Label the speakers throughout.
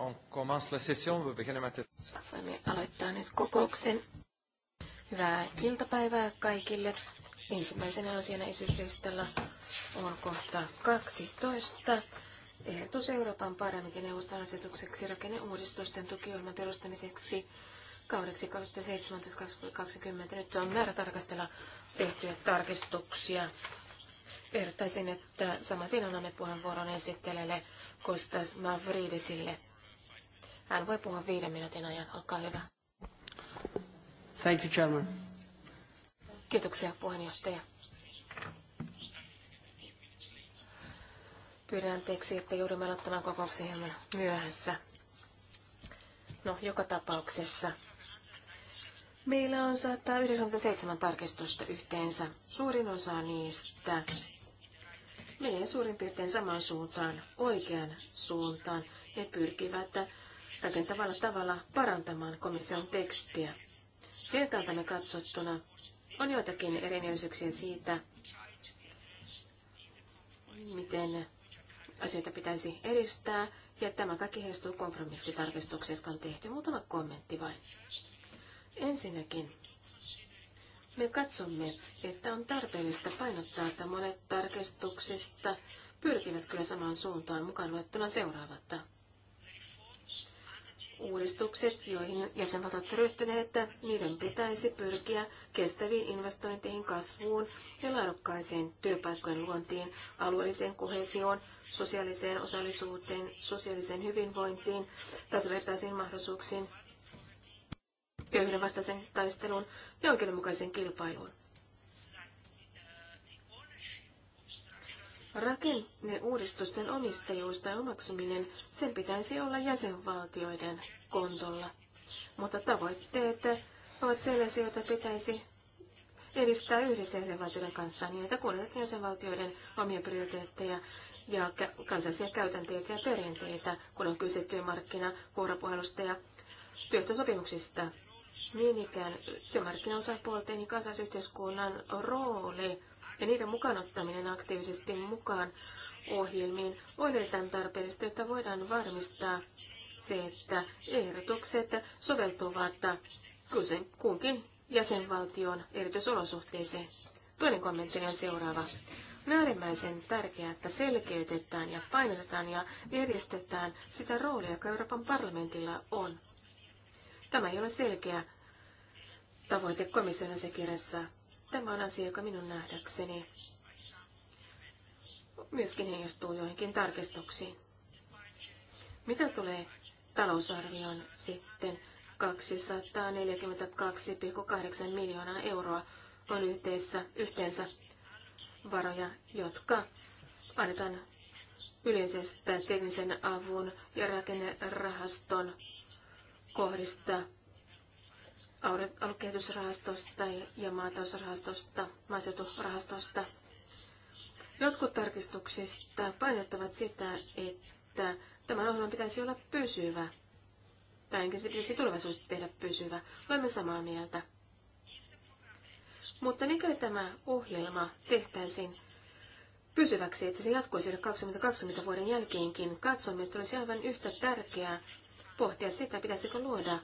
Speaker 1: On commence la session. Vous
Speaker 2: Voimme aloittaa nyt kokouksen. Hyvää iltapäivää kaikille. Ensimmäisenä asiana esityslistalla on kohta 12. Ehdotus Euroopan parlamentin neuvoston asetukseksi rakenneuudistusten tukiohjelman perustamiseksi kaudeksi 2017-2020. Nyt on määrä tarkastella tehtyjä tarkistuksia. Ehdottaisin, että saman tien annamme puheenvuoron esittelijälle Kostas Mavridisille. Hän voi puhua viiden minuutin ajan. Olkaa hyvä.
Speaker 1: Thank you, Chairman.
Speaker 2: Kiitoksia, puheenjohtaja. Pyydän anteeksi, että joudumme aloittamaan kokouksen hieman myöhässä. No, joka tapauksessa. Meillä on 197 tarkistusta yhteensä. Suurin osa niistä menee suurin piirtein samaan suuntaan, oikean suuntaan. Ne pyrkivät rakentavalla tavalla parantamaan komission tekstiä. Vertailtamme katsottuna on joitakin erinäisyyksiä siitä, miten asioita pitäisi edistää, ja tämä kaikki heistuu kompromissitarkistukset, jotka on tehty. Muutama kommentti vain. Ensinnäkin, me katsomme, että on tarpeellista painottaa, että monet tarkistuksista pyrkivät kyllä samaan suuntaan, mukaan luettuna seuraavatta. Uudistukset, joihin jäsenvaltiot ovat ryhtyneet, niiden pitäisi pyrkiä kestäviin investointeihin, kasvuun ja laadukkaiseen työpaikkojen luontiin, alueelliseen kohesioon, sosiaaliseen osallisuuteen, sosiaaliseen hyvinvointiin, tasavertaisiin mahdollisuuksiin, köyhyyden vastaisen taisteluun ja oikeudenmukaisen kilpailuun. Rakenneuudistusten omistajuus tai omaksuminen, sen pitäisi olla jäsenvaltioiden kontolla. Mutta tavoitteet ovat sellaisia, joita pitäisi edistää yhdessä jäsenvaltioiden kanssa niin, että jäsenvaltioiden omia prioriteetteja ja kansallisia käytänteitä ja perinteitä, kun on kyse työmarkkina, vuoropuhelusta ja työhtösopimuksista. Niin ikään työmarkkinaosapuolten ja kansallisyhteiskunnan rooli ja niiden mukaan ottaminen aktiivisesti mukaan ohjelmiin on erittäin tarpeellista, että voidaan varmistaa se, että ehdotukset soveltuvat kunkin jäsenvaltion erityisolosuhteeseen. Toinen kommentti on seuraava. On äärimmäisen tärkeää, että selkeytetään ja painotetaan ja järjestetään sitä roolia, joka Euroopan parlamentilla on. Tämä ei ole selkeä tavoite komission asiakirjassa. Tämä on asia, joka minun nähdäkseni myöskin heijastuu joihinkin tarkistuksiin. Mitä tulee talousarvioon sitten? 242,8 miljoonaa euroa on yhteensä, yhteensä varoja, jotka annetaan yleisestä teknisen avun ja rakennerahaston kohdista aluekehitysrahastosta ja maatalousrahastosta, maaseuturahastosta. Jotkut tarkistuksista painottavat sitä, että tämän ohjelman pitäisi olla pysyvä. Tai enkä se pitäisi tulevaisuudessa tehdä pysyvä. Olemme samaa mieltä. Mutta mikäli tämä ohjelma tehtäisiin pysyväksi, että se jatkuisi 2020 vuoden jälkeenkin, katsomme, että olisi aivan yhtä tärkeää pohtia sitä, pitäisikö luoda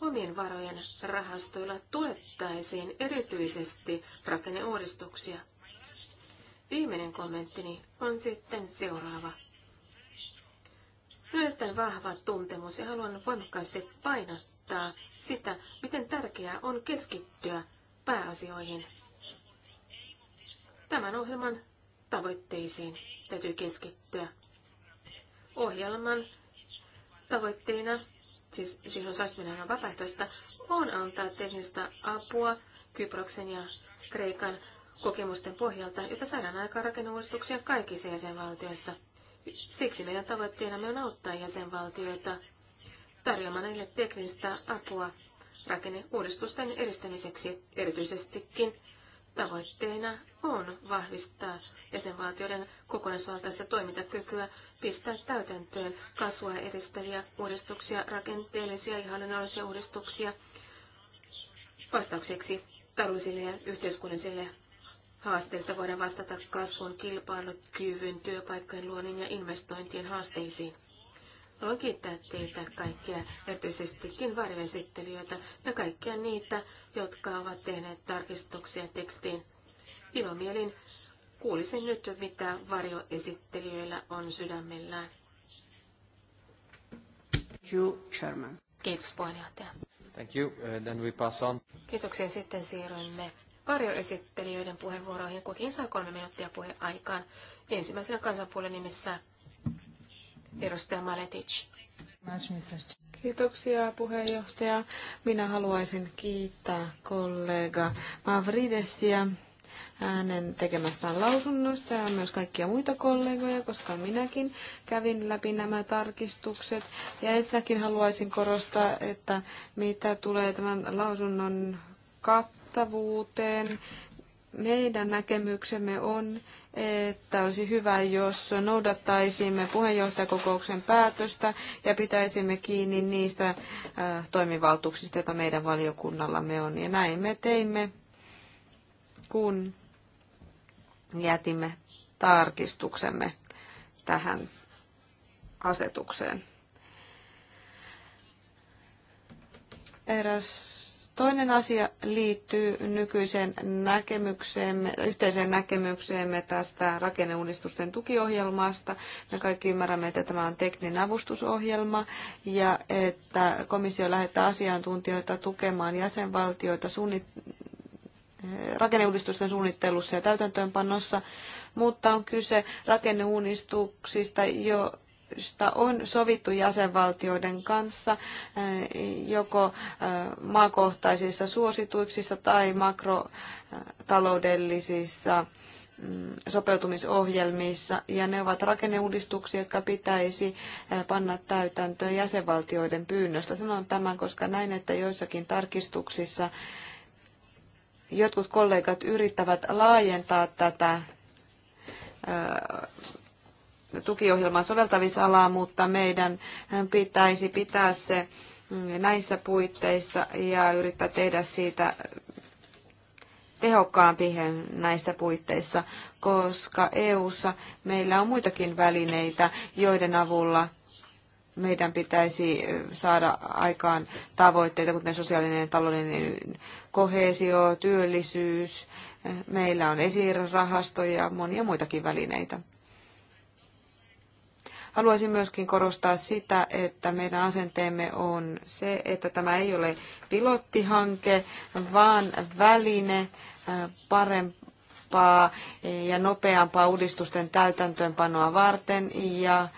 Speaker 2: omien varojen rahastoilla tuettaisiin erityisesti rakenneuudistuksia. Viimeinen kommenttini on sitten seuraava. Löytän vahva tuntemus ja haluan voimakkaasti painottaa sitä, miten tärkeää on keskittyä pääasioihin. Tämän ohjelman tavoitteisiin täytyy keskittyä. Ohjelman tavoitteena siis siihen osallistuminen on vapaaehtoista, on antaa teknistä apua Kyproksen ja Kreikan kokemusten pohjalta, jota saadaan aikaan rakennuudistuksia kaikissa jäsenvaltioissa. Siksi meidän tavoitteenamme on auttaa jäsenvaltioita tarjoamaan niille teknistä apua rakenneuudistusten edistämiseksi erityisestikin tavoitteena on vahvistaa jäsenvaltioiden kokonaisvaltaista toimintakykyä, pistää täytäntöön kasvua edistäviä uudistuksia, rakenteellisia ja hallinnollisia uudistuksia vastaukseksi taloudellisille ja yhteiskunnallisille haasteilta voidaan vastata kasvun, kilpailukyvyn, työpaikkojen luonnin ja investointien haasteisiin. Haluan kiittää teitä kaikkia, erityisestikin varjoesittelijöitä ja kaikkia niitä, jotka ovat tehneet tarkistuksia tekstiin Ilomielin kuulisin nyt, mitä varjoesittelijöillä on sydämellään.
Speaker 3: Thank you,
Speaker 1: Chairman.
Speaker 2: Kiitos puheenjohtaja.
Speaker 1: Thank you. Uh, then we pass on.
Speaker 2: Kiitoksia. Sitten siirrymme varjoesittelijöiden puheenvuoroihin. Kukin saa kolme minuuttia puheaikaan. Ensimmäisenä kansanpuolen nimissä edustaja Maletic.
Speaker 4: Kiitoksia puheenjohtaja. Minä haluaisin kiittää kollega Mavridesia hänen tekemästään lausunnosta ja myös kaikkia muita kollegoja, koska minäkin kävin läpi nämä tarkistukset. Ja ensinnäkin haluaisin korostaa, että mitä tulee tämän lausunnon kattavuuteen, meidän näkemyksemme on, että olisi hyvä, jos noudattaisimme puheenjohtajakokouksen päätöstä ja pitäisimme kiinni niistä äh, toimivaltuuksista, joita meidän valiokunnallamme on. Ja näin me teimme, kun jätimme tarkistuksemme tähän asetukseen. Eräs toinen asia liittyy nykyiseen näkemykseemme, yhteiseen näkemykseemme tästä rakenneuudistusten tukiohjelmasta. Me kaikki ymmärrämme, että tämä on tekninen avustusohjelma ja että komissio lähettää asiantuntijoita tukemaan jäsenvaltioita suunnit- rakenneuudistusten suunnittelussa ja täytäntöönpannossa, mutta on kyse rakenneuudistuksista, joista on sovittu jäsenvaltioiden kanssa eh, joko eh, maakohtaisissa suosituksissa tai makrotaloudellisissa mm, sopeutumisohjelmissa, ja ne ovat rakenneuudistuksia, jotka pitäisi eh, panna täytäntöön jäsenvaltioiden pyynnöstä. Sanon tämän, koska näin, että joissakin tarkistuksissa Jotkut kollegat yrittävät laajentaa tätä tukiohjelman soveltavisalaa, mutta meidän pitäisi pitää se näissä puitteissa ja yrittää tehdä siitä tehokkaampi näissä puitteissa, koska EU:ssa meillä on muitakin välineitä, joiden avulla meidän pitäisi saada aikaan tavoitteita, kuten sosiaalinen ja taloudellinen kohesio, työllisyys. Meillä on esirahasto ja monia muitakin välineitä. Haluaisin myöskin korostaa sitä, että meidän asenteemme on se, että tämä ei ole pilottihanke, vaan väline parempaa ja nopeampaa uudistusten täytäntöönpanoa varten ja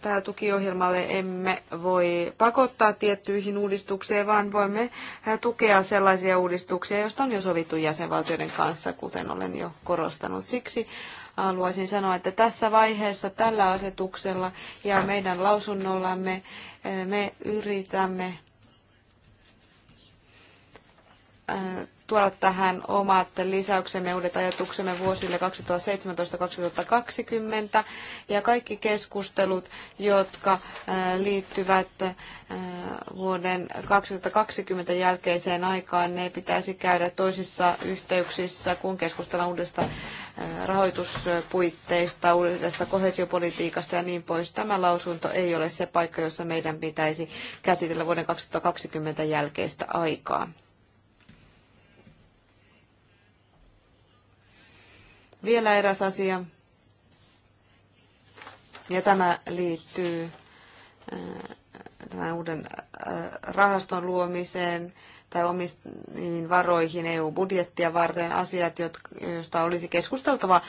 Speaker 4: tällä tukiohjelmalle emme voi pakottaa tiettyihin uudistuksiin, vaan voimme tukea sellaisia uudistuksia, joista on jo sovittu jäsenvaltioiden kanssa, kuten olen jo korostanut. Siksi haluaisin sanoa, että tässä vaiheessa tällä asetuksella ja meidän lausunnollamme me yritämme tuoda tähän omat lisäyksemme, uudet ajatuksemme vuosille 2017-2020 ja kaikki keskustelut, jotka äh, liittyvät äh, vuoden 2020 jälkeiseen aikaan, ne pitäisi käydä toisissa yhteyksissä, kun keskustellaan uudesta äh, rahoituspuitteista, uudesta kohesiopolitiikasta ja niin pois. Tämä lausunto ei ole se paikka, jossa meidän pitäisi käsitellä vuoden 2020 jälkeistä aikaa. Vielä eräs asia, ja tämä liittyy äh, tämän uuden äh, rahaston luomiseen tai omiin varoihin EU-budjettia varten asiat, joista olisi keskusteltava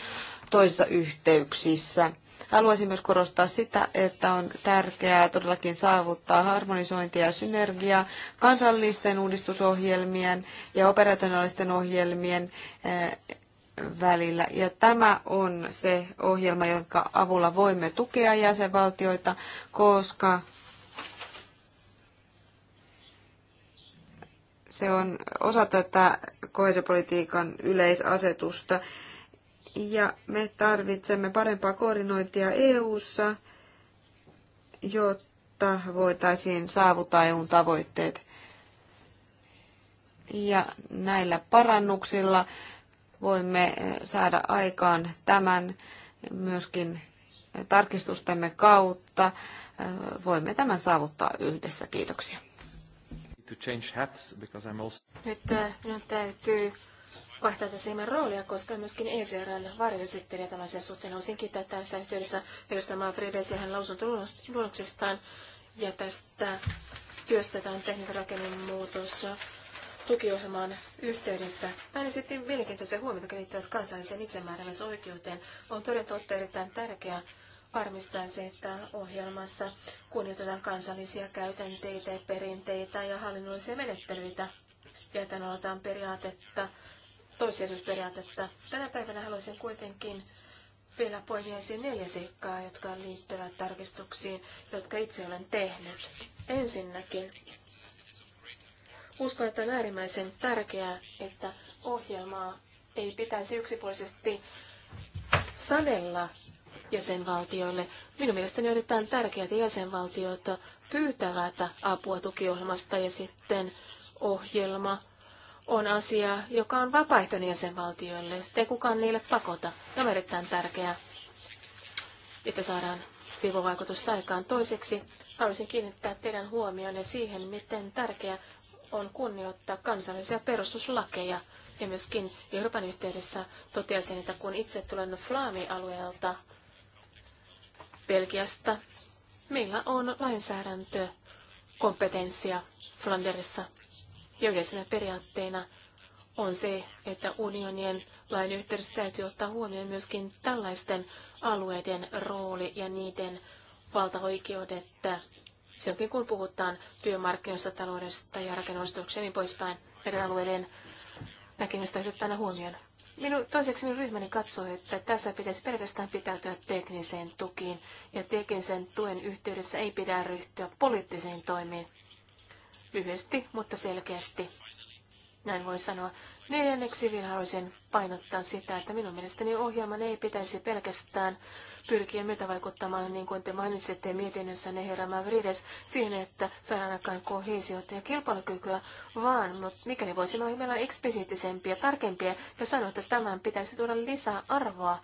Speaker 4: toisissa yhteyksissä. Haluaisin myös korostaa sitä, että on tärkeää todellakin saavuttaa harmonisointia ja synergiaa kansallisten uudistusohjelmien ja operationaalisten ohjelmien äh, välillä. Ja tämä on se ohjelma, jonka avulla voimme tukea jäsenvaltioita, koska se on osa tätä kohesiopolitiikan yleisasetusta. Ja me tarvitsemme parempaa koordinointia EU-ssa, jotta voitaisiin saavuttaa EUn tavoitteet. Ja näillä parannuksilla voimme eh, saada aikaan tämän myöskin tarkistustemme kautta. Eh, voimme tämän saavuttaa yhdessä. Kiitoksia.
Speaker 2: Nyt eh, minun täytyy vaihtaa tässä hieman roolia, koska myöskin ECRn varjoesittelijä tämän asian suhteen. Haluaisin kiittää tässä yhteydessä edustamaan Maafrides ja hänen lausuntoluonnoksestaan ja tästä työstä, jota on tehnyt rakennemuutos tukiohjelman yhteydessä. Äänestettiin mielenkiintoisia huomioita, jotka liittyvät kansalliseen itsemääräämisoikeuteen. On toden totta erittäin tärkeää varmistaa se, että ohjelmassa kunnioitetaan kansallisia käytänteitä perinteitä ja hallinnollisia menettelyitä. Ja että noudataan periaatetta, toissijaisuusperiaatetta. Tänä päivänä haluaisin kuitenkin vielä poimia esiin neljä seikkaa, jotka liittyvät tarkistuksiin, jotka itse olen tehnyt. Ensinnäkin Uskon, että on äärimmäisen tärkeää, että ohjelmaa ei pitäisi yksipuolisesti sanella jäsenvaltioille. Minun mielestäni on erittäin tärkeää, että jäsenvaltiot pyytävät apua tukiohjelmasta ja sitten ohjelma on asia, joka on vapaaehtoinen jäsenvaltioille. Sitten ei kukaan niille pakota. Tämä on erittäin tärkeää, että saadaan vivovaikutusta aikaan. Toiseksi haluaisin kiinnittää teidän huomionne siihen, miten tärkeä on kunnioittaa kansallisia perustuslakeja. Ja myöskin Euroopan yhteydessä totesin, että kun itse tulen Flaami-alueelta Belgiasta, meillä on kompetenssia Flanderissa. Ja yleisenä periaatteena on se, että unionien lain yhteydessä täytyy ottaa huomioon myöskin tällaisten alueiden rooli ja niiden valtaoikeudet Silloin kun puhutaan työmarkkinoista, taloudesta ja rakennustuksesta niin poispäin, meidän alueiden näkemystä aina huomioon. Minun, toiseksi minun ryhmäni katsoo, että tässä pitäisi pelkästään pitäytyä tekniseen tukiin ja teknisen tuen yhteydessä ei pidä ryhtyä poliittisiin toimiin. Lyhyesti, mutta selkeästi. Näin voi sanoa. Neljänneksi vielä haluaisin painottaa sitä, että minun mielestäni ohjelman ei pitäisi pelkästään pyrkiä myötävaikuttamaan, niin kuin te mainitsitte mietinnössä herra Mavrides, siihen, että saadaan aikaan kohesiota ja kilpailukykyä, vaan mutta mikäli olla hieman eksplisiittisempiä, tarkempia ja sanoa, että tämän pitäisi tuoda lisää arvoa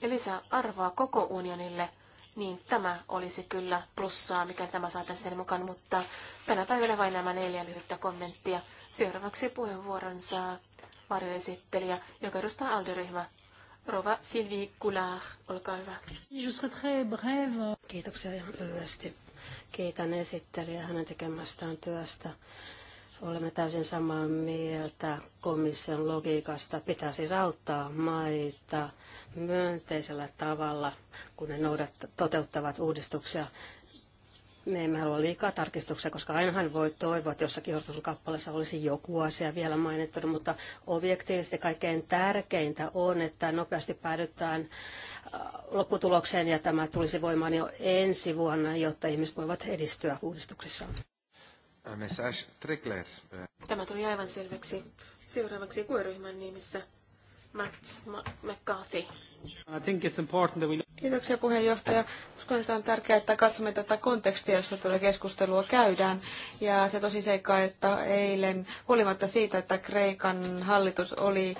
Speaker 2: ja lisää arvoa koko unionille – niin tämä olisi kyllä plussaa, mikä tämä saataisiin sen mukaan, mutta tänä päivänä vain nämä neljä lyhyttä kommenttia. Seuraavaksi puheenvuoron saa varjoesittelijä, joka edustaa alderyhmää. Rova Sylvie Goulard, olkaa hyvä.
Speaker 5: Kiitoksia ihan lyhyesti. Kiitän esittelijä hänen tekemästään työstä Olemme täysin samaa mieltä komission logiikasta. Pitää siis auttaa maita myönteisellä tavalla, kun ne noudat, toteuttavat uudistuksia. Me emme halua liikaa tarkistuksia, koska ainahan voi toivoa, että jossakin kappaleessa olisi joku asia vielä mainittu, mutta objektiivisesti kaikkein tärkeintä on, että nopeasti päädytään äh, lopputulokseen ja tämä tulisi voimaan jo ensi vuonna, jotta ihmiset voivat edistyä uudistuksissaan.
Speaker 6: Message
Speaker 2: Tämä tuli aivan selväksi. Seuraavaksi kuoryhmän nimissä Mats McCarthy.
Speaker 1: I think it's important that we...
Speaker 2: Kiitoksia
Speaker 4: puheenjohtaja. Uskon, että on tärkeää, että katsomme tätä kontekstia, jossa tätä keskustelua käydään. Ja se tosi seikka, että eilen, huolimatta siitä, että Kreikan hallitus oli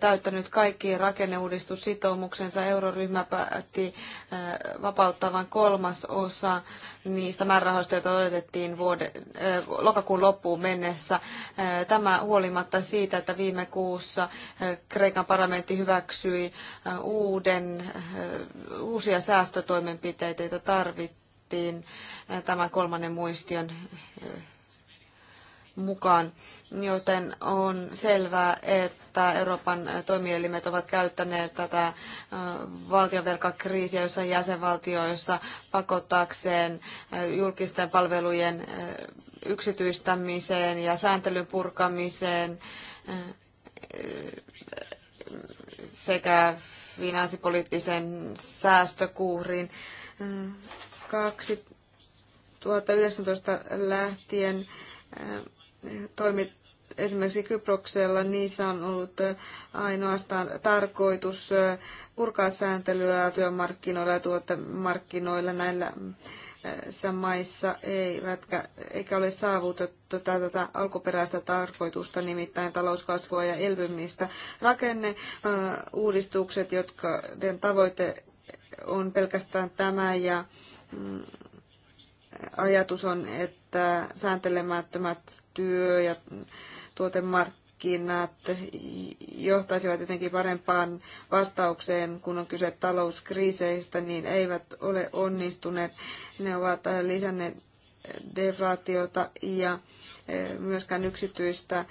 Speaker 4: täyttänyt kaikki rakenneuudistussitoumuksensa. Euroryhmä päätti äh, vapauttavan kolmas osa niistä määrärahoista, joita odotettiin vuoden, äh, lokakuun loppuun mennessä. Äh, tämä huolimatta siitä, että viime kuussa Kreikan parlamentti hyväksyi uuden, uusia säästötoimenpiteitä, joita tarvittiin tämän kolmannen muistion mukaan. Joten on selvää, että Euroopan toimielimet ovat käyttäneet tätä valtionvelkakriisiä, jossa jäsenvaltioissa pakottaakseen julkisten palvelujen yksityistämiseen ja sääntelyn purkamiseen sekä finanssipoliittisen säästökuurin. 2019 lähtien toimit esimerkiksi Kyproksella, niissä on ollut äh, ainoastaan tarkoitus äh, purkaa sääntelyä työmarkkinoilla ja tuotemarkkinoilla näillä äh, maissa eivätkä, eikä ole saavutettu tätä alkuperäistä tarkoitusta, nimittäin talouskasvua ja elpymistä. Rakenneuudistukset, jotka tavoite on pelkästään tämä ja mm, ajatus on, että että sääntelemättömät työ- ja tuotemarkkinat johtaisivat jotenkin parempaan vastaukseen, kun on kyse talouskriiseistä, niin eivät ole onnistuneet. Ne ovat lisänneet deflaatiota ja e, myöskään yksityistä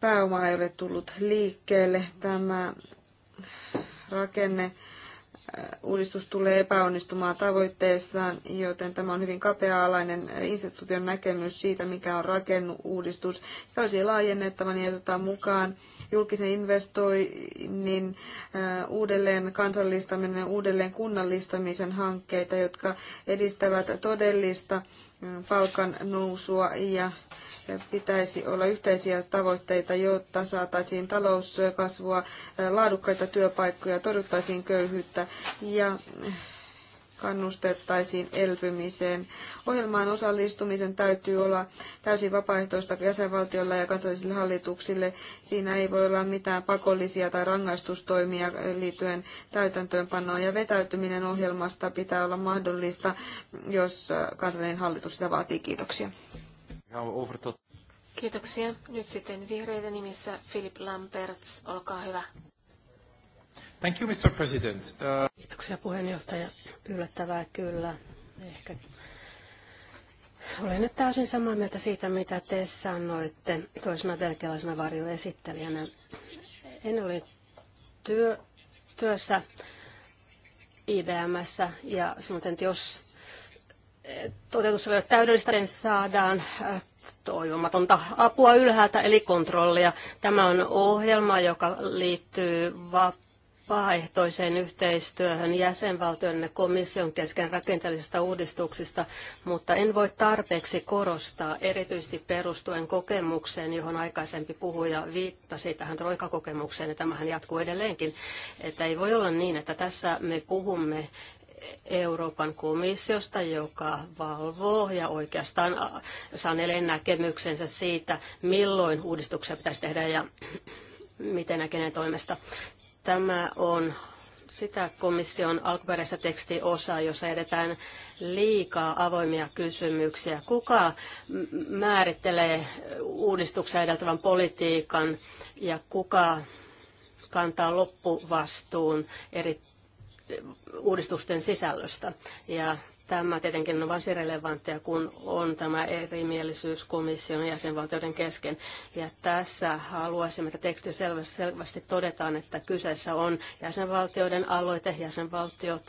Speaker 4: pääomaa ei ole tullut liikkeelle. Tämä rakenne uudistus tulee epäonnistumaan tavoitteessaan, joten tämä on hyvin kapea-alainen instituution näkemys siitä, mikä on rakennuudistus. Sitä olisi laajennettava niin, otetaan mukaan julkisen investoinnin uudelleen kansallistaminen ja uudelleen kunnallistamisen hankkeita, jotka edistävät todellista palkan nousua ja pitäisi olla yhteisiä tavoitteita, jotta saataisiin talouskasvua, laadukkaita työpaikkoja, torjuttaisiin köyhyyttä ja kannustettaisiin elpymiseen. Ohjelmaan osallistumisen täytyy olla täysin vapaaehtoista jäsenvaltioilla ja kansallisille hallituksille. Siinä ei voi olla mitään pakollisia tai rangaistustoimia liittyen täytäntöönpanoon ja vetäytyminen ohjelmasta pitää olla mahdollista, jos kansallinen hallitus sitä vaatii. Kiitoksia.
Speaker 2: Kiitoksia. Nyt sitten vihreiden nimissä Philip Lamperts. olkaa hyvä.
Speaker 1: Thank you, Mr. President. Uh...
Speaker 5: Kiitoksia puheenjohtaja. Yllättävää kyllä. Ehkä olen nyt täysin samaa mieltä siitä, mitä te sanoitte toisena belgialaisena varjoesittelijänä. En ole työ, työssä IBMssä ja sanotaan, että jos eh, toteutus ei ole täydellistä, niin saadaan eh, toivomatonta apua ylhäältä, eli kontrollia. Tämä on ohjelma, joka liittyy vap- vapaaehtoiseen yhteistyöhön jäsenvaltioiden ja komission kesken rakenteellisista uudistuksista, mutta en voi tarpeeksi korostaa, erityisesti perustuen kokemukseen, johon aikaisempi puhuja viittasi tähän troikakokemukseen, ja tämähän jatkuu edelleenkin, että ei voi olla niin, että tässä me puhumme Euroopan komissiosta, joka valvoo ja oikeastaan sanelee näkemyksensä siitä, milloin uudistuksia pitäisi tehdä ja miten ja kenen toimesta. Tämä on sitä komission alkuperäistä tekstiosaa, jossa edetään liikaa avoimia kysymyksiä. Kuka määrittelee uudistuksen edeltävän politiikan ja kuka kantaa loppuvastuun eri eh, uudistusten sisällöstä. Ja Tämä tietenkin on varsin relevanttia, kun on tämä erimielisyys komission jäsenvaltioiden kesken. Ja tässä haluaisimme, että teksti selvästi, selvästi todetaan, että kyseessä on jäsenvaltioiden aloite, jäsenvaltiot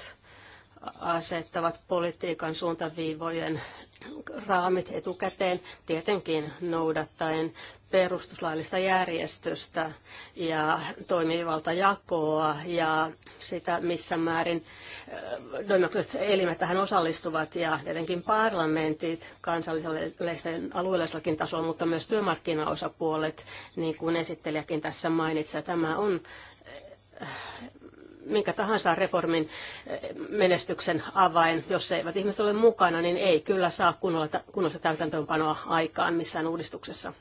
Speaker 5: asettavat politiikan suuntaviivojen raamit etukäteen, tietenkin noudattaen perustuslaillista järjestystä ja toimivaltajakoa ja sitä, missä määrin äh, demokraattiset elimet tähän osallistuvat ja tietenkin parlamentit kansallisella alueellisellakin tasolla, mutta myös työmarkkinaosapuolet, niin kuin esittelijäkin tässä mainitsi. Tämä on äh, minkä tahansa reformin eh, menestyksen avain. Jos eivät ihmiset ole mukana, niin ei kyllä saa kunnollista täytäntöönpanoa aikaan missään uudistuksessa.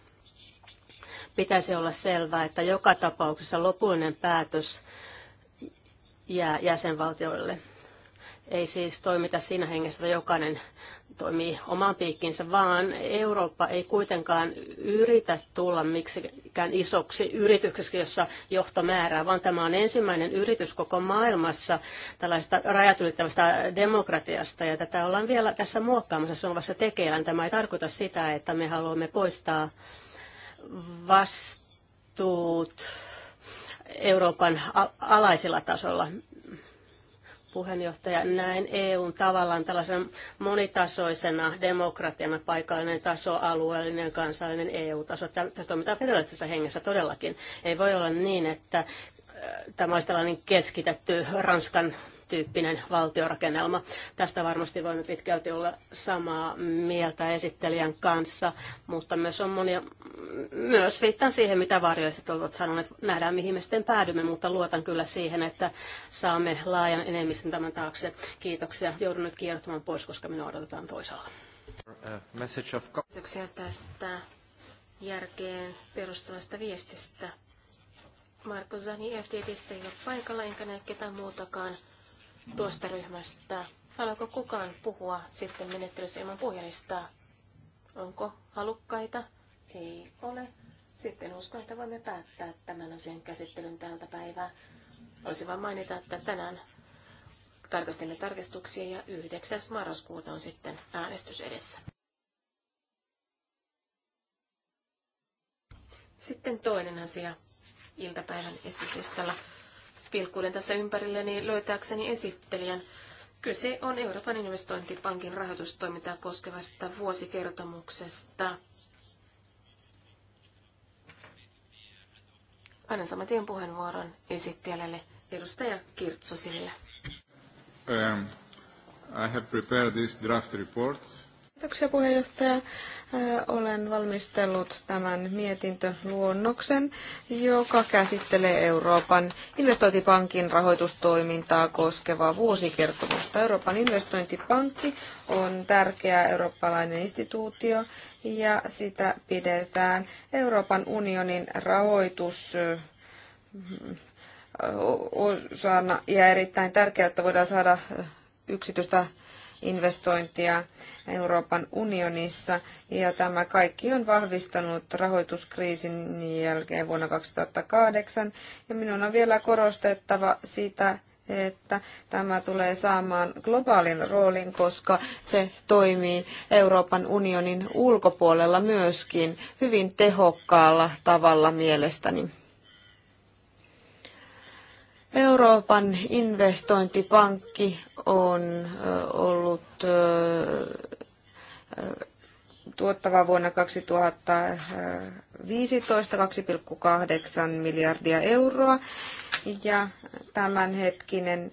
Speaker 5: Pitäisi olla selvää, että joka tapauksessa lopullinen päätös jää jäsenvaltioille. Ei siis toimita siinä hengessä, että jokainen toimii oman piikkinsä, vaan Eurooppa ei kuitenkaan yritä tulla miksikään isoksi yritykseksi, jossa johto määrää, vaan tämä on ensimmäinen yritys koko maailmassa tällaista rajat ylittävästä demokratiasta, ja tätä ollaan vielä tässä muokkaamassa, se on vasta tekeillään. Tämä ei tarkoita sitä, että me haluamme poistaa vastuut Euroopan alaisilla tasolla puheenjohtaja, näin EUn tavallaan tällaisena monitasoisena demokratiana, paikallinen taso, alueellinen, kansallinen EU-taso. Tässä toimitaan federalistisessa hengessä todellakin. Ei voi olla niin, että äh, tämä olisi tällainen keskitetty Ranskan tyyppinen valtiorakennelma. Tästä varmasti voimme pitkälti olla samaa mieltä esittelijän kanssa, mutta myös on monia, myös viittaan siihen, mitä varjoiset ovat sanoneet. Nähdään, mihin me sitten päädymme, mutta luotan kyllä siihen, että saamme laajan enemmistön tämän taakse. Kiitoksia. Joudun nyt kiertämään pois, koska minua odotetaan toisaalla.
Speaker 2: Uh, Kiitoksia tästä järkeen perustuvasta viestistä. Marko Zani FDDstä ei ole paikalla, enkä näe ketään muutakaan tuosta ryhmästä. Haluaako kukaan puhua sitten menettelyssä ilman puhujalistaa? Onko halukkaita? Ei ole. Sitten uskon, että voimme päättää tämän asian käsittelyn tältä päivää. Olisi vain mainita, että tänään tarkastimme tarkistuksia ja 9. marraskuuta on sitten äänestys edessä. Sitten toinen asia iltapäivän esityslistalla pilkkuilen tässä ympärilleni löytääkseni esittelijän. Kyse on Euroopan investointipankin rahoitustoimintaa koskevasta vuosikertomuksesta. Annan saman tien puheenvuoron esittelijälle edustaja Kirtsosille.
Speaker 6: Um, I have prepared this draft report
Speaker 2: Kiitoksia
Speaker 4: puheenjohtaja. Olen valmistellut tämän mietintöluonnoksen, joka käsittelee Euroopan investointipankin rahoitustoimintaa koskevaa vuosikertomusta. Euroopan investointipankki on tärkeä eurooppalainen instituutio ja sitä pidetään Euroopan unionin rahoitus osana ja erittäin tärkeää, että voidaan saada yksityistä investointia Euroopan unionissa ja tämä kaikki on vahvistanut rahoituskriisin jälkeen vuonna 2008 ja minun on vielä korostettava sitä, että tämä tulee saamaan globaalin roolin, koska se toimii Euroopan unionin ulkopuolella myöskin hyvin tehokkaalla tavalla mielestäni. Euroopan investointipankki on ollut tuottava vuonna 2015 2,8 miljardia euroa ja tämänhetkinen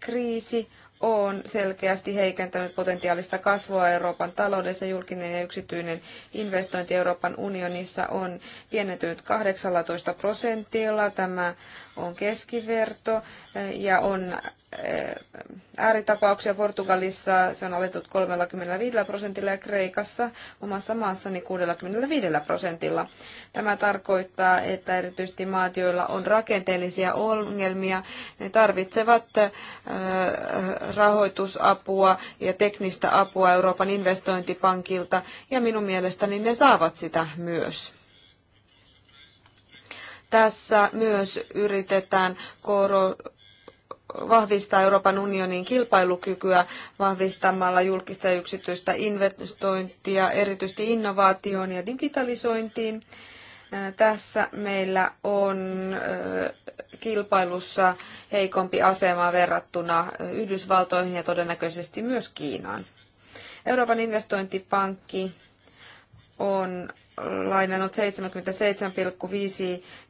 Speaker 4: kriisi on selkeästi heikentänyt potentiaalista kasvua Euroopan taloudessa. Julkinen ja yksityinen investointi Euroopan unionissa on pienentynyt 18 prosentilla. Tämä on keskiverto eh, ja on eh, ääritapauksia Portugalissa, se on alettu 35 prosentilla ja Kreikassa omassa maassani 65 prosentilla. Tämä tarkoittaa, että erityisesti maat, joilla on rakenteellisia ongelmia, ne tarvitsevat eh, rahoitusapua ja teknistä apua Euroopan investointipankilta ja minun mielestäni ne saavat sitä myös. Tässä myös yritetään koro, vahvistaa Euroopan unionin kilpailukykyä vahvistamalla julkista ja yksityistä investointia, erityisesti innovaatioon ja digitalisointiin. Tässä meillä on kilpailussa heikompi asema verrattuna Yhdysvaltoihin ja todennäköisesti myös Kiinaan. Euroopan investointipankki on lainannut 77,5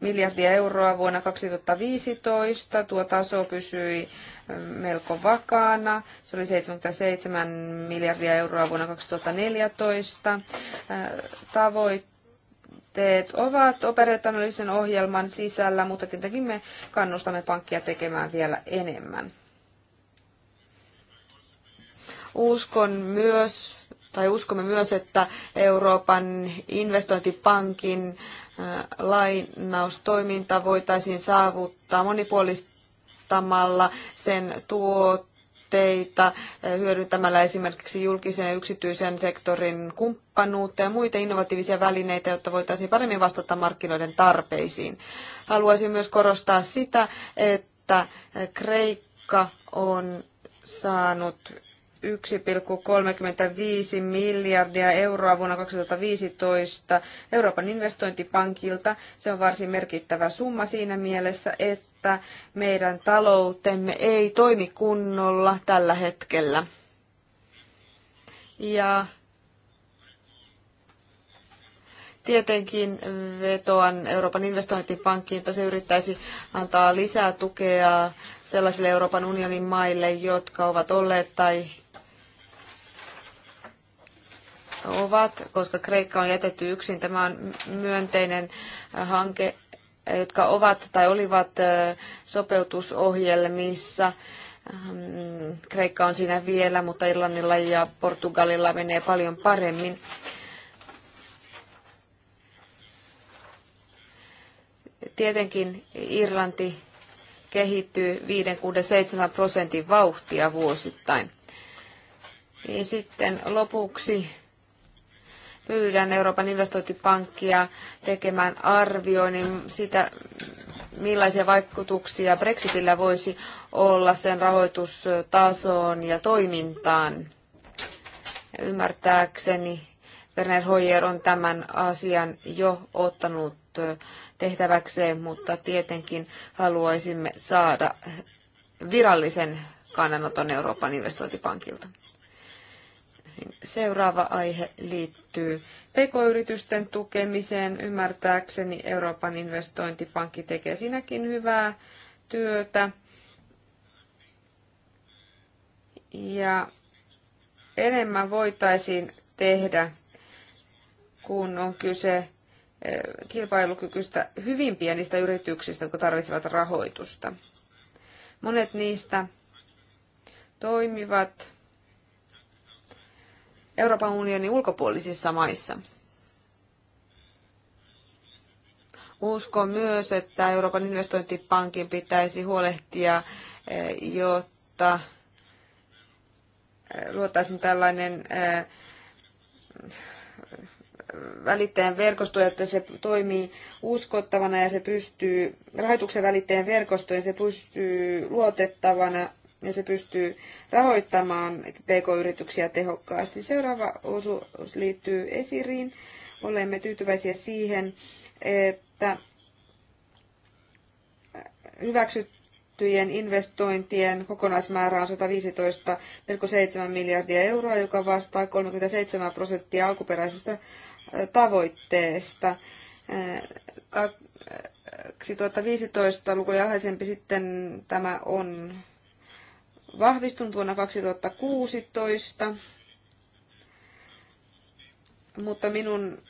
Speaker 4: miljardia euroa vuonna 2015. Tuo taso pysyi ähm, melko vakaana. Se oli 77 miljardia euroa vuonna 2014. Äh, tavoitteet ovat operationaalisen ohjelman sisällä, mutta tietenkin me kannustamme pankkia tekemään vielä enemmän. Uskon myös tai uskomme myös, että Euroopan investointipankin lainaustoiminta voitaisiin saavuttaa monipuolistamalla sen tuotteita, hyödyntämällä esimerkiksi julkisen ja yksityisen sektorin kumppanuutta ja muita innovatiivisia välineitä, jotta voitaisiin paremmin vastata markkinoiden tarpeisiin. Haluaisin myös korostaa sitä, että Kreikka on saanut 1,35 miljardia euroa vuonna 2015 Euroopan investointipankilta. Se on varsin merkittävä summa siinä mielessä, että meidän taloutemme ei toimi kunnolla tällä hetkellä. Ja tietenkin vetoan Euroopan investointipankkiin, että se yrittäisi antaa lisää tukea sellaisille Euroopan unionin maille, jotka ovat olleet tai ovat, koska Kreikka on jätetty yksin. Tämä on myönteinen äh, hanke, jotka ovat tai olivat äh, sopeutusohjelmissa. Mm, Kreikka on siinä vielä, mutta Irlannilla ja Portugalilla menee paljon paremmin. Tietenkin Irlanti kehittyy 5, 6, 7 prosentin vauhtia vuosittain. Ja sitten lopuksi pyydän Euroopan investointipankkia tekemään arvioinnin sitä, millaisia vaikutuksia Brexitillä voisi olla sen rahoitustasoon ja toimintaan. Ymmärtääkseni Werner Hoyer on tämän asian jo ottanut tehtäväkseen, mutta tietenkin haluaisimme saada virallisen kannanoton Euroopan investointipankilta. Seuraava aihe liittyy pk-yritysten tukemiseen. Ymmärtääkseni Euroopan investointipankki tekee siinäkin hyvää työtä. Ja enemmän voitaisiin tehdä, kun on kyse eh, kilpailukykyistä hyvin pienistä yrityksistä, jotka tarvitsevat rahoitusta. Monet niistä toimivat Euroopan unionin ulkopuolisissa maissa. Uskon myös, että Euroopan investointipankin pitäisi huolehtia, eh, jotta eh, luotaisiin tällainen eh, välittäjän verkosto, että se toimii uskottavana ja se pystyy, rahoituksen välittäjän verkosto ja se pystyy luotettavana ja se pystyy rahoittamaan pk-yrityksiä tehokkaasti. Seuraava osuus liittyy esiriin. Olemme tyytyväisiä siihen, että hyväksyttyjen investointien kokonaismäärä on 115,7 miljardia euroa, joka vastaa 37 prosenttia alkuperäisestä tavoitteesta. 2015 luku lukuja alhaisempi, sitten tämä on vahvistunut vuonna 2016, mutta minun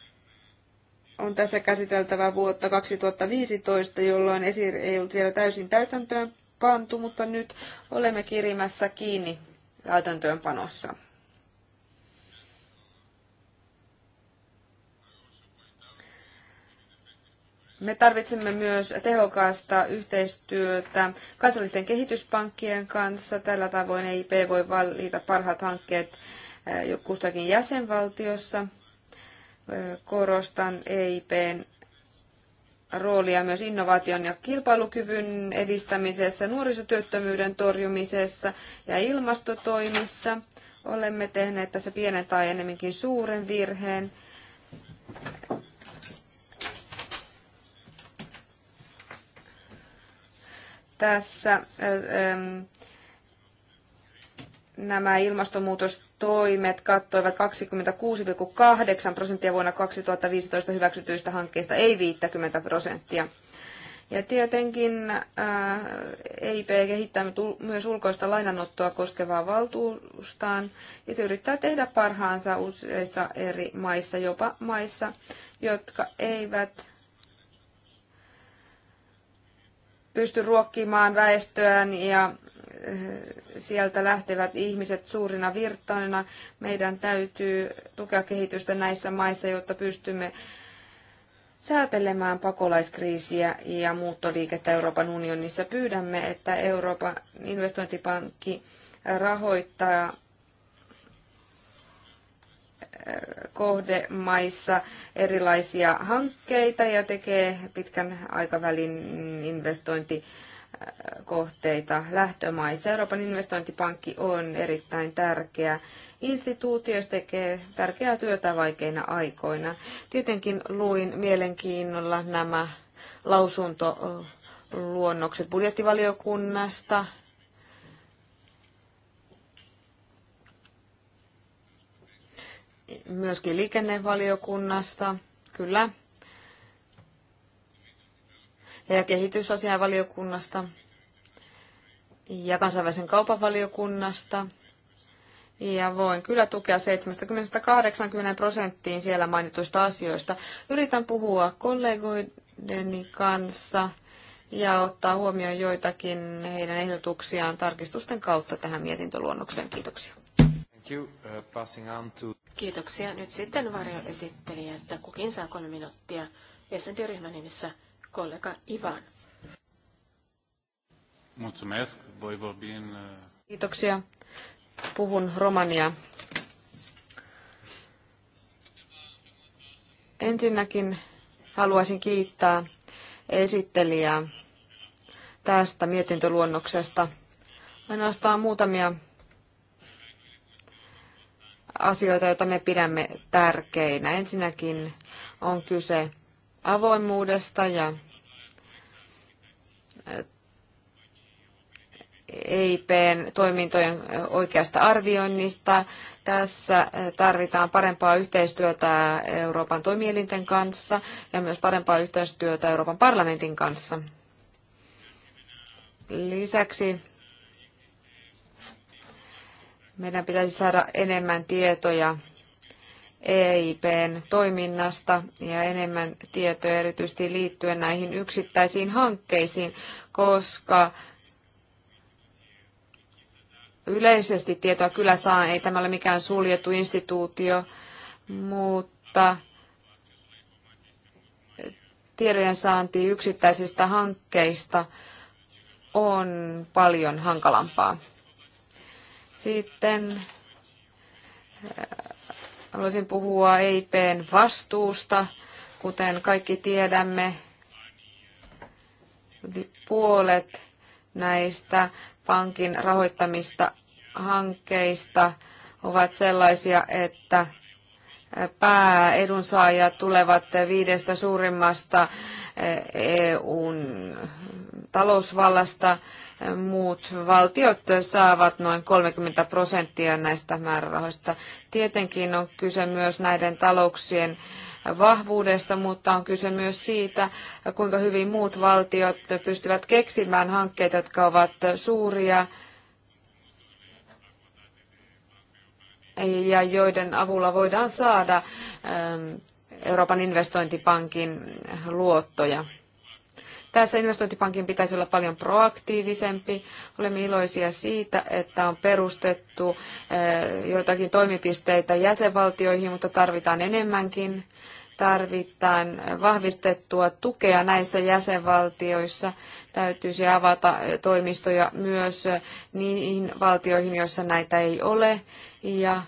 Speaker 4: on tässä käsiteltävä vuotta 2015, jolloin esir ei ollut vielä täysin täytäntöön pantu, mutta nyt olemme kirimässä kiinni täytäntöönpanossa. Me tarvitsemme myös tehokasta yhteistyötä kansallisten kehityspankkien kanssa. Tällä tavoin EIP voi valita parhaat hankkeet eh, kustakin jäsenvaltiossa. Eh, korostan EIPn roolia myös innovaation ja kilpailukyvyn edistämisessä, nuorisotyöttömyyden torjumisessa ja ilmastotoimissa. Olemme tehneet tässä pienen tai enemminkin suuren virheen Tässä nämä ilmastonmuutostoimet kattoivat 26,8 prosenttia vuonna 2015 hyväksytyistä hankkeista, ei 50 prosenttia. Ja tietenkin äh, EIP kehittää myös ulkoista lainanottoa koskevaa valtuustaan, ja se yrittää tehdä parhaansa useissa eri maissa, jopa maissa, jotka eivät pysty ruokkimaan väestöään ja eh, sieltä lähtevät ihmiset suurina virtoina. Meidän täytyy tukea kehitystä näissä maissa, jotta pystymme säätelemään pakolaiskriisiä ja muuttoliikettä Euroopan unionissa. Pyydämme, että Euroopan investointipankki rahoittaa kohdemaissa erilaisia hankkeita ja tekee pitkän aikavälin investointi kohteita lähtömaissa. Euroopan investointipankki on erittäin tärkeä instituutio, jos tekee tärkeää työtä vaikeina aikoina. Tietenkin luin mielenkiinnolla nämä lausuntoluonnokset budjettivaliokunnasta myöskin liikennevaliokunnasta, kyllä. Ja kehitysasiainvaliokunnasta ja kansainvälisen kaupavaliokunnasta, Ja voin kyllä tukea 70-80 prosenttiin siellä mainituista asioista. Yritän puhua kollegoideni kanssa ja ottaa huomioon joitakin heidän ehdotuksiaan tarkistusten kautta tähän mietintöluonnokseen. Kiitoksia you. Uh, passing on to...
Speaker 2: Kiitoksia. Nyt sitten varjoesittelijä, että kukin saa kolme minuuttia. snd nimissä kollega Ivan.
Speaker 6: Mulțumesc. Voi vorbi uh,
Speaker 4: Kiitoksia. Puhun romania. Ensinnäkin haluaisin kiittää esittelijää tästä mietintöluonnoksesta. Ainoastaan muutamia asioita, joita me pidämme tärkeinä. Ensinnäkin on kyse avoimuudesta ja EIPn eh, e toimintojen eh, oikeasta arvioinnista. Tässä eh, tarvitaan parempaa yhteistyötä Euroopan toimielinten kanssa ja myös parempaa yhteistyötä Euroopan parlamentin kanssa. Lisäksi meidän pitäisi saada enemmän tietoja EIPn toiminnasta ja enemmän tietoja erityisesti liittyen näihin yksittäisiin hankkeisiin, koska yleisesti tietoa kyllä saa, ei tämä ole mikään suljettu instituutio, mutta tietojen saanti yksittäisistä hankkeista on paljon hankalampaa. Sitten äh, haluaisin puhua EIPn vastuusta. Kuten kaikki tiedämme, puolet näistä pankin rahoittamista hankkeista ovat sellaisia, että äh, pääedunsaajat tulevat viidestä suurimmasta äh, EUn talousvallasta muut valtiot saavat noin 30 prosenttia näistä määrärahoista. Tietenkin on kyse myös näiden talouksien vahvuudesta, mutta on kyse myös siitä, kuinka hyvin muut valtiot pystyvät keksimään hankkeita, jotka ovat suuria ja joiden avulla voidaan saada Euroopan investointipankin luottoja. Tässä investointipankin pitäisi olla paljon proaktiivisempi. Olemme iloisia siitä, että on perustettu eh, joitakin toimipisteitä jäsenvaltioihin, mutta tarvitaan enemmänkin. Tarvitaan vahvistettua tukea näissä jäsenvaltioissa. Täytyisi avata toimistoja myös niihin valtioihin, joissa näitä ei ole. Ja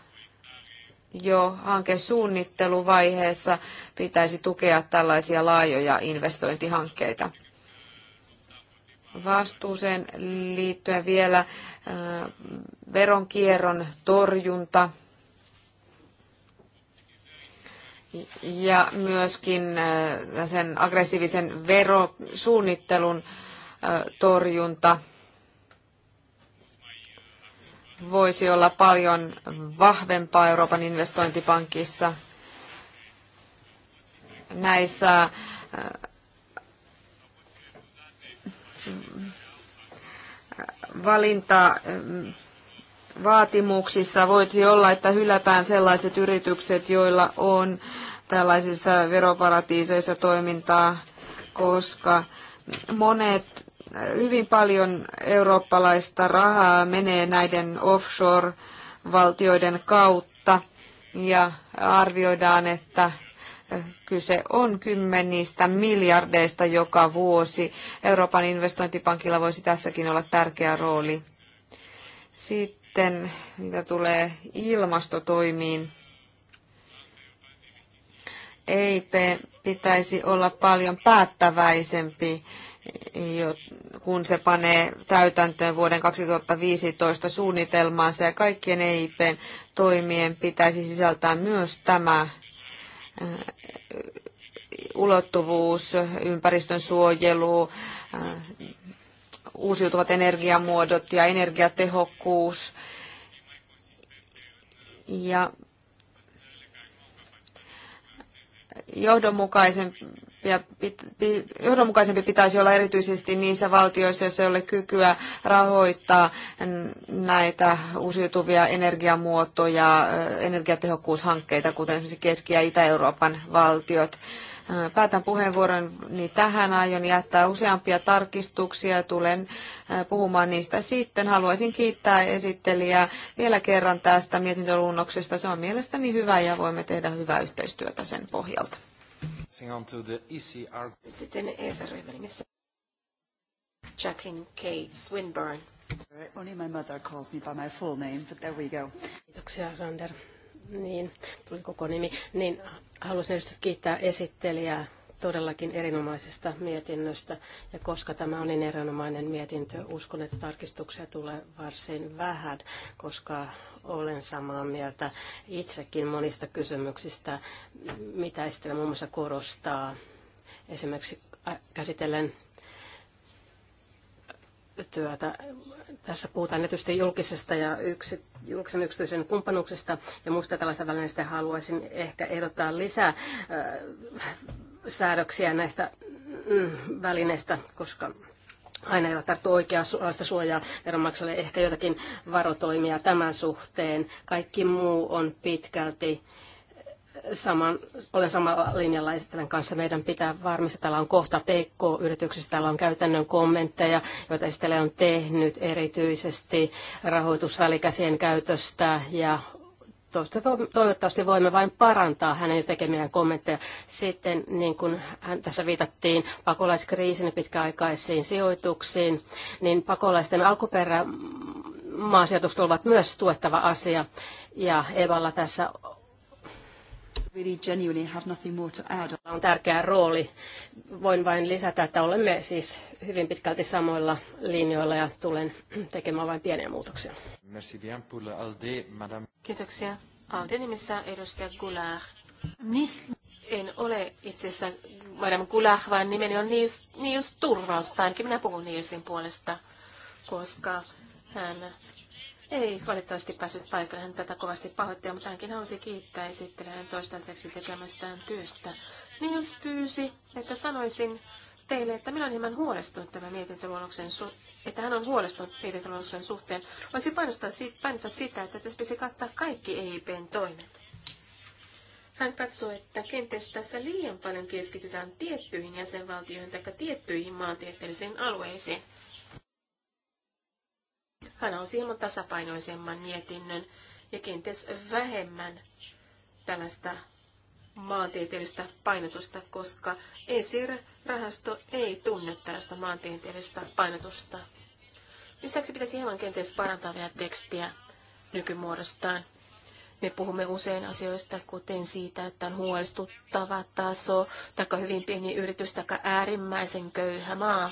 Speaker 4: jo hankesuunnitteluvaiheessa pitäisi tukea tällaisia laajoja investointihankkeita vastuuseen liittyen vielä äh, veronkierron torjunta ja myöskin äh, sen aggressiivisen verosuunnittelun äh, torjunta voisi olla paljon vahvempaa Euroopan investointipankissa näissä valinta mm, vaatimuksissa voisi olla, että hylätään sellaiset yritykset, joilla on tällaisissa veroparatiiseissa toimintaa, koska monet, hyvin paljon eurooppalaista rahaa menee näiden offshore-valtioiden kautta ja arvioidaan, että kyse on kymmenistä miljardeista joka vuosi. Euroopan investointipankilla voisi tässäkin olla tärkeä rooli. Sitten mitä tulee ilmastotoimiin. Ei pitäisi olla paljon päättäväisempi kun se panee täytäntöön vuoden 2015 suunnitelmaansa ja kaikkien EIPn toimien pitäisi sisältää myös tämä ulottuvuus, ympäristön suojelu, äh, uusiutuvat energiamuodot ja energiatehokkuus. Ja johdonmukaisen ja johdonmukaisempi pitäisi olla erityisesti niissä valtioissa, joissa ei ole kykyä rahoittaa näitä uusiutuvia energiamuotoja, energiatehokkuushankkeita, kuten esimerkiksi Keski- ja Itä-Euroopan valtiot. Päätän niin tähän. Aion jättää useampia tarkistuksia ja tulen puhumaan niistä sitten. Haluaisin kiittää esittelijää vielä kerran tästä mietintöluunnoksesta. Se on mielestäni hyvä ja voimme tehdä hyvää yhteistyötä sen pohjalta.
Speaker 2: E Sitten esr ryhmä Jacqueline K. Swinburne. Only my mother
Speaker 5: calls me by my full name, but there we go. Kiitoksia, Sander. Niin, tuli koko nimi. Niin, haluaisin just kiittää esittelijää todellakin erinomaisesta mietinnöstä. Ja koska tämä on niin erinomainen mietintö, uskon, että tarkistuksia tulee varsin vähän, koska olen samaa mieltä itsekin monista kysymyksistä, mitä esitellä muun muassa korostaa. Esimerkiksi käsitellen työtä. Tässä puhutaan tietysti julkisesta ja yksi, julkisen yksityisen kumppanuksesta ja muista tällaista välineistä haluaisin ehkä ehdottaa lisää äh, säädöksiä näistä mm, välineistä, koska aina ei ole tarttu oikeanlaista suojaa veronmaksajille, ehkä jotakin varotoimia tämän suhteen. Kaikki muu on pitkälti eh, saman, olen samalla linjalla esittelen kanssa. Meidän pitää varmistaa, täällä on kohta PK-yrityksistä, täällä on käytännön kommentteja, joita esittelijä on tehnyt erityisesti rahoitusvälikäsien käytöstä ja toivottavasti voimme vain parantaa hänen tekemiään kommentteja. Sitten, niin kuin hän tässä viitattiin pakolaiskriisin ja pitkäaikaisiin sijoituksiin, niin pakolaisten alkuperä maasijoitukset ovat myös tuettava asia. Ja Evalla tässä on tärkeä rooli. Voin vain lisätä, että olemme siis hyvin pitkälti samoilla linjoilla ja tulen tekemään vain pieniä muutoksia.
Speaker 6: Merci bien pour le madame.
Speaker 2: Kiitoksia. Alde nimissä edustaja Gulag. Nis... En ole itse asiassa Madame Gulag, vaan nimeni on Nils, Nils Turvaus, tai ainakin minä puhun Nilsin puolesta, koska hän ei valitettavasti päässyt paikalle. Hän tätä kovasti pahoitteli, mutta hänkin halusi kiittää esittelijän toistaiseksi tekemästään työstä. Nils pyysi, että sanoisin teille, että minä olen hieman huolestunut tämän mietintöluonnoksen suhteen, että hän on huolestunut mietintöluonnoksen suhteen. Voisi painottaa sitä, että tässä pitäisi kattaa kaikki EIPn toimet. Hän katsoo, että kenties tässä liian paljon keskitytään tiettyihin jäsenvaltioihin tai tiettyihin maantieteellisiin alueisiin. Hän on hieman tasapainoisemman mietinnön ja kenties vähemmän tällaista maantieteellistä painotusta, koska ESIR-rahasto ei tunne tällaista maantieteellistä painotusta. Lisäksi pitäisi hieman kenties parantaa vielä tekstiä nykymuodostaan. Me puhumme usein asioista, kuten siitä, että on huolestuttava taso, taikka hyvin pieni yritys, taikka äärimmäisen köyhä maa.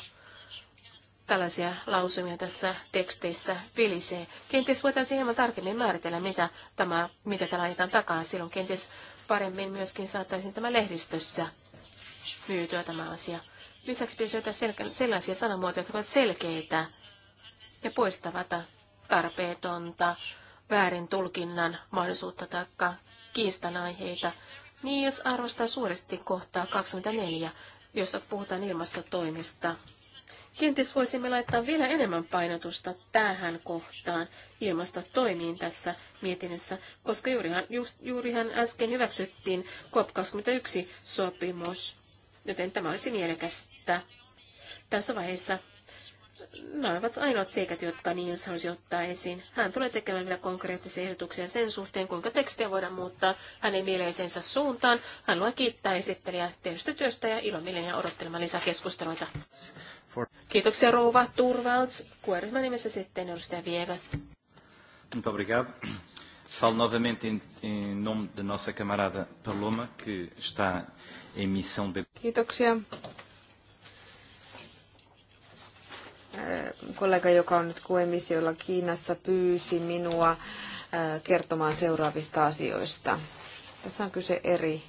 Speaker 2: Tällaisia lausumia tässä teksteissä vilisee. Kenties voitaisiin hieman tarkemmin määritellä, mitä, tämä, mitä täällä ajetaan takaa. Silloin kenties paremmin myöskin saataisiin tämä lehdistössä myytyä tämä asia. Lisäksi pitäisi löytää sellaisia sanamuotoja, jotka ovat selkeitä ja poistavat tarpeetonta väärin tulkinnan mahdollisuutta tai kiistanaiheita. Niin jos arvostaa suuresti kohtaa 24, jossa puhutaan ilmastotoimista Kenties voisimme laittaa vielä enemmän painotusta tähän kohtaan ilmasta toimiin tässä mietinnössä, koska juurihan, just, juurihan äsken hyväksyttiin COP21-sopimus, joten tämä olisi mielekästä. Tässä vaiheessa nämä ovat ainoat seikat, jotka niin haluaisi ottaa esiin. Hän tulee tekemään vielä konkreettisia ehdotuksia sen suhteen, kuinka tekstiä voidaan muuttaa hänen mieleisensä suuntaan. Hän luo kiittää esittelijää tehdystä työstä ja ilomielinen ja odottelemaan lisää keskusteluita. Kiitoksia rouva Turvalds. Kuoryhmän nimessä sitten edustaja Viegas.
Speaker 1: Muito obrigado. Falo novamente em, em nome da nossa camarada
Speaker 6: Paloma, que está em missão de...
Speaker 4: Kiitoksia. Kollega, joka on nyt kuemisiolla Kiinassa, pyysi minua kertomaan seuraavista asioista. Tässä on kyse eri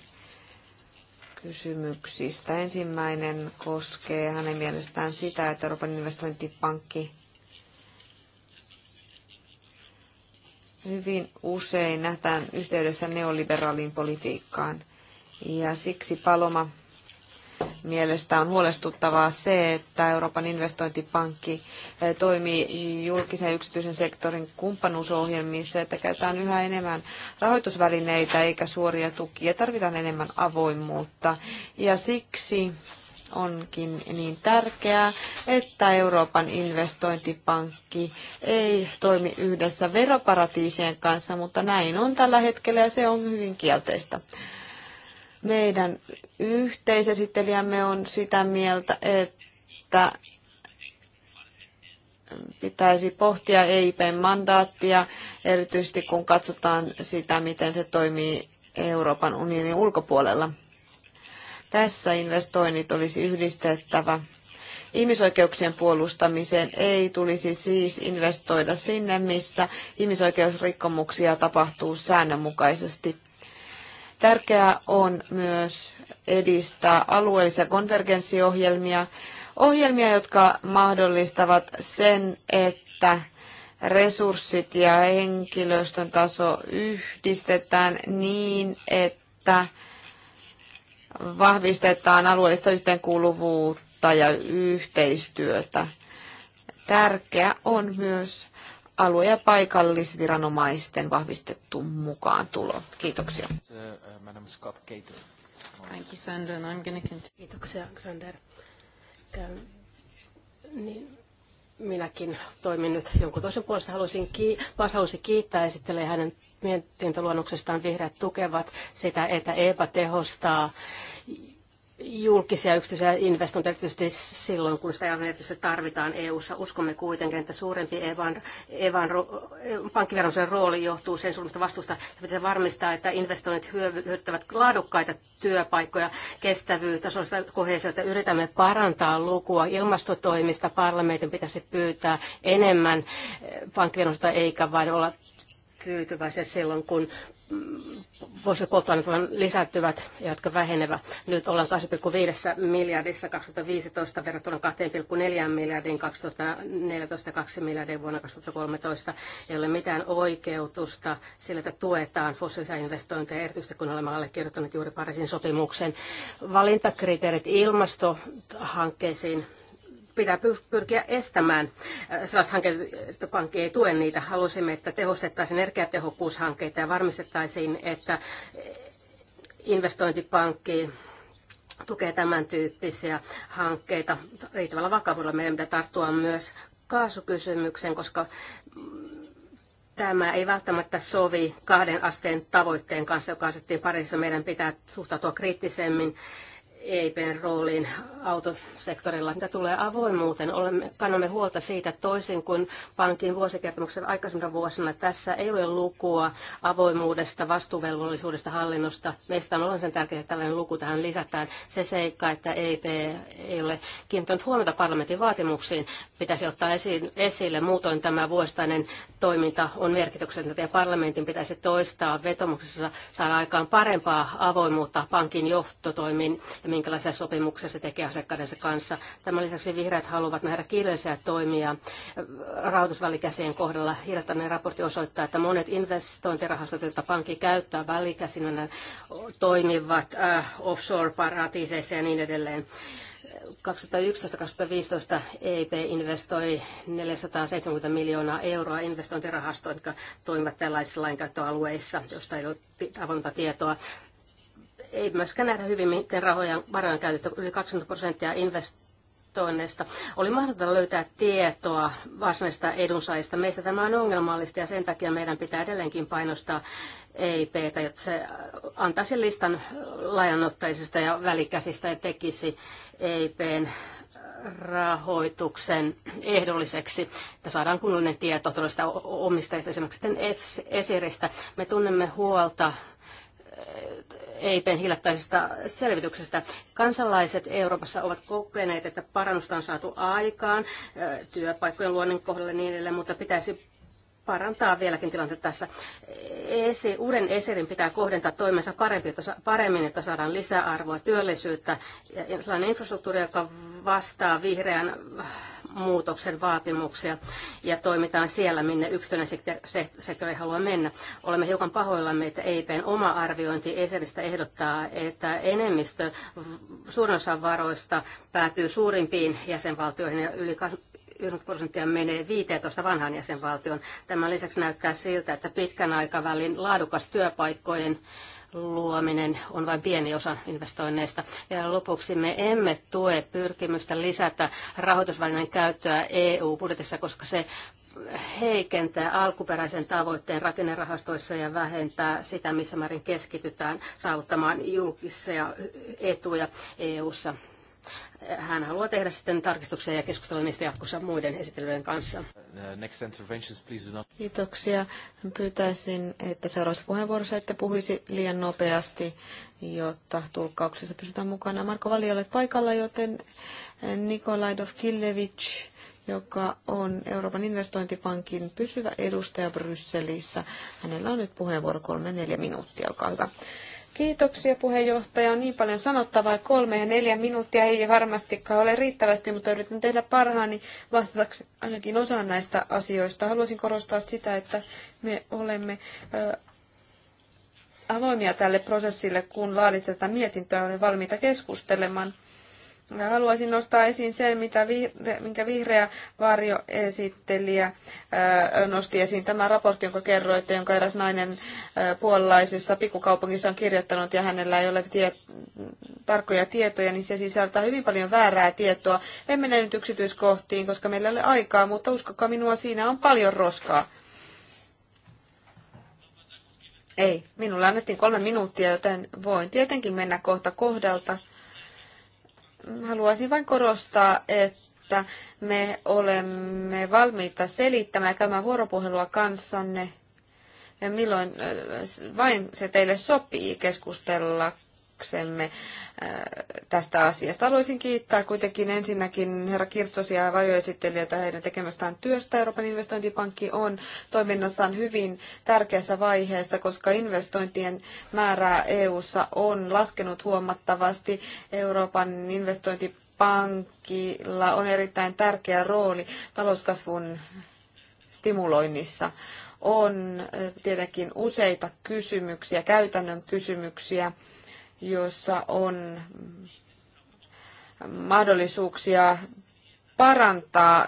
Speaker 4: kysymyksistä. Ensimmäinen koskee hänen mielestään sitä, että Euroopan investointipankki hyvin usein nähdään yhteydessä neoliberaaliin politiikkaan. Ja siksi Paloma mielestä on huolestuttavaa se, että Euroopan investointipankki eh, toimii julkisen ja yksityisen sektorin kumppanuusohjelmissa, että käytetään yhä enemmän rahoitusvälineitä eikä suoria tukia, tarvitaan enemmän avoimuutta. Ja siksi onkin niin tärkeää, että Euroopan investointipankki ei toimi yhdessä veroparatiisien kanssa, mutta näin on tällä hetkellä ja se on hyvin kielteistä. Meidän yhteisesittelijämme on sitä mieltä, että pitäisi pohtia eip mandaattia, erityisesti kun katsotaan sitä, miten se toimii Euroopan unionin ulkopuolella. Tässä investoinnit olisi yhdistettävä ihmisoikeuksien puolustamiseen. Ei tulisi siis investoida sinne, missä ihmisoikeusrikkomuksia tapahtuu säännönmukaisesti. Tärkeää on myös edistää alueellisia konvergenssiohjelmia, ohjelmia, jotka mahdollistavat sen, että resurssit ja henkilöstön taso yhdistetään niin, että vahvistetaan alueellista yhteenkuuluvuutta ja yhteistyötä. Tärkeää on myös alue- ja paikallisviranomaisten vahvistettu mukaan tulo. Kiitoksia.
Speaker 6: Thank
Speaker 1: you,
Speaker 5: Kiitoksia, Sander. Niin, minäkin toimin nyt jonkun toisen puolesta. Haluaisin, ki- kiittää esittelee hänen mietintöluonnoksestaan vihreät tukevat sitä, että EPA tehostaa julkisia yksityisiä investointeja, erityisesti silloin, kun sitä erityisesti tarvitaan EU-ssa. Uskomme kuitenkin, että suurempi Evan, Evan pankkiveronsen rooli johtuu sen suunnasta vastuusta. Ja pitää varmistaa, että investoinnit hyödyttävät laadukkaita työpaikkoja, kestävyyttä, sosiaalista kohesiota. Yritämme parantaa lukua ilmastotoimista. Parlamentin pitäisi pyytää enemmän eh, pankkiverosta, eikä vain olla tyytyväisiä silloin, kun fossiilipolttoaineet vaan lisääntyvät, jotka vähenevät. Nyt ollaan 2,5 miljardissa 2015 verrattuna 2,4 miljardiin 2014 2 miljardiin vuonna 2013. Ei ole mitään oikeutusta sillä, että tuetaan fossiilisia investointeja, erityisesti kun olemme allekirjoittaneet juuri Pariisin sopimuksen valintakriteerit ilmastohankkeisiin pitää pyrkiä estämään äh, sellaiset hankkeet, että pankki ei tue niitä. Halusimme, että tehostettaisiin energiatehokkuushankkeita ja varmistettaisiin, että investointipankki tukee tämän tyyppisiä hankkeita riittävällä vakavuudella. Meidän pitää tarttua myös kaasukysymykseen, koska tämä ei välttämättä sovi kahden asteen tavoitteen kanssa, joka asettiin parissa. Meidän pitää suhtautua kriittisemmin EIPn rooliin autosektorilla. Mitä tulee avoimuuteen, olemme, kannamme huolta siitä toisin kuin pankin vuosikertomuksen aikaisemmin vuosina. Tässä ei ole lukua avoimuudesta, vastuuvelvollisuudesta, hallinnosta. Meistä on sen tärkeää, että tällainen luku tähän lisätään. Se seikka, että EIP ei ole kiinnittänyt huomiota parlamentin vaatimuksiin, pitäisi ottaa esiin, esille. Muutoin tämä vuosittainen toiminta on merkityksellinen ja parlamentin pitäisi toistaa vetomuksessa saada aikaan parempaa avoimuutta pankin johtotoimiin ja minkälaisia sopimuksia se tekee asiakkaidensa kanssa. Tämän lisäksi vihreät haluavat nähdä kiireellisiä toimia rahoitusvälikäsien kohdalla. Hiljattainen raportti osoittaa, että monet investointirahastot, joita pankki käyttää välikäsinä, toimivat äh, offshore-paratiiseissa ja niin edelleen. 2011-2015 EIP investoi 470 miljoonaa euroa investointirahastoon, jotka toimivat tällaisissa lainkäyttöalueissa, josta ei ole avointa tietoa ei myöskään nähdä hyvin, miten rahoja, varoja on käytetty yli 20 prosenttia investoinneista. Oli mahdotonta löytää tietoa varsinaisista edunsaajista. Meistä tämä on ongelmallista ja sen takia meidän pitää edelleenkin painostaa eip jotta se antaisi listan laajanottaisista ja välikäsistä ja tekisi EIPn rahoituksen ehdolliseksi, että saadaan kunnollinen tieto todellista omistajista, esimerkiksi sitten esiristä. E Me tunnemme huolta EIPn hiljattaisesta selvityksestä. Kansalaiset Euroopassa ovat kokeneet, että parannusta on saatu aikaan työpaikkojen luonnin kohdalla niin edelleen, mutta pitäisi parantaa vieläkin tilannetta tässä. ESI, uuden ESERin pitää kohdentaa toimensa parempi, paremmin, että saadaan lisäarvoa, työllisyyttä ja sellainen infrastruktuuri, joka vastaa vihreän muutoksen vaatimuksia ja toimitaan siellä, minne yksityinen sektori haluaa mennä. Olemme hiukan pahoillamme, että EIPn oma arviointi ESERistä ehdottaa, että enemmistö suurin osa varoista päätyy suurimpiin jäsenvaltioihin ja yli 90 prosenttia menee 15 vanhan jäsenvaltion. Tämän lisäksi näyttää siltä, että pitkän aikavälin laadukas työpaikkojen luominen on vain pieni osa investoinneista. Ja lopuksi me emme tue pyrkimystä lisätä rahoitusvälineen käyttöä EU-budjetissa, koska se heikentää alkuperäisen tavoitteen rakennerahastoissa ja vähentää sitä, missä määrin keskitytään saavuttamaan julkisia etuja EU-ssa hän haluaa tehdä sitten tarkistuksia ja keskustella niistä jatkossa muiden esittelyiden kanssa.
Speaker 6: Next interventions, please do not...
Speaker 4: Kiitoksia. Pyytäisin, että seuraavassa puheenvuorossa ette puhuisi liian nopeasti, jotta tulkkauksessa pysytään mukana. Marko Vali olet paikalla, joten Nikolai Dovkilevich, joka on Euroopan investointipankin pysyvä edustaja Brysselissä. Hänellä on nyt puheenvuoro kolme neljä minuuttia. Olkaa hyvä. Kiitoksia puheenjohtaja. On niin paljon sanottavaa, kolme ja neljä minuuttia ei varmastikaan ole riittävästi, mutta yritän tehdä parhaani vastatakseni ainakin osaan näistä asioista. Haluaisin korostaa sitä, että me olemme avoimia tälle prosessille, kun laadit tätä mietintöä, olen valmiita keskustelemaan. Mä haluaisin nostaa esiin sen, mitä vihre, minkä vihreä varjoesittelijä nosti esiin. Tämä raportti, jonka kerroitte, jonka eräs nainen puolalaisessa pikkukaupungissa on kirjoittanut ja hänellä ei ole tie, tarkkoja tietoja, niin se sisältää hyvin paljon väärää tietoa. En mene nyt yksityiskohtiin, koska meillä ei ole aikaa, mutta uskokaa minua, siinä on paljon roskaa. Ei, minulle annettiin kolme minuuttia, joten voin tietenkin mennä kohta kohdalta haluaisin vain korostaa, että me olemme valmiita selittämään ja käymään vuoropuhelua kanssanne milloin äh, vain se teille sopii keskustella päätöksemme äh, tästä asiasta. Haluaisin kiittää kuitenkin ensinnäkin herra Kirtsosia ja varjoesittelijöitä heidän tekemästään työstä. Euroopan investointipankki on toiminnassaan hyvin tärkeässä vaiheessa, koska investointien määrää EU:ssa on laskenut huomattavasti. Euroopan investointipankilla on erittäin tärkeä rooli talouskasvun stimuloinnissa on äh, tietenkin useita kysymyksiä, käytännön kysymyksiä, jossa on mahdollisuuksia parantaa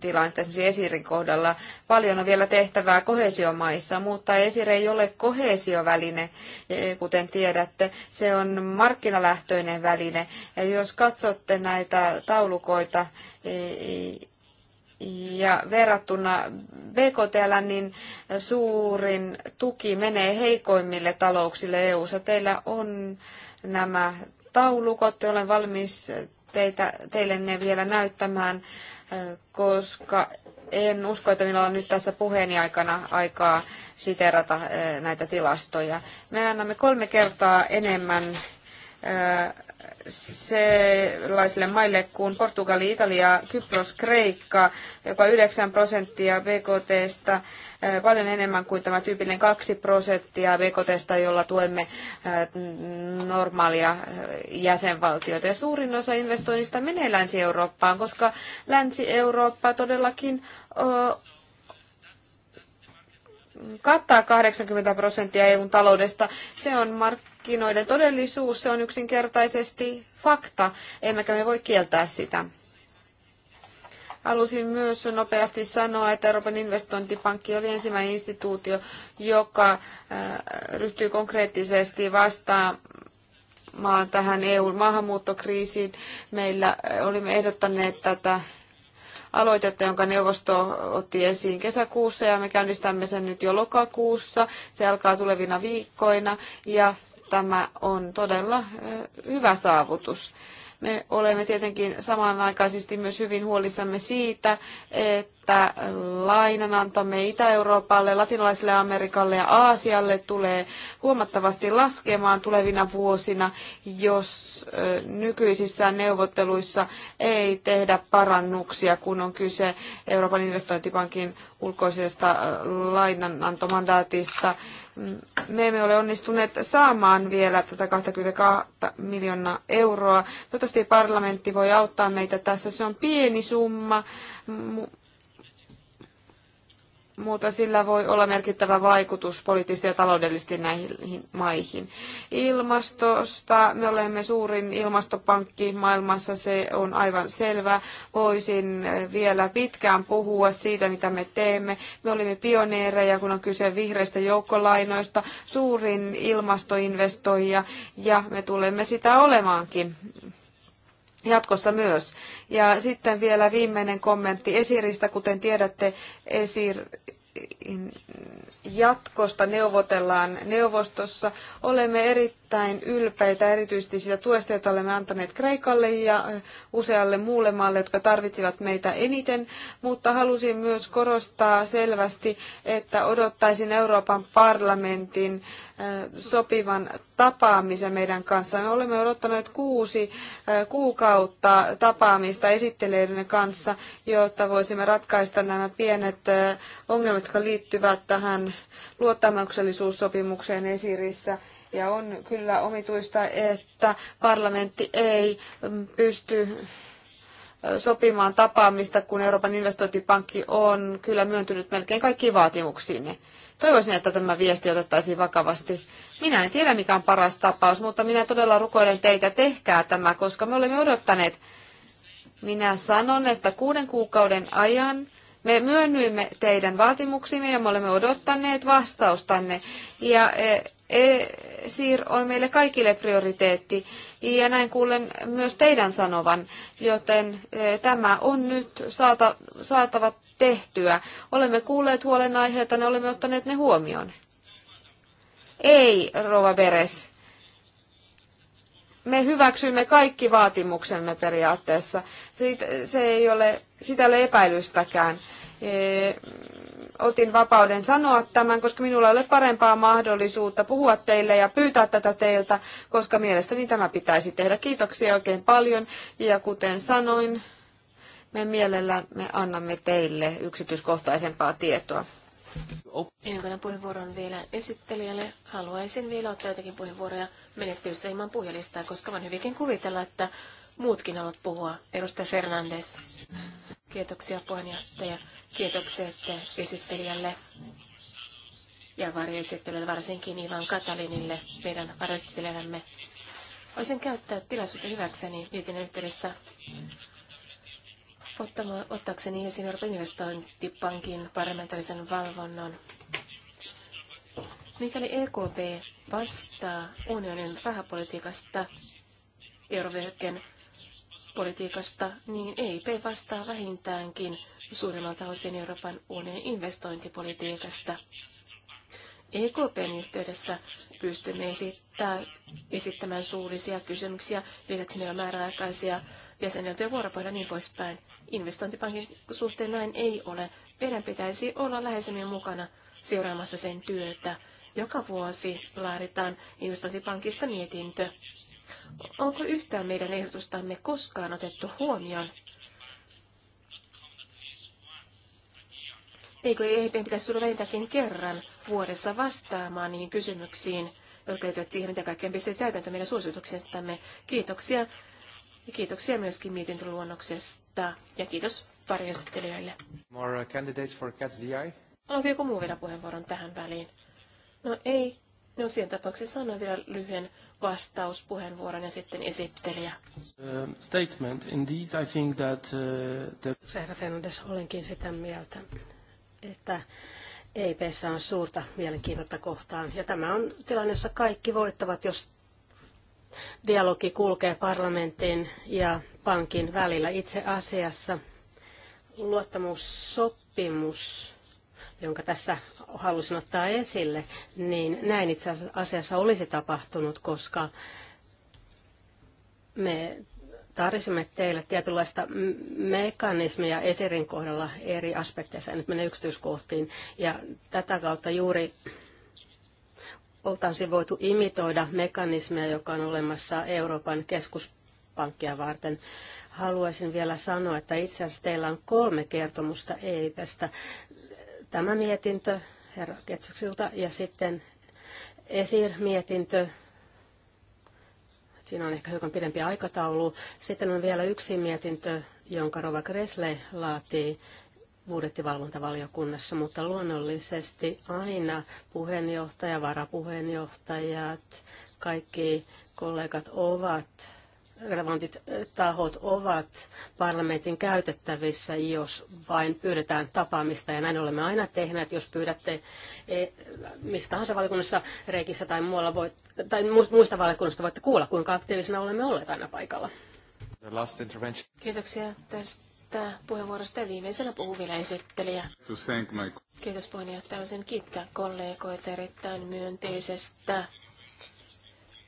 Speaker 4: tilannetta esimerkiksi Esirin kohdalla. Paljon on vielä tehtävää kohesiomaissa, mutta Esir ei ole kohesioväline, e, kuten tiedätte. Se on markkinalähtöinen väline. Ja jos katsotte näitä taulukoita, e, ja verrattuna BKTL, niin suurin tuki menee heikoimmille talouksille EU-ssa. Teillä on nämä taulukot, olen valmis teitä, teille ne vielä näyttämään, koska en usko, että minulla on nyt tässä puheeni aikana aikaa siterata eh, näitä tilastoja. Me annamme kolme kertaa enemmän eh, sellaisille maille kuin Portugali, Italia, Kypros, Kreikka, jopa 9 prosenttia BKTstä, eh, paljon enemmän kuin tämä tyypillinen 2 prosenttia BKTstä, jolla tuemme eh, normaalia eh, jäsenvaltioita. Ja suurin osa investoinnista menee Länsi-Eurooppaan, koska Länsi-Eurooppa todellakin kattaa 80 prosenttia EUn taloudesta. Se on mark markkinoiden todellisuus, se on yksinkertaisesti fakta, emmekä me voi kieltää sitä. Halusin myös nopeasti sanoa, että Euroopan investointipankki oli ensimmäinen instituutio, joka äh, ryhtyi konkreettisesti maan tähän EU-maahanmuuttokriisiin. Meillä äh, olimme ehdottaneet tätä aloitetta, jonka neuvosto otti esiin kesäkuussa ja me käynnistämme sen nyt jo lokakuussa. Se alkaa tulevina viikkoina ja tämä on todella hyvä saavutus. Me olemme tietenkin samanaikaisesti myös hyvin huolissamme siitä, että lainanantomme Itä-Euroopalle, Latinalaiselle Amerikalle ja Aasialle tulee huomattavasti laskemaan tulevina vuosina, jos nykyisissä neuvotteluissa ei tehdä parannuksia, kun on kyse Euroopan investointipankin ulkoisesta lainanantomandaatista me emme ole onnistuneet saamaan vielä tätä 22 miljoonaa euroa. Toivottavasti parlamentti voi auttaa meitä tässä. Se on pieni summa, mutta sillä voi olla merkittävä vaikutus poliittisesti ja taloudellisesti näihin maihin. Ilmastosta me olemme suurin ilmastopankki maailmassa, se on aivan selvä. Voisin vielä pitkään puhua siitä, mitä me teemme. Me olimme pioneereja, kun on kyse vihreistä joukkolainoista, suurin ilmastoinvestoija ja me tulemme sitä olemaankin jatkossa myös. Ja sitten vielä viimeinen kommentti Esiristä. Kuten tiedätte, Esir jatkosta neuvotellaan neuvostossa. Olemme erittäin erittäin ylpeitä erityisesti siitä tuesta, jota olemme antaneet Kreikalle ja usealle muulle maalle, jotka tarvitsivat meitä eniten, mutta halusin myös korostaa selvästi, että odottaisin Euroopan parlamentin sopivan tapaamisen meidän kanssa. Me olemme odottaneet kuusi kuukautta tapaamista esittelijöiden kanssa, jotta voisimme ratkaista nämä pienet ongelmat, jotka liittyvät tähän luottamuksellisuussopimukseen esirissä. Ja on kyllä omituista, että parlamentti ei mm, pysty sopimaan tapaamista, kun Euroopan investointipankki on kyllä myöntynyt melkein kaikkiin vaatimuksiin. Toivoisin, että tämä viesti otettaisiin vakavasti. Minä en tiedä, mikä on paras tapaus, mutta minä todella rukoilen teitä, tehkää tämä, koska me olemme odottaneet. Minä sanon, että kuuden kuukauden ajan me myönnyimme teidän vaatimuksimme ja me olemme odottaneet vastaustanne. Ja e, ESIR on meille kaikille prioriteetti ja näin kuulen myös teidän sanovan, joten e, tämä on nyt saata, saatava tehtyä. Olemme kuulleet huolenaiheita, ne olemme ottaneet ne huomioon. Ei, Rova Beres. Me hyväksymme kaikki vaatimuksemme periaatteessa. Siitä, se ei ole, sitä ei ole epäilystäkään. E, otin vapauden sanoa tämän, koska minulla ei ole parempaa mahdollisuutta puhua teille ja pyytää tätä teiltä, koska mielestäni tämä pitäisi tehdä. Kiitoksia oikein paljon ja kuten sanoin, me mielellämme annamme teille yksityiskohtaisempaa tietoa.
Speaker 2: Ennen kuin puheenvuoron vielä esittelijälle, haluaisin vielä ottaa jotakin puheenvuoroja menettelyssä ilman puhujalistaa, koska voin hyvinkin kuvitella, että muutkin haluat puhua. Edustaja Fernandes. Kiitoksia puheenjohtaja. Kiitokset esittelijälle ja varjoesittelijälle, varsinkin Ivan Katalinille, meidän varjoesittelijämme. Voisin käyttää tilaisuutta hyväkseni mietinnön yhteydessä ottaakseni esiin Euroopan investointipankin parlamentaarisen valvonnan. Mikäli EKP vastaa unionin rahapolitiikasta, eurovyöhykkeen politiikasta, niin EIP vastaa vähintäänkin suurimmalta osin Euroopan unionin investointipolitiikasta. EKPn yhteydessä pystymme esittää, esittämään suullisia kysymyksiä, lisäksi meillä on määräaikaisia jäseneltyjä vuoropuheluja niin poispäin. Investointipankin suhteen näin ei ole. Meidän pitäisi olla läheisemmin mukana seuraamassa sen työtä. Joka vuosi laaditaan investointipankista mietintö. Onko yhtään meidän ehdotustamme koskaan otettu huomioon? Eikö EIP pitäisi tulla vähintäänkin kerran vuodessa vastaamaan niihin kysymyksiin, jotka liittyvät siihen, mitä kaikkea pistetään täytäntö meidän suosituksestamme. Kiitoksia. Ja kiitoksia myöskin mietintöluonnoksesta. Ja kiitos varjoesittelijöille.
Speaker 1: More uh, candidates
Speaker 2: Haluaako joku muu vielä puheenvuoron tähän väliin? No ei. No siinä tapauksessa annan vielä lyhyen vastauspuheenvuoron ja sitten esittelijä.
Speaker 1: Uh, statement. Indeed, I think that...
Speaker 6: Uh, the...
Speaker 5: Herra Fernandes, olenkin sitä mieltä, että EIP on suurta mielenkiintoista kohtaan. Ja tämä on tilanne, jossa kaikki voittavat, jos dialogi kulkee parlamentin ja pankin välillä. Itse asiassa luottamussopimus, jonka tässä halusin ottaa esille, niin näin itse asiassa olisi tapahtunut, koska me tarvitsemme teille tietynlaista mekanismia esirin kohdalla eri aspekteissa, en nyt mene yksityiskohtiin, ja tätä kautta juuri oltaisiin voitu imitoida mekanismia, joka on olemassa Euroopan keskuspankkia varten. Haluaisin vielä sanoa, että itse asiassa teillä on kolme kertomusta EIPestä. Tämä mietintö herra Ketsuksilta ja sitten esir-mietintö Siinä on ehkä hiukan pidempi aikataulu. Sitten on vielä yksi mietintö, jonka Rova Kresle laatii budjettivalvontavaliokunnassa, mutta luonnollisesti aina puheenjohtaja, varapuheenjohtajat, kaikki kollegat ovat relevantit eh, tahot ovat parlamentin käytettävissä, jos vain pyydetään tapaamista. Ja näin olemme aina tehneet, jos pyydätte eh, mistä tahansa valiokunnassa, Reikissä tai, muualla voit, tai muista valiokunnasta
Speaker 2: voitte kuulla, kuinka aktiivisena olemme olleet aina paikalla.
Speaker 6: The last intervention.
Speaker 2: Kiitoksia tästä puheenvuorosta ja viimeisellä puhuu vielä esittelijä. Kiitos puheenjohtaja. Olisin kiittää kollegoita erittäin myönteisestä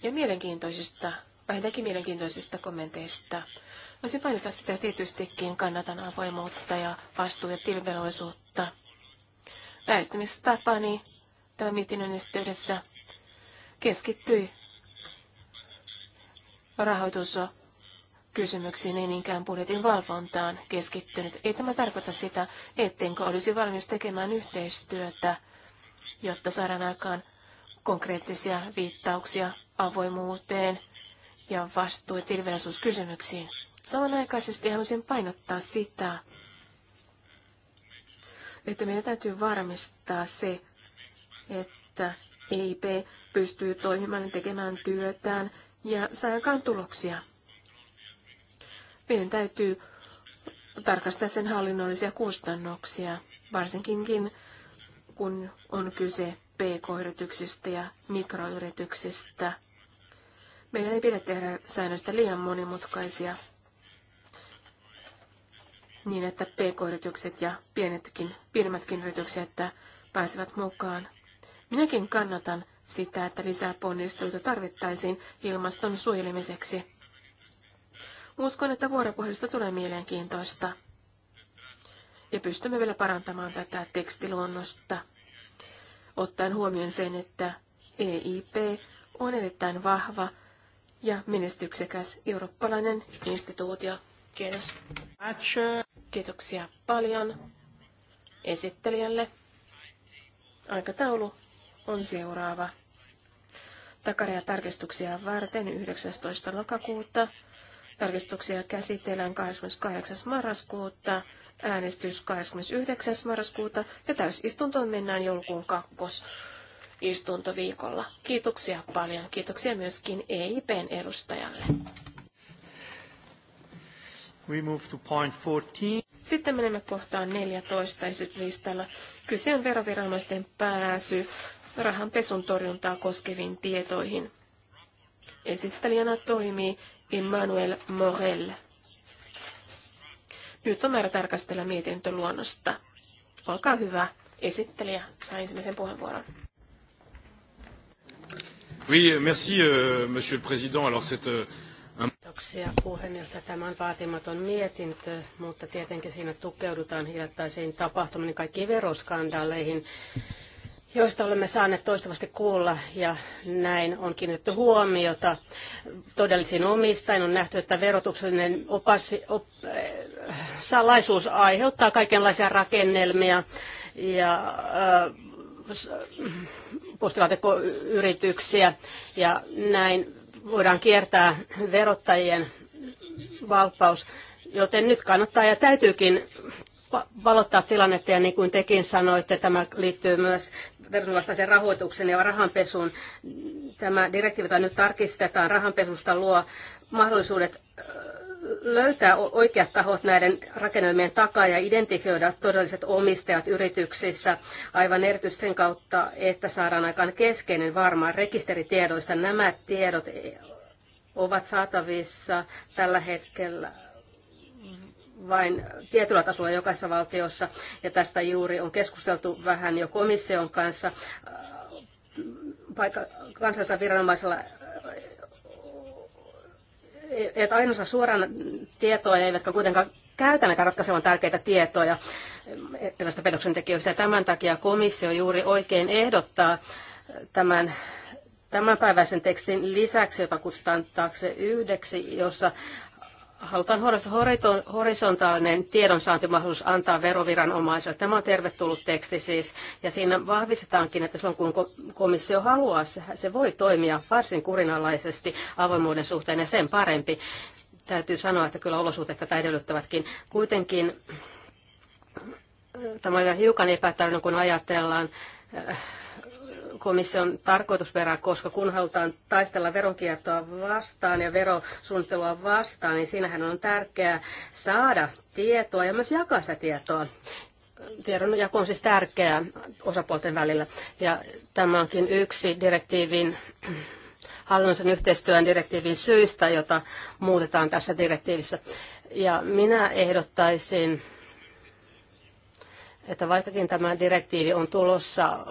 Speaker 2: ja mielenkiintoisista vähintäänkin mielenkiintoisista kommenteista. Voisin no, painottaa sitä tietystikin kannatan avoimuutta ja vastuu- ja tilivelvollisuutta. Lähestymistapani tämän mietinnön yhteydessä keskittyi rahoitus kysymyksiin, ei niinkään budjetin valvontaan keskittynyt. Ei tämä tarkoita sitä, ettenkö olisi valmis tekemään yhteistyötä, jotta saadaan aikaan konkreettisia viittauksia avoimuuteen ja vastuu- ja tilivelvollisuuskysymyksiin. Samanaikaisesti haluaisin painottaa sitä, että meidän täytyy varmistaa se, että EIP pystyy toimimaan ja tekemään työtään ja saakaan tuloksia. Meidän täytyy tarkastaa sen hallinnollisia kustannuksia, varsinkin kun on kyse pk-yrityksistä ja mikroyrityksistä – meidän ei pidä tehdä säännöistä liian monimutkaisia niin, että pk-yritykset ja pienetkin, pienemmätkin yritykset pääsevät mukaan. Minäkin kannatan sitä, että lisää ponnisteluita tarvittaisiin ilmaston suojelemiseksi. Uskon, että vuoropuhelusta tulee mielenkiintoista ja pystymme vielä parantamaan tätä tekstiluonnosta, ottaen huomioon sen, että EIP on erittäin vahva ja menestyksekäs eurooppalainen instituutio. Kiitos. Kiitoksia paljon esittelijälle. Aikataulu on seuraava. Takaria tarkistuksia varten 19. lokakuuta. Tarkistuksia käsitellään 28. marraskuuta, äänestys 29. marraskuuta ja täysistuntoon mennään joulukuun kakkos istuntoviikolla. Kiitoksia paljon. Kiitoksia myöskin EIPn edustajalle.
Speaker 1: We move to point
Speaker 2: 14. Sitten menemme kohtaan 14 listalla. Kyse on veroviranomaisten pääsy rahanpesun torjuntaa koskeviin tietoihin. Esittelijänä toimii Emmanuel Morel. Nyt on määrä tarkastella mietintöluonnosta. Olkaa hyvä. Esittelijä saa ensimmäisen puheenvuoron.
Speaker 6: Oui, merci, euh, monsieur le président. Alors, cette, euh, Kiitoksia
Speaker 5: puheenjohtaja. Tämä on vaatimaton mietintö, mutta tietenkin siinä tukeudutaan hiljattaisiin tapahtumiin niin kaikkiin veroskandaaleihin, joista olemme saaneet toistavasti kuulla ja näin on kiinnitetty huomiota todellisiin omistajien. On nähty, että verotuksellinen opas, op, äh, salaisuus aiheuttaa kaikenlaisia rakennelmia ja äh, postilaatikkoyrityksiä ja näin voidaan kiertää verottajien valppaus. Joten nyt kannattaa ja täytyykin valottaa tilannetta ja niin kuin tekin sanoitte, tämä liittyy myös verotusvastaisen rahoituksen ja rahanpesuun. Tämä direktiivi, jota nyt tarkistetaan rahanpesusta, luo mahdollisuudet löytää oikeat tahot näiden rakennelmien takaa ja identifioida todelliset omistajat yrityksissä aivan erityisesti sen kautta, että saadaan aikaan keskeinen varmaan rekisteritiedoista. Nämä tiedot e- ovat saatavissa tällä hetkellä vain tietyllä tasolla jokaisessa valtiossa, ja tästä juuri on keskusteltu vähän jo komission kanssa. Paikka, kansallisella viranomaisella eivät saa suoraan tietoa, eivätkä kuitenkaan käytännön ratkaisevan tärkeitä tietoja tällaista pedoksentekijöistä Tämän takia komissio juuri oikein ehdottaa tämän tämänpäiväisen tekstin lisäksi, jota kutsutaan taakse yhdeksi, jossa halutaan horisontaalinen tiedonsaantimahdollisuus antaa veroviranomaisille. Tämä on tervetullut teksti siis, ja siinä vahvistetaankin, että silloin kun komissio haluaa, se voi toimia varsin kurinalaisesti avoimuuden suhteen, ja sen parempi. Täytyy sanoa, että kyllä olosuhteet tätä edellyttävätkin. Kuitenkin äh, tämä on hiukan epätäydellinen, kun ajatellaan äh, komission tarkoitusperää, koska kun halutaan taistella veronkiertoa vastaan ja verosuunnittelua vastaan, niin siinähän on tärkeää saada tietoa ja myös jakaa sitä tietoa. Tiedonjako on siis tärkeää osapuolten välillä. Ja tämä onkin yksi direktiivin hallinnollisen yhteistyön direktiivin syistä, jota muutetaan tässä direktiivissä. Ja minä ehdottaisin että vaikkakin tämä direktiivi on tulossa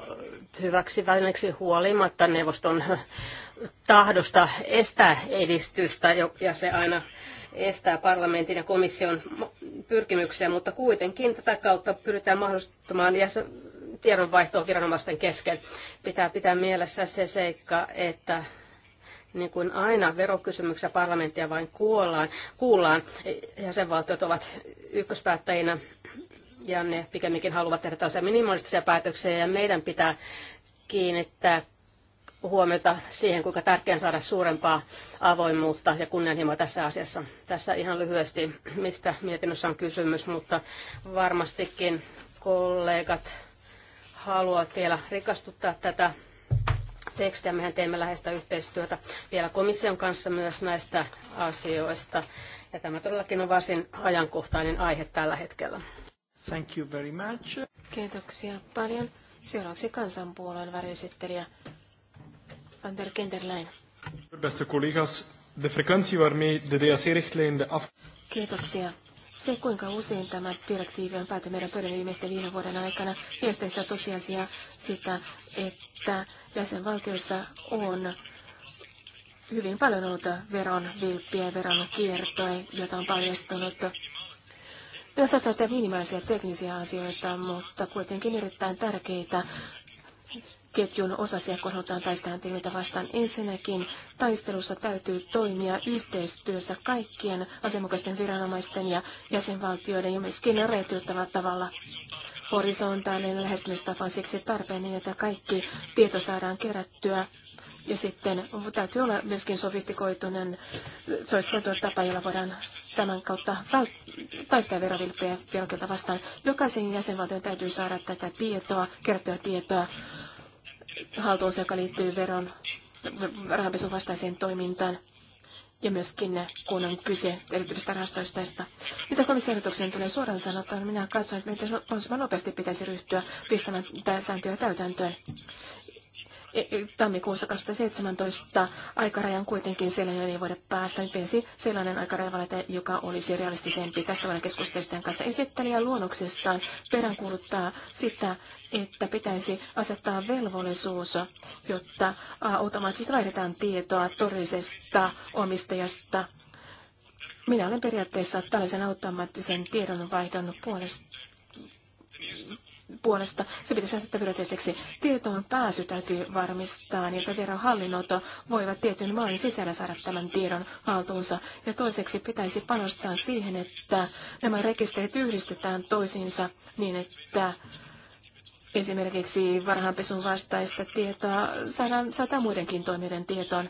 Speaker 5: hyväksi välineeksi huolimatta neuvoston tahdosta estää edistystä, ja se aina estää parlamentin ja komission pyrkimyksiä, mutta kuitenkin tätä kautta pyritään mahdollistamaan jäsen, tiedonvaihtoa viranomaisten kesken. Pitää pitää mielessä se seikka, että niin kuin aina verokysymyksiä parlamenttia vain kuullaan kuullaan, jäsenvaltiot ovat ykköspäättäjinä ja ne pikemminkin haluavat tehdä tällaisia minimalistisia päätöksiä ja meidän pitää kiinnittää huomiota siihen, kuinka tärkeää saada suurempaa avoimuutta ja kunnianhimoa tässä asiassa. Tässä ihan lyhyesti, mistä mietinnössä on kysymys, mutta varmastikin kollegat haluavat vielä rikastuttaa tätä tekstiä. Mehän teemme läheistä yhteistyötä vielä komission kanssa myös näistä asioista. Ja tämä todellakin on varsin ajankohtainen aihe
Speaker 2: tällä hetkellä.
Speaker 1: Thank you very much.
Speaker 2: Kiitoksia paljon. Seuraavaksi kansanpuolueen väriesittelijä Ander Kenderlein.
Speaker 1: Beste collega's, de frequentie waarmee de DAC-richtlijn de af...
Speaker 2: Kiitoksia. Se, kuinka usein tämä direktiivi on päätynyt meidän pöydän viimeisten viiden vuoden aikana, viestää sitä tosiasiaa sitä, että jäsenvaltiossa on hyvin paljon ollut veron vilppiä ja veron kiertoa, jota on paljastunut jos ajatellaan minimaalisia teknisiä asioita, mutta kuitenkin erittäin tärkeitä ketjun osasia, kun halutaan taistella tilmitä vastaan. Ensinnäkin taistelussa täytyy toimia yhteistyössä kaikkien asianmukaisten viranomaisten ja jäsenvaltioiden ja myöskin rehtyttävällä tavalla. Horisontaalinen lähestymistapa on siksi tarpeen niin, että kaikki tieto saadaan kerättyä ja sitten täytyy olla myöskin sofistikoitunen tapa, jolla voidaan tämän kautta taistaa verovilppiä verokelta vastaan. Jokaisen jäsenvaltion täytyy saada tätä tietoa, kertoa tietoa haltuunsa, joka liittyy veron rahanpesun vastaiseen toimintaan ja myöskin kun on kyse erityisistä rahastoista. Mitä komissioehdotukseen tulee suoraan sanotaan, minä katson, että meidän nopeasti pitäisi ryhtyä pistämään sääntöä täytäntöön. E, e, tammikuussa 2017 aikarajan kuitenkin sellainen ei voida päästä. Nyt ensin sellainen aikaraja joka olisi realistisempi. Tästä voidaan keskustella kanssa. Esittelijä luonnoksessaan peräänkuuluttaa sitä, että pitäisi asettaa velvollisuus, jotta automaattisesti vaihdetaan tietoa todellisesta omistajasta. Minä olen periaatteessa tällaisen automaattisen tiedonvaihdon puolesta puolesta. Se pitäisi asettaa prioriteetiksi. Tietoon pääsy täytyy varmistaa, niin että verohallinnot voivat tietyn maan sisällä saada tämän tiedon haltuunsa. Ja toiseksi pitäisi panostaa siihen, että nämä rekisterit yhdistetään toisiinsa niin, että esimerkiksi varhaanpesun vastaista tietoa saadaan, saadaan muidenkin toimijoiden tietoon.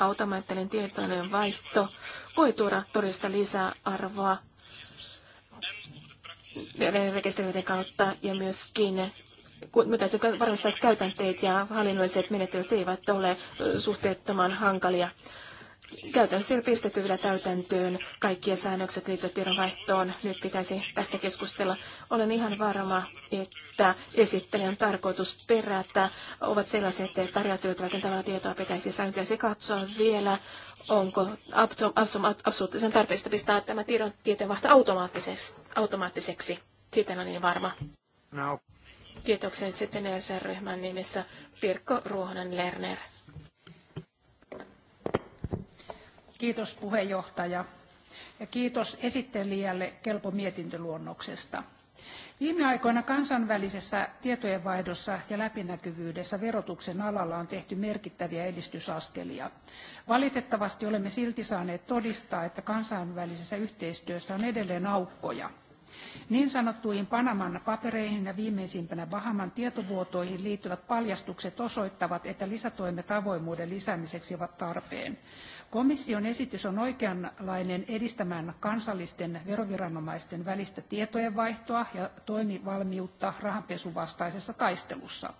Speaker 2: Automaattinen tietoinen vaihto voi tuoda todellista lisäarvoa rekisteröiden kautta ja myöskin me täytyy varmistaa, että käytänteet ja hallinnolliset menettelyt eivät ole suhteettoman hankalia. Käytännössä ei ole pistetty vielä täytäntöön kaikkia säännökset liittyen tiedonvaihtoon. Nyt pitäisi tästä keskustella. Olen ihan varma, että esittelijän tarkoitus perätä ovat sellaiset, että tarjoutuvat tavalla tietoa pitäisi saada. Se katsoa vielä, onko absoluuttisen tarpeesta pistää tämä tiedon tietojenvaihto automaattiseksi. automaattiseksi. Siitä on niin varma. No. Kiitoksen sitten
Speaker 3: ESR-ryhmän nimessä Pirkko Ruohonen Lerner. Kiitos puheenjohtaja ja kiitos esittelijälle kelpo mietintöluonnoksesta. Viime aikoina kansainvälisessä tietojenvaihdossa ja läpinäkyvyydessä verotuksen alalla on tehty merkittäviä edistysaskelia. Valitettavasti olemme silti saaneet todistaa, että kansainvälisessä yhteistyössä on edelleen aukkoja – niin sanottuihin Panaman papereihin ja viimeisimpänä Bahaman tietovuotoihin liittyvät paljastukset osoittavat, että lisätoimet avoimuuden lisäämiseksi ovat tarpeen. Komission esitys on oikeanlainen edistämään kansallisten veroviranomaisten välistä tietojenvaihtoa ja toimivalmiutta rahanpesuvastaisessa taistelussa.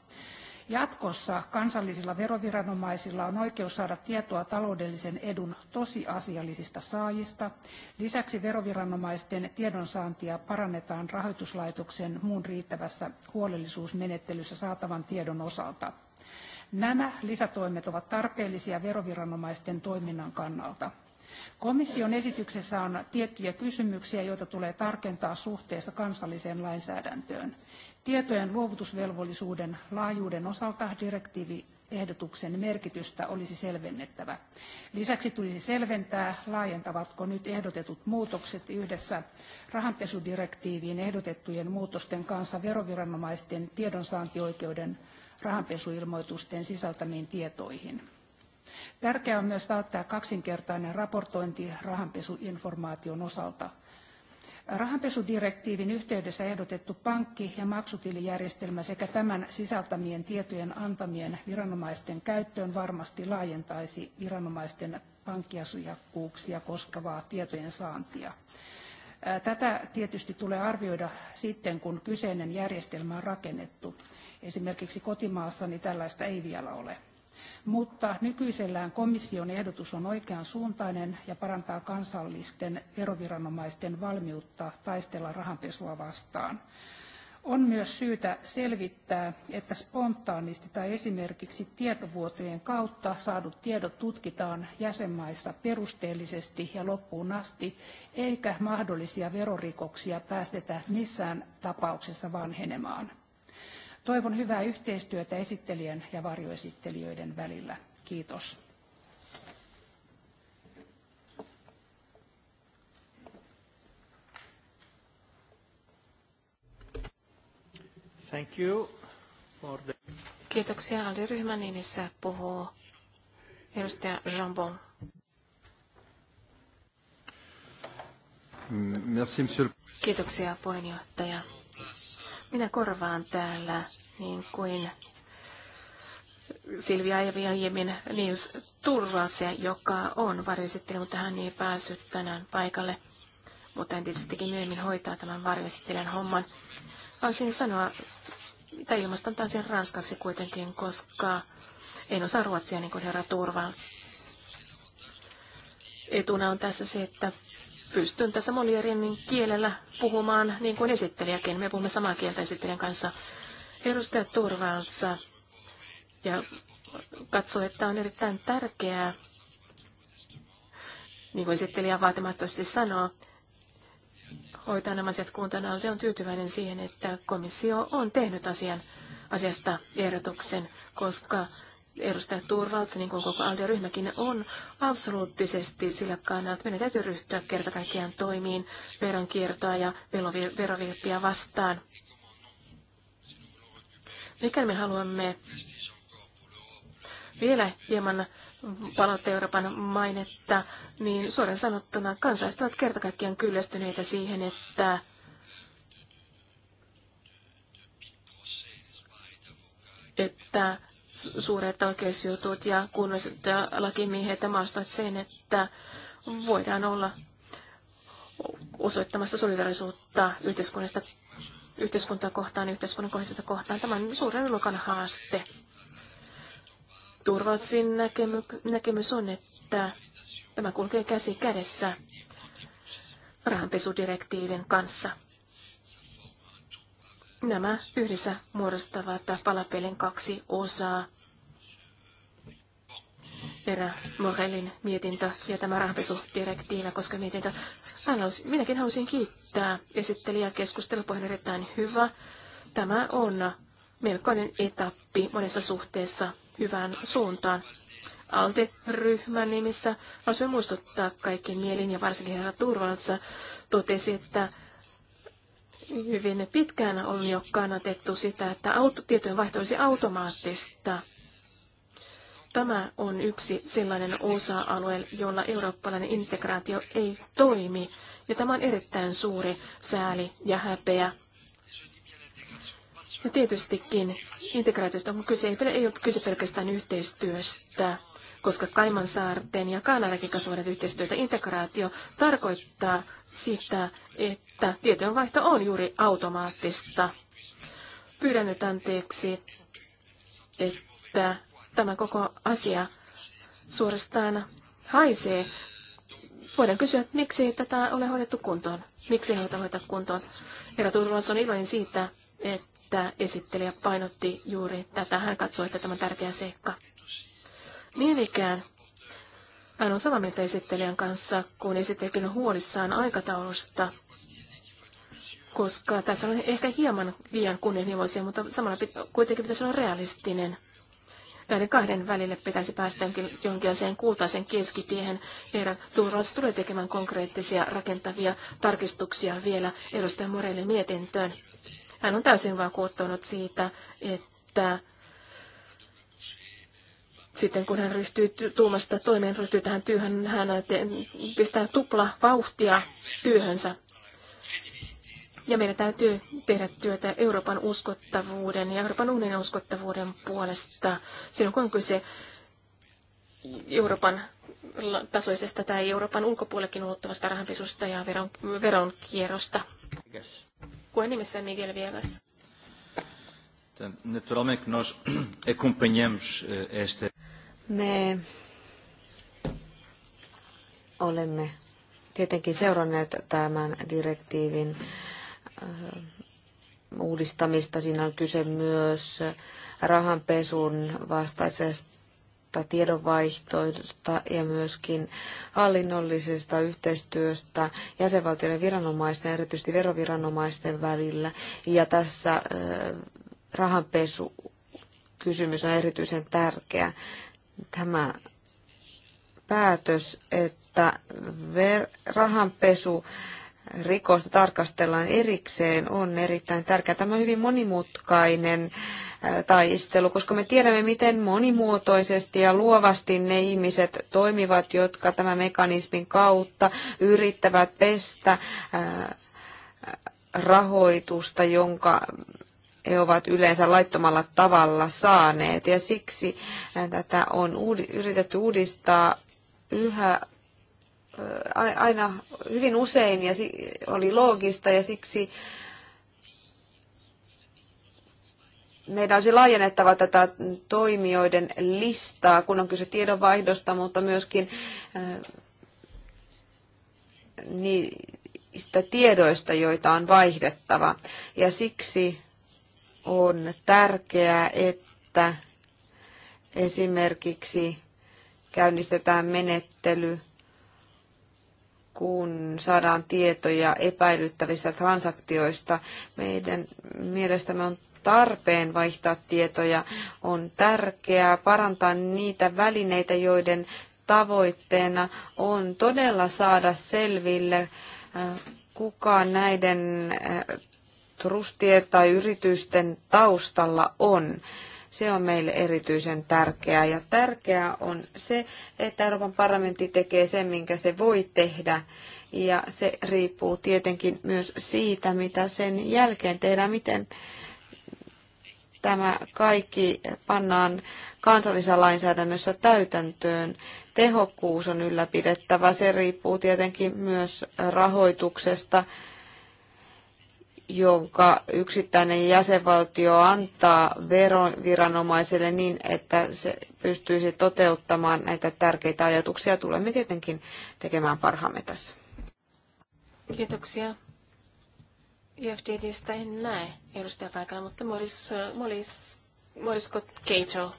Speaker 3: Jatkossa kansallisilla veroviranomaisilla on oikeus saada tietoa taloudellisen edun tosiasiallisista saajista. Lisäksi veroviranomaisten tiedonsaantia parannetaan rahoituslaitoksen muun riittävässä huolellisuusmenettelyssä saatavan tiedon osalta. Nämä lisätoimet ovat tarpeellisia veroviranomaisten toiminnan kannalta. Komission esityksessä on tiettyjä kysymyksiä, joita tulee tarkentaa suhteessa kansalliseen lainsäädäntöön. Tietojen luovutusvelvollisuuden laajuuden osalta direktiiviehdotuksen merkitystä olisi selvennettävä. Lisäksi tulisi selventää, laajentavatko nyt ehdotetut muutokset yhdessä rahanpesudirektiiviin ehdotettujen muutosten kanssa veroviranomaisten tiedonsaantioikeuden rahanpesuilmoitusten sisältämiin tietoihin. Tärkeää on myös välttää kaksinkertainen raportointi rahanpesuinformaation osalta – Rahanpesudirektiivin yhteydessä ehdotettu pankki- ja maksutilijärjestelmä sekä tämän sisältämien tietojen antamien viranomaisten käyttöön varmasti laajentaisi viranomaisten pankkiasiakkuuksia koskevaa tietojen saantia. Tätä tietysti tulee arvioida sitten, kun kyseinen järjestelmä on rakennettu. Esimerkiksi kotimaassani tällaista ei vielä ole mutta nykyisellään komission ehdotus on oikeansuuntainen suuntainen ja parantaa kansallisten veroviranomaisten valmiutta taistella rahanpesua vastaan. On myös syytä selvittää, että spontaanisti tai esimerkiksi tietovuotojen kautta saadut tiedot tutkitaan jäsenmaissa perusteellisesti ja loppuun asti, eikä mahdollisia verorikoksia päästetä missään tapauksessa vanhenemaan. Toivon hyvää yhteistyötä esittelijän ja varjoesittelijöiden välillä. Kiitos.
Speaker 1: Thank you for the...
Speaker 2: Kiitoksia. Alderyhmän nimissä puhuu edustaja Jambon.
Speaker 1: Merci, monsieur.
Speaker 2: Kiitoksia puheenjohtaja. Minä korvaan täällä niin kuin Silvia ja Eviemin Nils Turvalse, joka on varjesittely, mutta hän ei päässyt tänään paikalle. Mutta hän tietystikin myöhemmin hoitaa tämän varjesittelijän homman. Haluaisin sanoa, mitä ilmastan täysin ranskaksi kuitenkin, koska en osaa ruotsia niin kuin herra Turvals. Etuna on tässä se, että pystyn tässä Molierinin kielellä puhumaan niin kuin esittelijäkin. Me puhumme samaa kieltä esittelijän kanssa. Edustaja Turvaltsa ja katsoo, että on erittäin tärkeää, niin kuin esittelijä vaatimattomasti sanoo, hoitaa nämä asiat kuntoon. on tyytyväinen siihen, että komissio on tehnyt asian, asiasta ehdotuksen, koska edustaja Turvalts, niin kuin koko ALDE-ryhmäkin, on absoluuttisesti sillä kannalla, että meidän täytyy ryhtyä kerta kaikkiaan toimiin veronkiertoa ja verovilppiä vastaan. Mikäli me haluamme vielä hieman palautta Euroopan mainetta, niin suoraan sanottuna kansalaiset ovat kerta kaikkiaan kyllästyneitä siihen, että että suuret oikeusjutut ja kunnalliset lakimiehet maastavat sen, että voidaan olla osoittamassa solidarisuutta yhteiskunnasta, yhteiskuntaa kohtaan ja yhteiskunnan kohdista kohtaan. Tämä on suuren luokan haaste. Turvallisin näkemy, näkemys on, että tämä kulkee käsi kädessä rahanpesudirektiivin kanssa. Nämä yhdessä muodostavat palapelin kaksi osaa. Erä Morellin mietintö ja tämä rahanpesudirektiivi koska mietintö. Minäkin halusin kiittää esittelijä. keskustelu on erittäin hyvä. Tämä on melkoinen etappi monessa suhteessa hyvään suuntaan. alte ryhmän nimissä haluaisin muistuttaa kaikki mielin ja varsinkin herra Turvalsa totesi, että Hyvin pitkään on jo kannatettu sitä, että auto, tietojen vaihto olisi automaattista. Tämä on yksi sellainen osa-alue, jolla eurooppalainen integraatio ei toimi, ja tämä on erittäin suuri sääli ja häpeä. Ja tietystikin integraatiosta on kyse, ei ole kyse pelkästään yhteistyöstä koska Kaimansaarten ja Kanarakin kanssa yhteistyötä integraatio tarkoittaa sitä, että tietojenvaihto on juuri automaattista. Pyydän nyt anteeksi, että tämä koko asia suorastaan haisee. Voidaan kysyä, että miksi ei tätä ole hoidettu kuntoon? Miksi ei haluta hoitaa kuntoon? Herra Turvallis on iloinen siitä, että esittelijä painotti juuri tätä. Hän katsoi, että tämä on tärkeä seikka. Niin ikään hän on samaa mieltä esittelijän kanssa, kun esittelijän on huolissaan aikataulusta, koska tässä on ehkä hieman liian kunnianhimoisia, mutta samalla pit- kuitenkin pitäisi olla realistinen. Näiden kahden välille pitäisi päästä jonkinlaiseen kultaisen keskitiehen. Herra Tuuras tulee tekemään konkreettisia rakentavia tarkistuksia vielä edustaja Morelin mietintöön. Hän on täysin vakuuttunut siitä, että sitten kun hän ryhtyy tuumasta toimeen, ryhtyy tähän työhön, hän pistää tupla vauhtia työhönsä. Ja meidän täytyy tehdä työtä Euroopan uskottavuuden ja Euroopan unionin uskottavuuden puolesta silloin, kun on kyse Euroopan tasoisesta tai Euroopan ulkopuolellekin ulottuvasta rahanpesusta ja veron, veronkierrosta. Kuen nimessä Miguel Viegas.
Speaker 1: Naturalmente nós
Speaker 6: acompanhamos este
Speaker 2: me
Speaker 4: olemme tietenkin seuranneet tämän direktiivin äh, uudistamista. Siinä on kyse myös rahanpesun vastaisesta tiedonvaihtoista ja myöskin hallinnollisesta yhteistyöstä jäsenvaltioiden viranomaisten, erityisesti veroviranomaisten välillä. Ja tässä äh, rahanpesu kysymys on erityisen tärkeä tämä päätös, että rahanpesu rikosta tarkastellaan erikseen, on erittäin tärkeä. Tämä on hyvin monimutkainen äh, taistelu, koska me tiedämme, miten monimuotoisesti ja luovasti ne ihmiset toimivat, jotka tämän mekanismin kautta yrittävät pestä äh, rahoitusta, jonka he ovat yleensä laittomalla tavalla saaneet. Ja siksi tätä on yritetty uudistaa yhä aina hyvin usein ja oli loogista ja siksi meidän olisi laajennettava tätä toimijoiden listaa, kun on kyse tiedonvaihdosta, mutta myöskin niistä tiedoista, joita on vaihdettava. Ja siksi on tärkeää, että esimerkiksi käynnistetään menettely, kun saadaan tietoja epäilyttävistä transaktioista. Meidän mielestämme on tarpeen vaihtaa tietoja. On tärkeää parantaa niitä välineitä, joiden tavoitteena on todella saada selville, äh, kuka näiden äh, trustien tai yritysten taustalla on. Se on meille erityisen tärkeää. Ja tärkeää on se, että Euroopan parlamentti tekee sen, minkä se voi tehdä. Ja se riippuu tietenkin myös siitä, mitä sen jälkeen tehdään, miten tämä kaikki pannaan kansallisessa lainsäädännössä täytäntöön. Tehokkuus on ylläpidettävä. Se riippuu tietenkin myös rahoituksesta jonka yksittäinen jäsenvaltio antaa veroviranomaiselle niin, että se pystyisi toteuttamaan näitä tärkeitä ajatuksia. Tulemme tietenkin tekemään parhaamme tässä.
Speaker 2: Kiitoksia. EFTDstä en näe edustaja paikalla, mutta Morris, Morris, Morris Keito.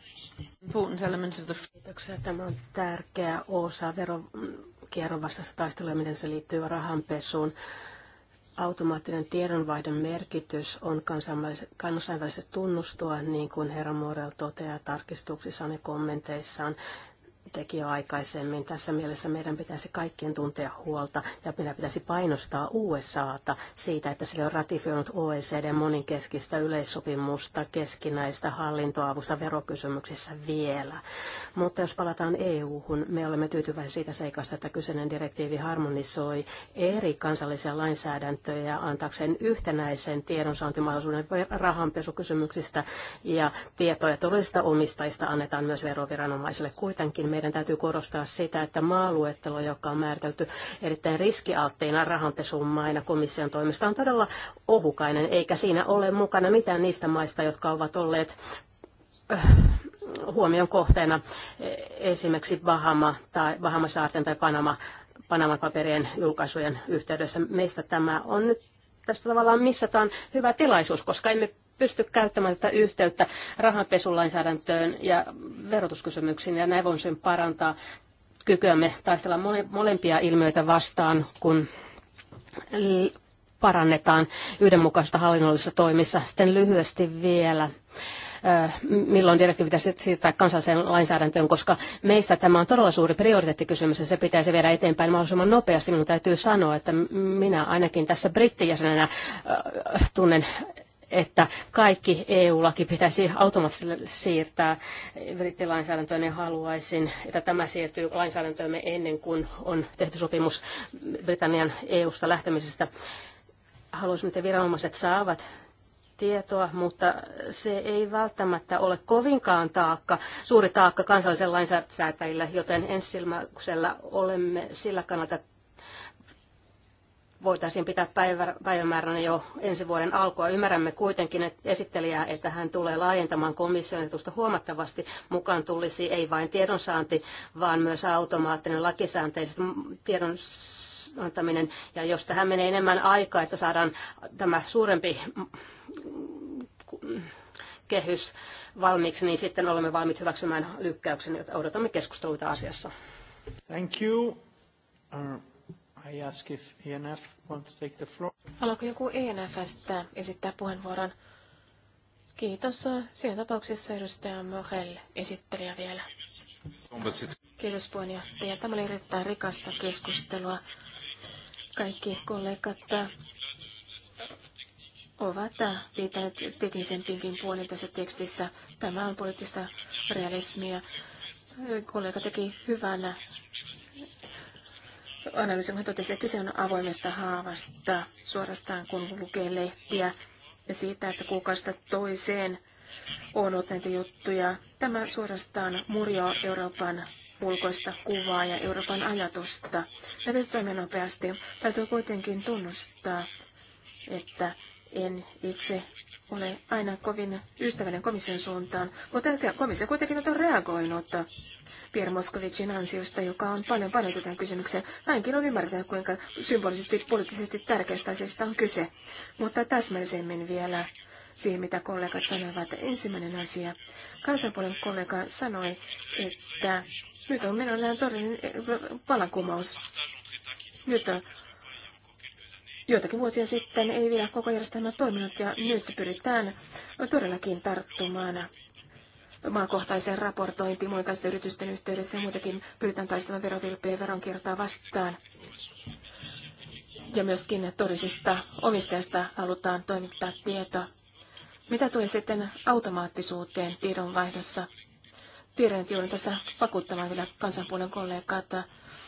Speaker 5: Kiitoksia. Tämä on tärkeä osa verokierron vastaista taistelua, miten se liittyy rahanpesuun automaattinen tiedonvaihdon merkitys on kansainvälisesti tunnustua, niin kuin herra Morel toteaa tarkistuksissaan ja kommenteissaan teki jo aikaisemmin. Tässä mielessä meidän pitäisi kaikkien tuntea huolta ja meidän pitäisi painostaa USAta siitä, että se on ratifioinut OECD moninkeskistä yleissopimusta keskinäistä hallintoavusta verokysymyksissä vielä. Mutta jos palataan EU-hun, me olemme tyytyväisiä siitä seikasta, että kyseinen direktiivi harmonisoi eri kansallisia lainsäädäntöjä antaakseen yhtenäisen tiedonsaantimahdollisuuden rahanpesukysymyksistä ja tietoja todellisista omistajista annetaan myös veroviranomaisille. Kuitenkin meidän täytyy korostaa sitä, että maaluettelo, joka on määritelty erittäin riskialtteina rahanpesun maina komission toimesta, on todella ohukainen, eikä siinä ole mukana mitään niistä maista, jotka ovat olleet äh, huomion kohteena e, esimerkiksi Bahama tai Bahamasaarten tai Panama, Panaman paperien julkaisujen yhteydessä. Meistä tämä on nyt tästä tavallaan missataan hyvä tilaisuus, koska emme pysty käyttämään tätä yhteyttä rahanpesulainsäädäntöön ja verotuskysymyksiin, ja näin voin sen parantaa kykyämme taistella molempia ilmiöitä vastaan, kun parannetaan yhdenmukaista hallinnollisissa toimissa. Sitten lyhyesti vielä milloin direktiivi pitäisi siirtää kansalliseen lainsäädäntöön, koska meistä tämä on todella suuri prioriteettikysymys ja se pitäisi viedä eteenpäin mahdollisimman nopeasti. Minun täytyy sanoa, että minä ainakin tässä brittijäsenenä tunnen että kaikki EU-laki pitäisi automaattisesti siirtää brittilainsäädäntöön ja haluaisin, että tämä siirtyy lainsäädäntöömme ennen kuin on tehty sopimus Britannian EU-sta lähtemisestä. Haluaisin, että viranomaiset saavat tietoa, mutta se ei välttämättä ole kovinkaan taakka, suuri taakka kansallisen lainsäätäjille, joten ensi olemme sillä kannalta, että voitaisiin pitää päivämääränä jo ensi vuoden alkua. Ymmärrämme kuitenkin että esittelijää, että hän tulee laajentamaan komission etusta huomattavasti. Mukaan tulisi ei vain tiedonsaanti, vaan myös automaattinen lakisäänteiset tiedon antaminen. Ja jos tähän menee enemmän aikaa, että saadaan tämä suurempi kehys valmiiksi, niin sitten olemme valmiit hyväksymään lykkäyksen, ja odotamme keskusteluita asiassa.
Speaker 1: Thank you. Uh... I ask if ENF wants to take the floor.
Speaker 2: Haluaako joku ENFstä esittää puheenvuoron? Kiitos. Siinä tapauksessa edustaja Morel esittelijä vielä. Kiitos puheenjohtaja. Tämä oli erittäin rikasta keskustelua. Kaikki kollegat äh, ovat viitanneet äh, teknisempiinkin puolin tässä tekstissä. Tämä on poliittista realismia. Kollega teki hyvänä analyysin totesi, että kyse on avoimesta haavasta suorastaan, kun lukee lehtiä ja siitä, että kuukausista toiseen on ollut näitä juttuja. Tämä suorastaan murjoo Euroopan ulkoista kuvaa ja Euroopan ajatusta. Näitä toimia nopeasti. Täytyy kuitenkin tunnustaa, että en itse ole aina kovin ystävällinen komission suuntaan, mutta komissio kuitenkin on reagoinut Pierre Moskovicin ansiosta, joka on paljon paneutunut tähän kysymykseen. Hänkin on ymmärtänyt, kuinka symbolisesti poliittisesti tärkeästä asiasta on kyse. Mutta täsmällisemmin vielä siihen, mitä kollegat sanoivat. Ensimmäinen asia. Kansanpuolen kollega sanoi, että nyt on menossa todellinen palankumous. Eh, nyt on Joitakin vuosia sitten ei vielä koko järjestelmä toiminut ja nyt pyritään todellakin tarttumaan maakohtaiseen raportointiin monikaisten yritysten yhteydessä ja muutenkin pyritään taistelemaan verovilpeä ja veronkiertoa vastaan. Ja myöskin todellisista omistajista halutaan toimittaa tietoa. Mitä tulee sitten automaattisuuteen tiedonvaihdossa? Tiedän, että joudun tässä vakuuttamaan vielä kansanpuolen kollegaa, että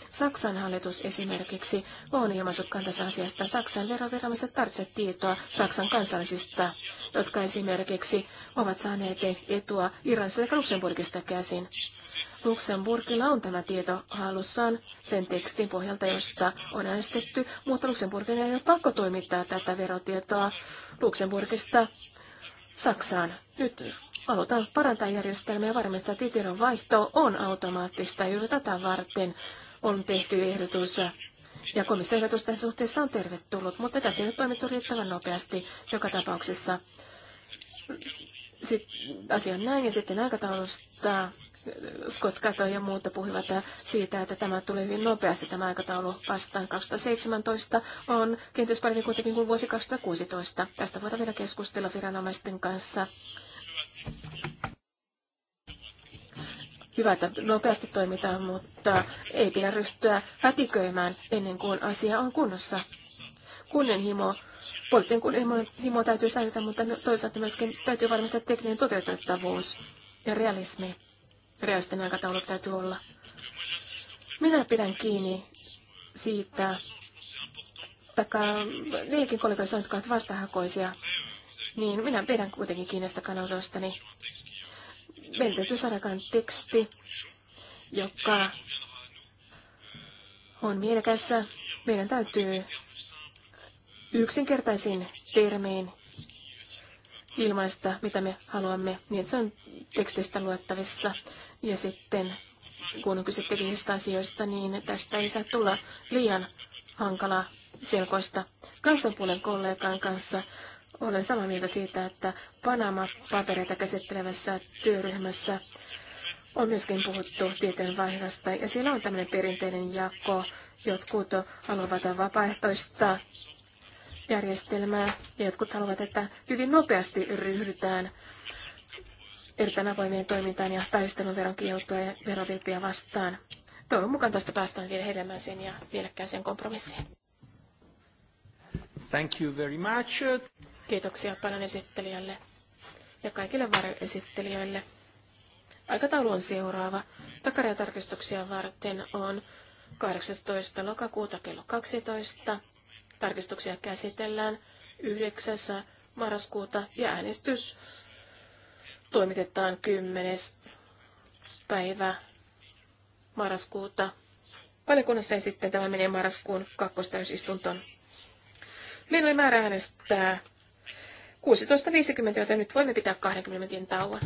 Speaker 2: Saksan hallitus esimerkiksi on ilmaissut kantansa asiasta. Saksan veroviranomaiset tarvitsevat tietoa Saksan kansalaisista, jotka esimerkiksi ovat saaneet etua Iranista ja Luxemburgista käsin. Luxemburgilla on tämä tieto hallussaan sen tekstin pohjalta, josta on äänestetty, mutta Luxemburgin ei ole pakko toimittaa tätä verotietoa Luxemburgista Saksaan. Nyt halutaan parantaa järjestelmää ja varmistaa, että tiedon vaihto on automaattista juuri tätä varten on tehty ehdotus. Ja komissioehdotus tässä suhteessa on tervetullut, mutta tässä ei ole toimittu riittävän nopeasti joka tapauksessa. Sitten asia on näin ja sitten aikataulusta Scott Kato ja muuta puhuivat siitä, että tämä tulee hyvin nopeasti tämä aikataulu vastaan. 2017 on kenties paremmin kuitenkin kuin vuosi 2016. Tästä voidaan vielä keskustella viranomaisten kanssa. Hyvä, että nopeasti toimitaan, mutta ei pidä ryhtyä hätiköimään ennen kuin asia on kunnossa. Kunnianhimo, poliittinen kunnianhimo täytyy säilytä, mutta no, toisaalta myöskin täytyy varmistaa tekninen toteutettavuus ja realismi. Realistinen aikataulu täytyy olla. Minä pidän kiinni siitä, että niinkin kollegoissa, jotka ovat vastahakoisia, niin minä pidän kuitenkin kiinni sitä kannatustani. Niin meidän täytyy saadakaan teksti, joka on mielekässä Meidän täytyy yksinkertaisin termein ilmaista, mitä me haluamme, niin se on tekstistä luettavissa. Ja sitten kun on kyse teknisistä asioista, niin tästä ei saa tulla liian hankalaa selkoista. Kansanpuolen kollegan kanssa olen samaa mieltä siitä, että Panama-papereita käsittelevässä työryhmässä on myöskin puhuttu tietojenvaihdosta, ja siellä on tämmöinen perinteinen jako. Jotkut haluavat vapaaehtoista järjestelmää, ja jotkut haluavat, että hyvin nopeasti ryhdytään erittäin avoimien toimintaan ja taistelun veron kieltoa ja verovilppiä vastaan. Toivon mukaan tästä päästään vielä hedelmäiseen ja sen kompromissiin.
Speaker 1: Thank you very much.
Speaker 2: Kiitoksia paljon esittelijälle ja kaikille varjoesittelijöille. Aikataulu on seuraava. Takarajatarkistuksia varten on 18. lokakuuta kello 12. Tarkistuksia käsitellään 9. marraskuuta ja äänestys toimitetaan 10. päivä marraskuuta. Valiokunnassa ja sitten tämä menee marraskuun kakkostäysistuntoon. Meillä oli määrä äänestää 16.50, joten nyt voimme pitää 20 minuutin tauon.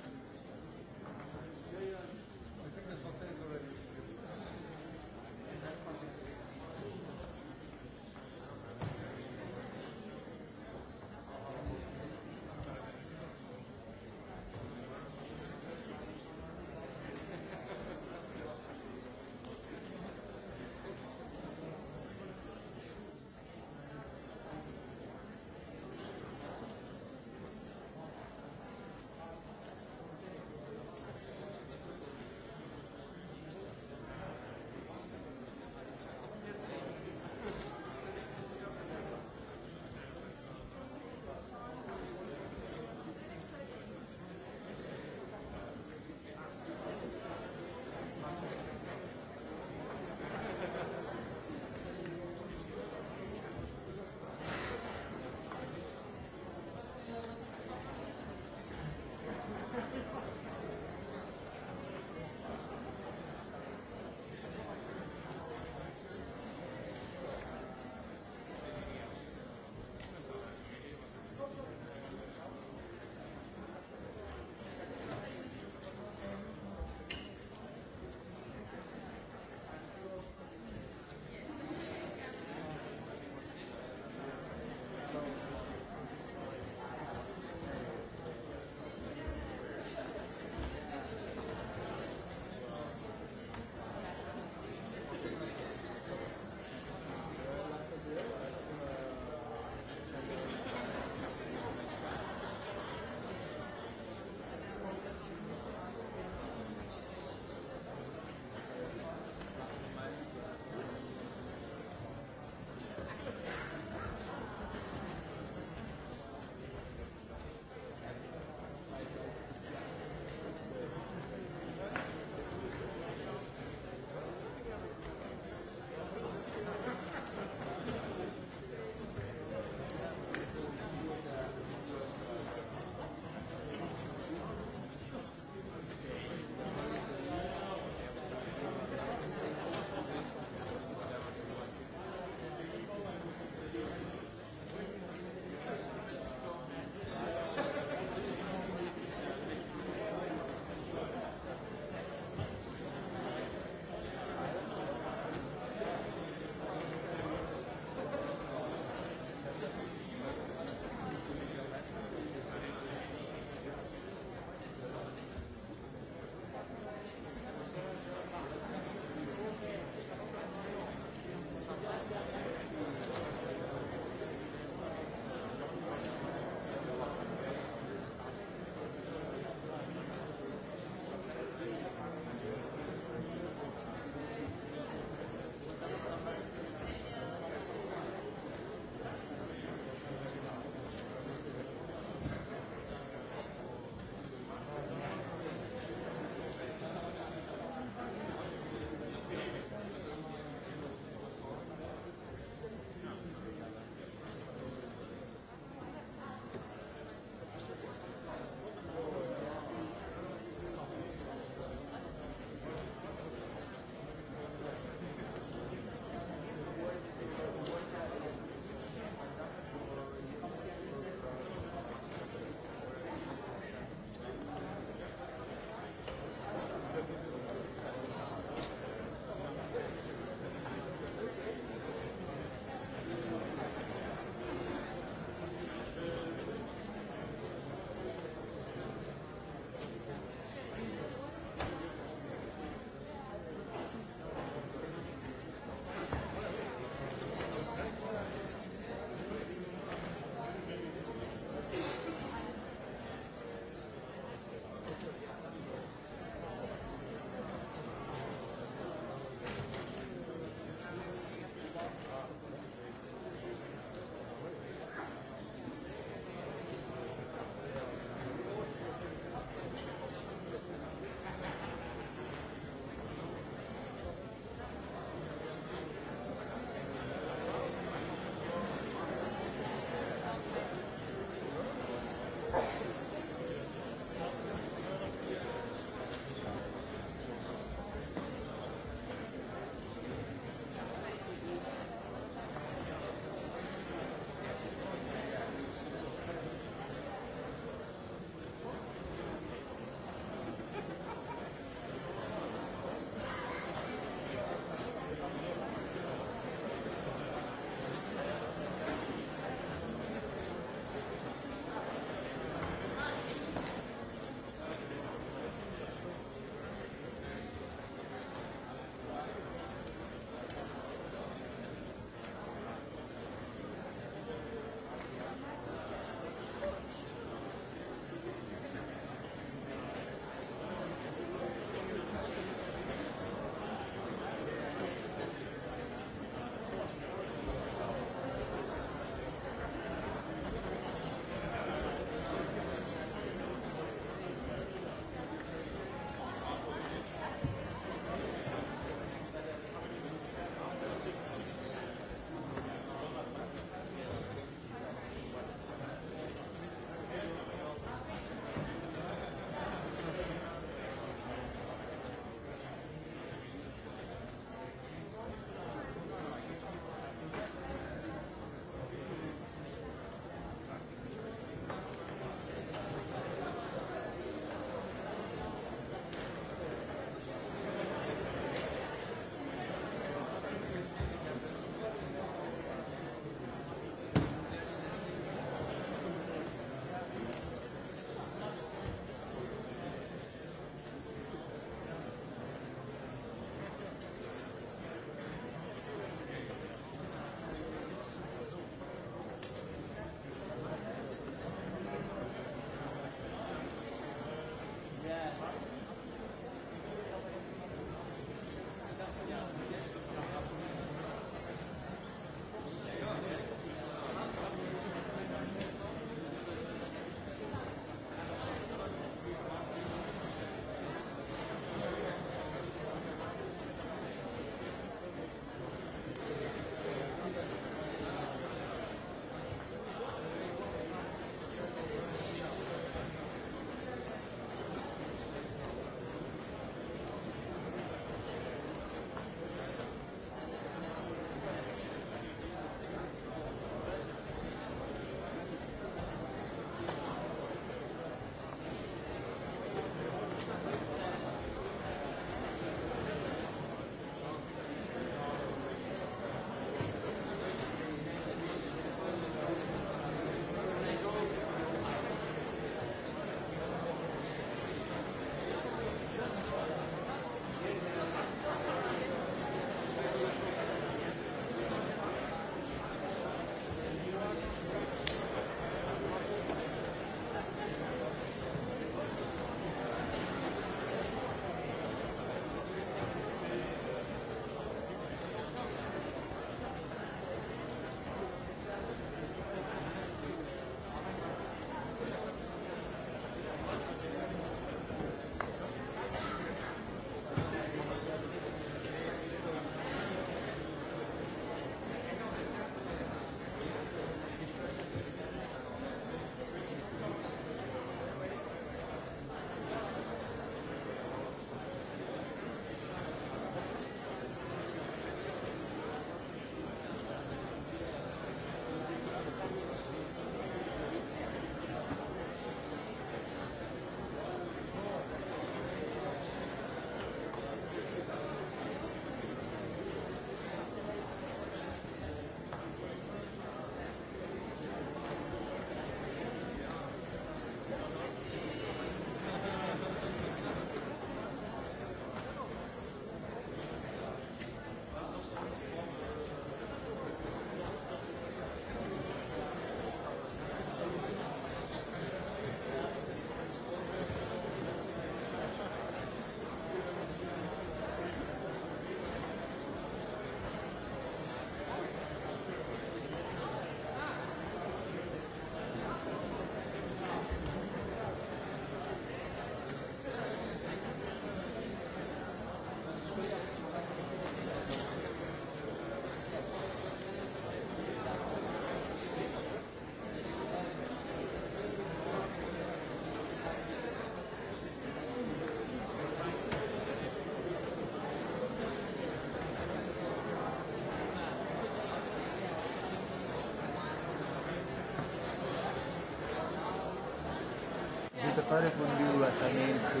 Speaker 6: fare fondue e? a Tamensu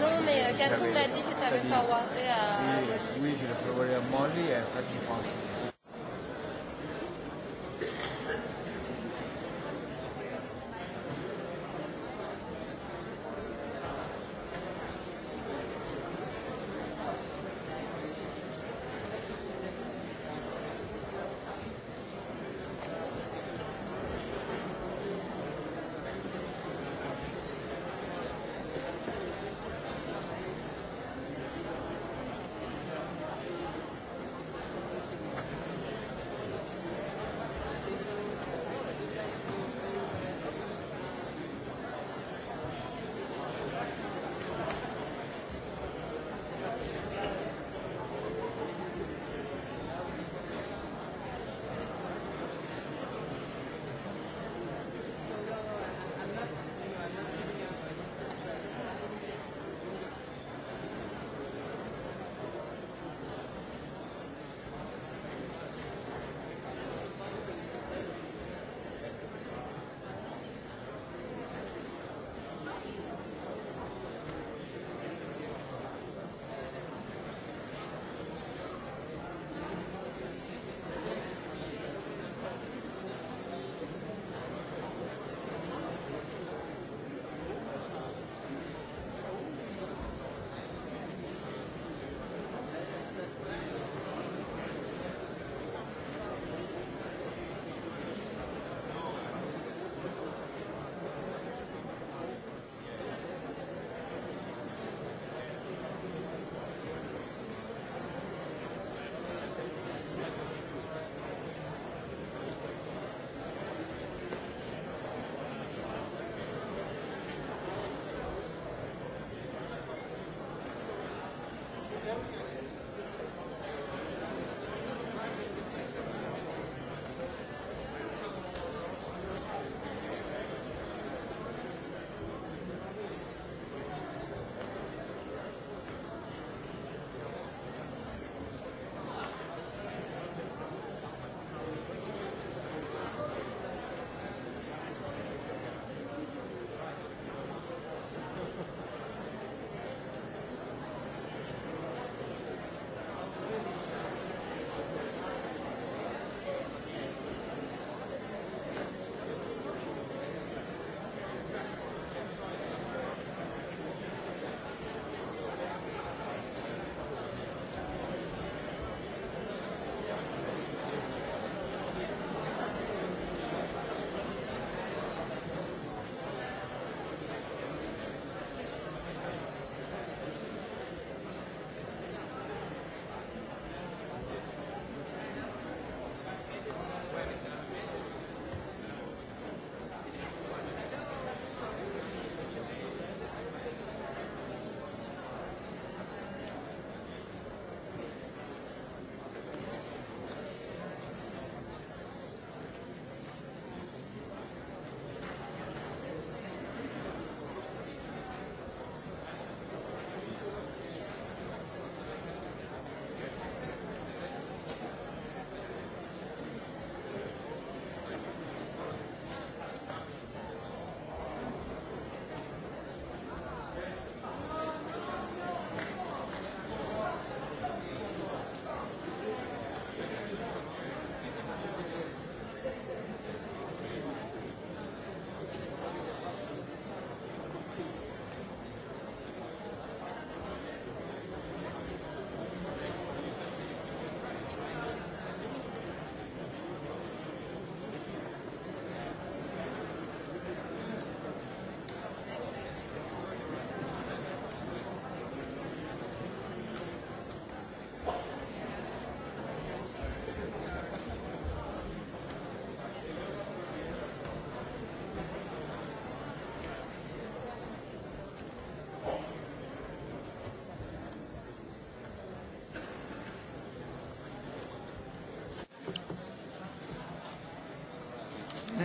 Speaker 6: Non mais Gaston m'a dit que tu avais forwardé
Speaker 2: e à Molly.
Speaker 6: Oui, je le forwardé à Molly et après je pense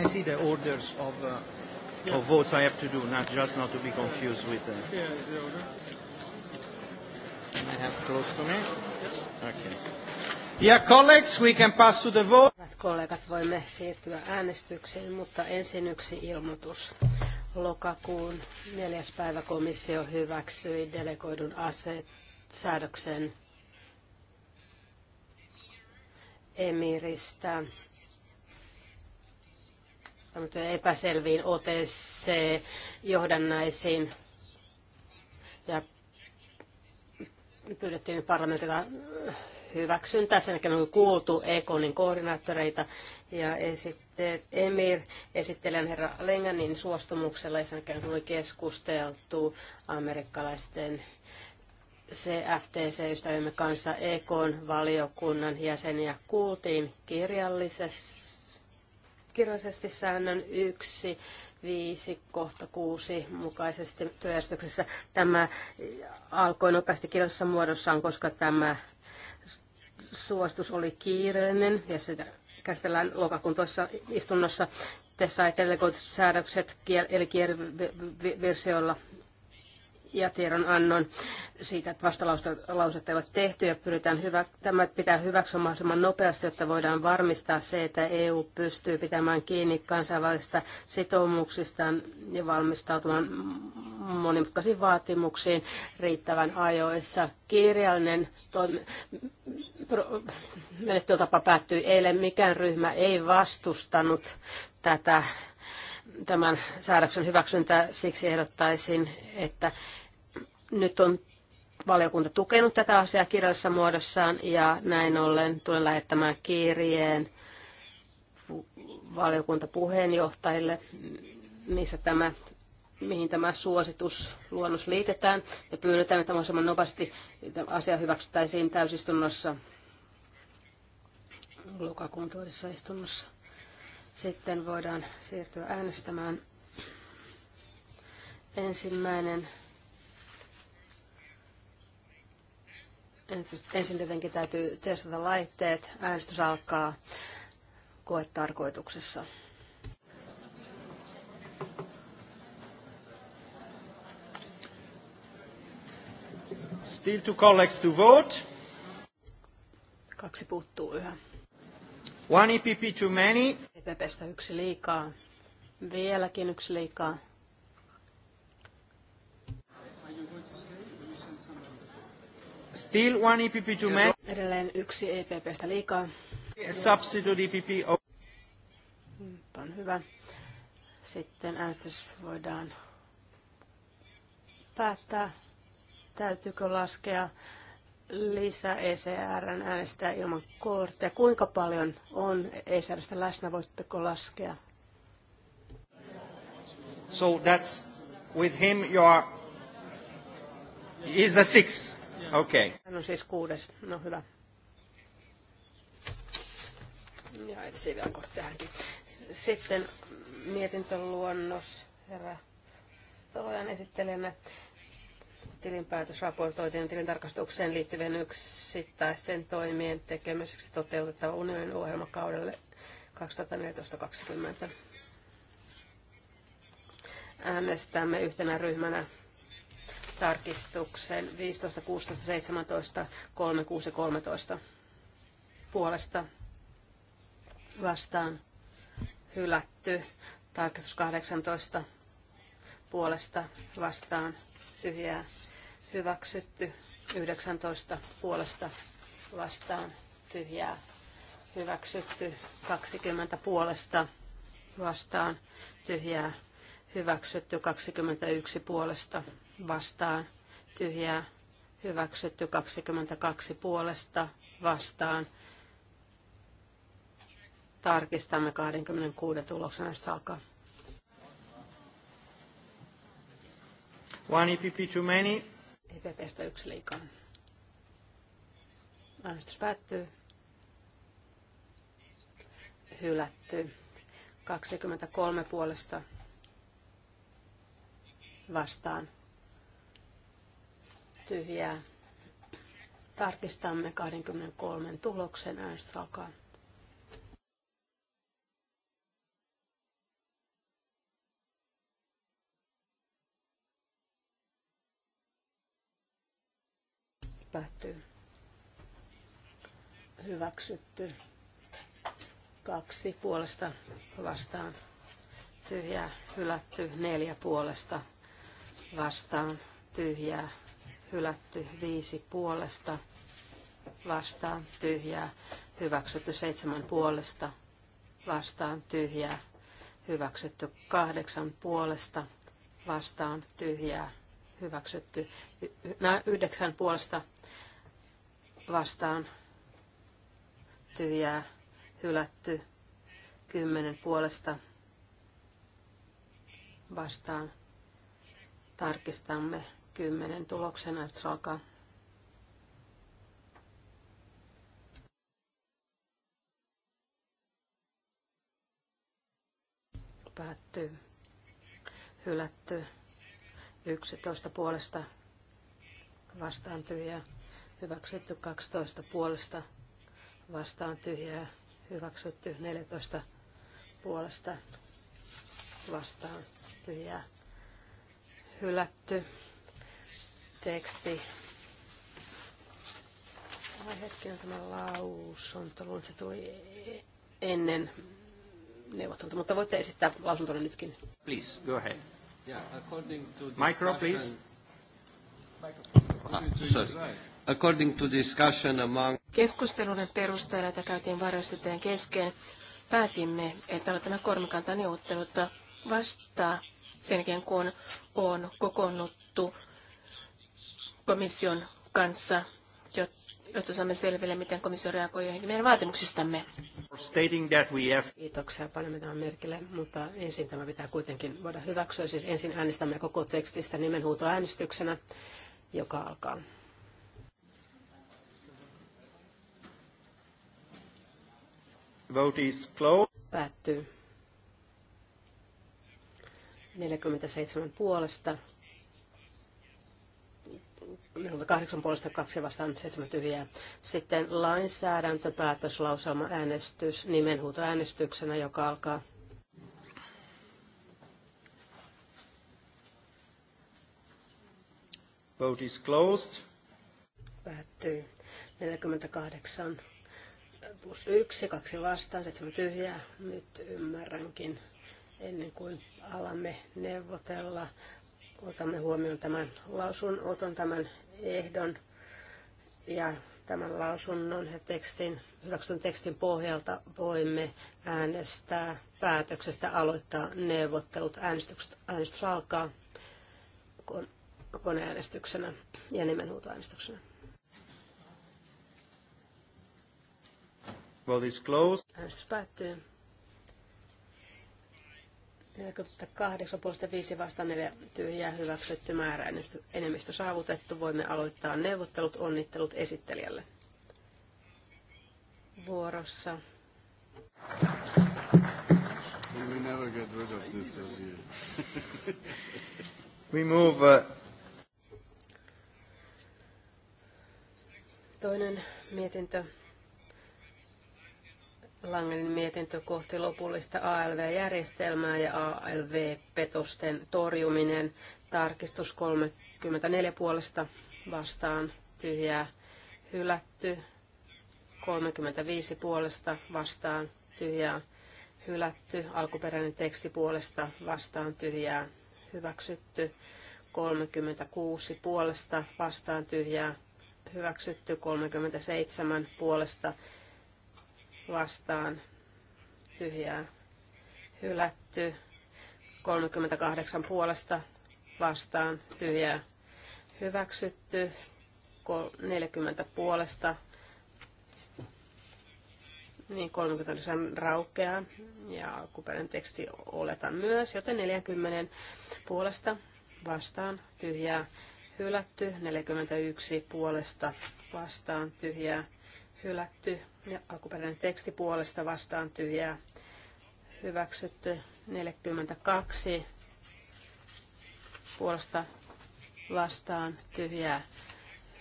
Speaker 1: see the orders
Speaker 6: of, uh, yes. of
Speaker 1: votes I have to do, not just not to be confused with them.
Speaker 6: Yeah, is the order.
Speaker 1: I have close to me. Okay. Yeah, colleagues, we can pass to the vote. Hyvät
Speaker 5: kollegat, voimme siirtyä äänestykseen, mutta ensin yksi ilmoitus. Lokakuun neljäs päivä komissio hyväksyi delegoidun aseet-säädöksen emiristä epäselviin OTC-johdannaisiin ja pyydettiin parlamentilla hyväksyntää. Sen jälkeen on kuultu EKONin koordinaattoreita ja esitte, Emir esittelen herra Lenganin suostumuksella sen jälkeen tuli keskusteltu amerikkalaisten CFTC-ystävimme kanssa EKOn valiokunnan jäseniä kuultiin kirjallisessa kirjallisesti säännön 1, 5, kohta 6 mukaisesti työjärjestyksessä. Tämä alkoi nopeasti kirjallisessa muodossaan, koska tämä suostus oli kiireinen ja sitä käsitellään lokakuun tuossa istunnossa. Tässä saitte delegoitut säädökset eli kieliversioilla ja tiedonannon siitä, että vastalausetta ei ole tehty ja pyritään hyvä, tämä pitää hyväksyä mahdollisimman nopeasti, jotta voidaan varmistaa se, että EU pystyy pitämään kiinni kansainvälisistä sitoumuksistaan ja valmistautumaan monimutkaisiin vaatimuksiin riittävän ajoissa. Kirjallinen toimi, pro, menettelytapa päättyi eilen. Mikään ryhmä ei vastustanut tätä tämän säädöksen hyväksyntää. Siksi ehdottaisin, että nyt on valiokunta tukenut tätä asiaa kirjallisessa muodossaan ja näin ollen tulen lähettämään kirjeen valiokuntapuheenjohtajille, missä tämä, mihin tämä suositusluonnos liitetään ja pyydetään, että mahdollisimman nopeasti asia hyväksyttäisiin täysistunnossa lokakuun toisessa istunnossa. Sitten voidaan siirtyä äänestämään. Ensimmäinen. Ensin tietenkin täytyy testata laitteet. Äänestys alkaa koetarkoituksessa.
Speaker 1: Still two colleagues to vote.
Speaker 5: Kaksi puuttuu yhä.
Speaker 1: One EPP too many.
Speaker 5: EPPstä yksi liikaa. Vieläkin yksi liikaa.
Speaker 1: Still one EPP too many. Edelleen yksi EPPstä liikaa. Substitute EPP.
Speaker 6: Nyt
Speaker 5: on hyvä. Sitten äänestys voidaan päättää. Täytyykö laskea lisää ECRn äänestää ilman korttia. Kuinka paljon on ECRstä läsnä? Voitteko laskea?
Speaker 1: So that's with him you are
Speaker 5: is the six. Okay. Hän on siis kuudes. No hyvä. Ja etsii vielä korttia hänkin. Sitten mietintöluonnos herra Stolojan esittelijänä tilinpäätösraportointiin ja tilintarkastukseen liittyvien yksittäisten toimien tekemiseksi toteutettava unionin ohjelmakaudelle 2014-2020. Äänestämme yhtenä ryhmänä tarkistuksen 15, 16, 17, 3, 6 ja 13 puolesta vastaan hylätty. Tarkistus 18 puolesta vastaan tyhjää hyväksytty 19 puolesta vastaan tyhjää hyväksytty 20 puolesta vastaan tyhjää hyväksytty 21 puolesta vastaan tyhjää hyväksytty 22 puolesta vastaan tarkistamme 26
Speaker 1: tuloksena, alkaa. One EPP too many.
Speaker 5: EPPstä yksi liikaa. Äänestys päättyy. Hylätty. 23 puolesta vastaan. Tyhjää. Tarkistamme 23 tuloksen. Äänestys alkaa. päättyy. Hyväksytty. Kaksi puolesta vastaan. Tyhjää hylätty. Neljä puolesta vastaan. Tyhjää hylätty. Viisi puolesta vastaan. Tyhjää hyväksytty. Seitsemän puolesta vastaan. Tyhjää hyväksytty. Kahdeksan puolesta vastaan. Tyhjää hyväksytty. Yhdeksän puolesta vastaan tyhjää hylätty. kymmenen puolesta vastaan tarkistamme kymmenen tuloksena, jos alkaa. Päättyy. Hylätty. 11 puolesta vastaan tyhjää hyväksytty 12 puolesta, vastaan tyhjää, hyväksytty 14 puolesta, vastaan tyhjää, hylätty teksti. Hetkellä tämä lausunto, luulen, se tuli ennen neuvottelua, mutta voitte esittää lausuntonne nytkin.
Speaker 1: Please, go ahead. Yeah, according to Micro, please.
Speaker 2: Micro. Ah, sorry.
Speaker 6: According to discussion among...
Speaker 2: Keskustelun perusteella, jota käytiin varjostettajan kesken, päätimme, että aloitamme neuvottelutta vastaa sen jälkeen, kun on kokoonnuttu komission kanssa, jotta saamme selville, miten komissio reagoi joihinkin meidän vaatimuksistamme.
Speaker 1: Have...
Speaker 5: Kiitoksia paljon tämän merkille, mutta ensin tämä pitää kuitenkin voida hyväksyä. Siis ensin äänestämme koko tekstistä nimenhuutoäänestyksenä, joka alkaa.
Speaker 1: Vote is closed.
Speaker 5: Päättyy. 47 puolesta. 48 puolesta 2 vastaan 7 tyhjää. Sitten lainsäädäntöpäätöslauselma äänestys äänestyksenä joka alkaa
Speaker 1: Vote is closed.
Speaker 5: Päättyy 48 plus yksi, kaksi vastaan, on tyhjä. Nyt ymmärränkin, ennen kuin alamme neuvotella, otamme huomioon tämän lausun, otan tämän ehdon ja tämän lausunnon ja tekstin, hyväksytyn tekstin pohjalta voimme äänestää päätöksestä aloittaa neuvottelut. Äänestykset, äänestys alkaa koneäänestyksenä ja nimenhuutoäänestyksenä.
Speaker 1: Well, this close.
Speaker 5: Äänestys päättyy. 48 puolesta 5 vastaan 4 tyhjää hyväksytty määrä Nyt enemmistö saavutettu. Voimme aloittaa neuvottelut, onnittelut esittelijälle. Vuorossa.
Speaker 6: We never get rid of this We move uh,
Speaker 5: toinen mietintö Langelin mietintö kohti lopullista ALV-järjestelmää ja ALV-petosten torjuminen. Tarkistus 34 puolesta vastaan tyhjää hylätty. 35 puolesta vastaan tyhjää hylätty. Alkuperäinen teksti puolesta vastaan tyhjää hyväksytty. 36 puolesta vastaan tyhjää hyväksytty. 37 puolesta vastaan tyhjää hylätty. 38 puolesta vastaan tyhjää hyväksytty. 40 puolesta niin 39 raukeaa ja alkuperäinen teksti oletan myös, joten 40 puolesta vastaan tyhjää hylätty, 41 puolesta vastaan tyhjää hylätty, ja alkuperäinen teksti puolesta vastaan tyhjää. Hyväksytty 42 puolesta vastaan tyhjää.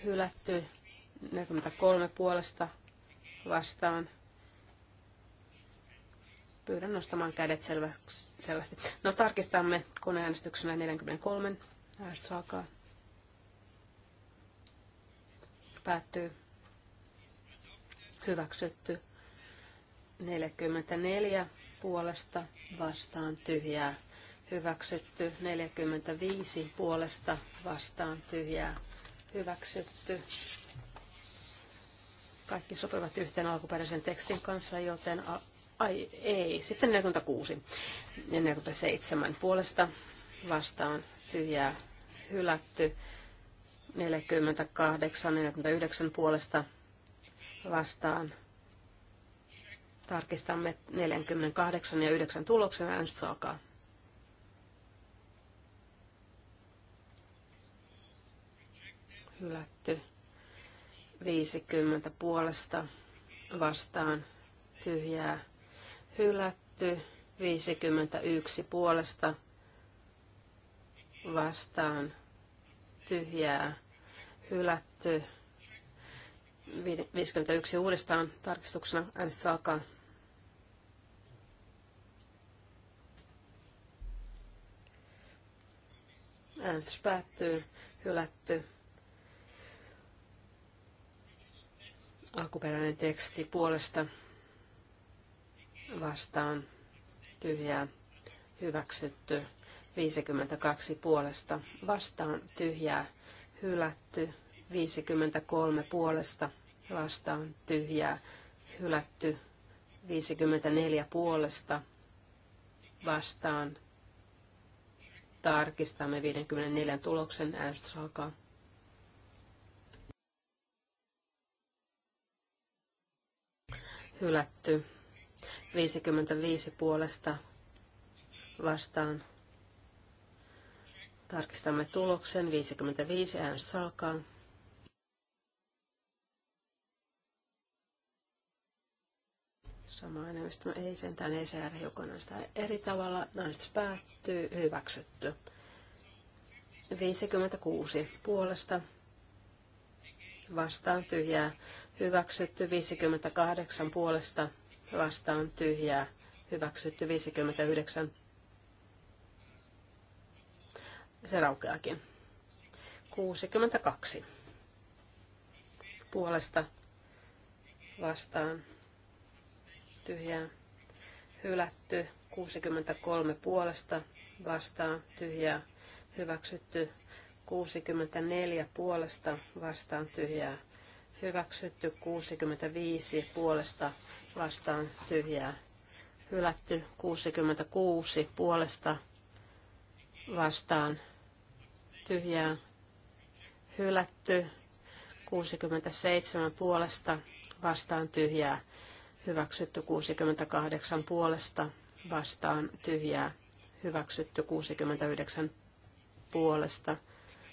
Speaker 5: Hylätty 43 puolesta vastaan. Pyydän nostamaan kädet selväksi, selvästi. No tarkistamme koneäänestyksenä 43. Äänestys alkaa. Päättyy hyväksytty 44 puolesta vastaan tyhjää hyväksytty 45 puolesta vastaan tyhjää hyväksytty. Kaikki sopivat yhteen alkuperäisen tekstin kanssa, joten ai ei. Sitten 46 ja 47 puolesta vastaan tyhjää hylätty. 48, 49 puolesta vastaan. Tarkistamme 48 ja 9 tuloksen. Äänestys alkaa. Hylätty. 50 puolesta vastaan tyhjää. Hylätty. 51 puolesta vastaan tyhjää. Hylätty. 51 uudestaan tarkistuksena. Äänestys alkaa. Äänestys päättyy. Hylätty. Alkuperäinen teksti puolesta vastaan tyhjää hyväksytty. 52 puolesta vastaan tyhjää hylätty. 53 puolesta on tyhjää, hylätty 54 puolesta vastaan. Tarkistamme 54 tuloksen. Äänestys alkaa. Hylätty 55 puolesta vastaan. Tarkistamme tuloksen. 55 äänestys alkaa. Sama enemmistö ei sentään ECR hiukan sitä eri tavalla. Äänestys päättyy. Hyväksytty. 56 puolesta vastaan tyhjää. Hyväksytty 58 puolesta vastaan tyhjää. Hyväksytty 59. Se raukeakin. 62 puolesta vastaan tyhjää hylätty, 63 puolesta vastaan tyhjää hyväksytty, 64 puolesta vastaan tyhjää hyväksytty, 65 puolesta vastaan tyhjää hylätty, 66 puolesta vastaan tyhjää hylätty, 67 puolesta vastaan tyhjää hyväksytty 68 puolesta, vastaan tyhjää, hyväksytty 69 puolesta,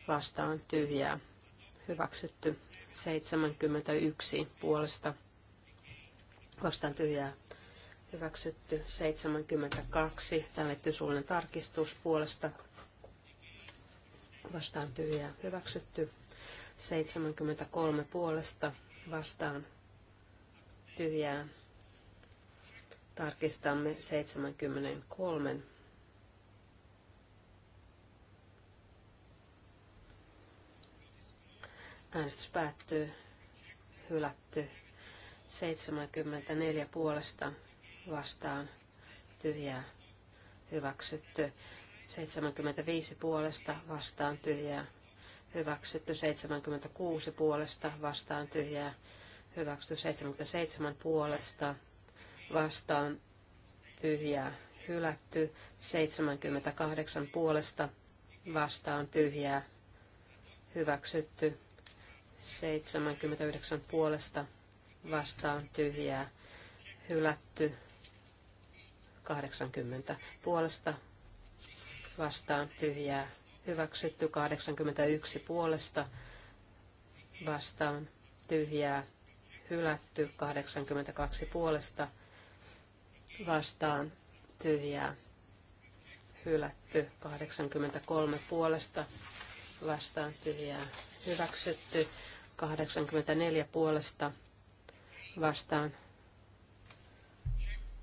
Speaker 5: vastaan tyhjää, hyväksytty 71 puolesta, vastaan tyhjää, hyväksytty 72, tällitty suullinen tarkistus puolesta, vastaan tyhjää, hyväksytty 73 puolesta, vastaan tyhjää, Tarkistamme 73. Äänestys päättyy. Hylätty. 74 puolesta vastaan tyhjää hyväksytty. 75 puolesta vastaan tyhjää hyväksytty. 76 puolesta vastaan tyhjää hyväksytty. 77 puolesta vastaan tyhjää hylätty, 78 puolesta vastaan tyhjää hyväksytty, 79 puolesta vastaan tyhjää hylätty, 80 puolesta vastaan tyhjää hyväksytty, 81 puolesta vastaan tyhjää hylätty, 82 puolesta vastaan, vastaan tyhjää hylätty. 83 puolesta vastaan tyhjää hyväksytty. 84 puolesta vastaan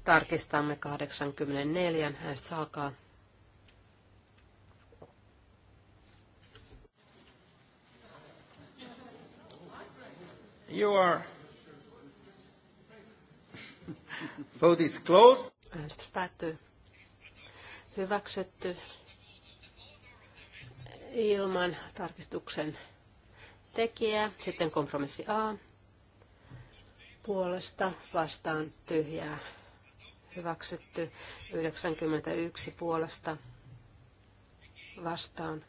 Speaker 5: tarkistamme 84. Hänestä saakaa.
Speaker 1: You are Vote is closed. Äänestys päättyy.
Speaker 5: Hyväksytty ilman tarkistuksen tekijää. Sitten kompromissi A. Puolesta vastaan tyhjää. Hyväksytty 91 puolesta vastaan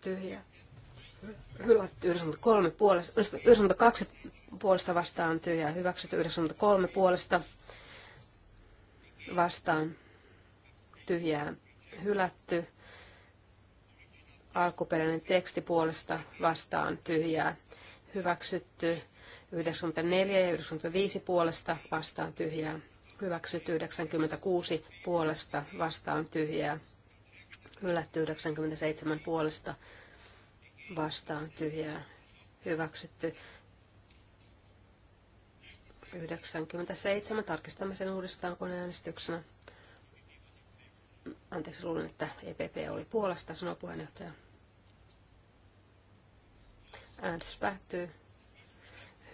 Speaker 5: tyhjää hylätty 93 puolesta, 92 puolesta vastaan tyhjää hyväksytty 93 puolesta vastaan tyhjää hylätty alkuperäinen teksti puolesta vastaan tyhjää hyväksytty 94 ja 95 puolesta vastaan tyhjää hyväksytty 96 puolesta vastaan tyhjää hylätty 97 puolesta vastaan, vastaan tyhjää hyväksytty. 97. Tarkistamme sen uudestaan koneäänestyksenä. Anteeksi, luulen, että EPP oli puolesta, sanoi puheenjohtaja. Äänestys päättyy.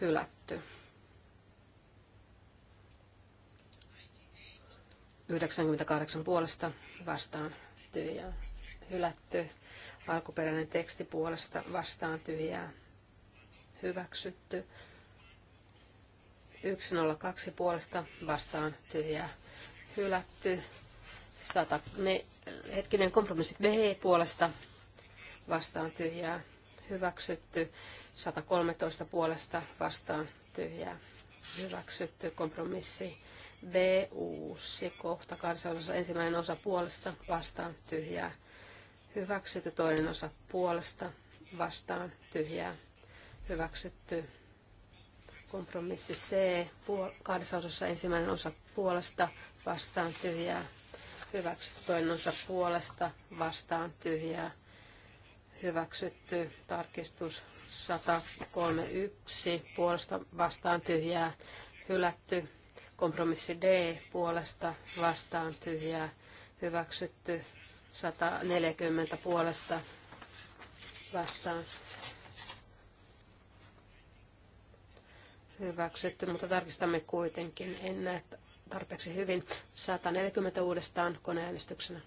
Speaker 5: Hylätty. 98 puolesta vastaan tyhjää. Hylätty. Alkuperäinen teksti puolesta vastaan tyhjää hyväksytty. 102 puolesta vastaan tyhjää hylätty. 100, ne, hetkinen kompromissi B puolesta vastaan tyhjää hyväksytty. 113 puolesta vastaan tyhjää hyväksytty. Kompromissi B uusi kohta kansallisessa ensimmäinen osa puolesta vastaan tyhjää Hyväksytty toinen osa puolesta vastaan tyhjää. Hyväksytty kompromissi C puol- kahdessa osassa ensimmäinen osa puolesta vastaan tyhjää. Hyväksytty toinen osa puolesta vastaan tyhjää. Hyväksytty tarkistus 131 puolesta vastaan tyhjää. Hylätty kompromissi D puolesta vastaan tyhjää. Hyväksytty 140 puolesta vastaan hyväksytty, mutta tarkistamme kuitenkin. En näe tarpeeksi hyvin. 140 uudestaan koneäänestyksenä.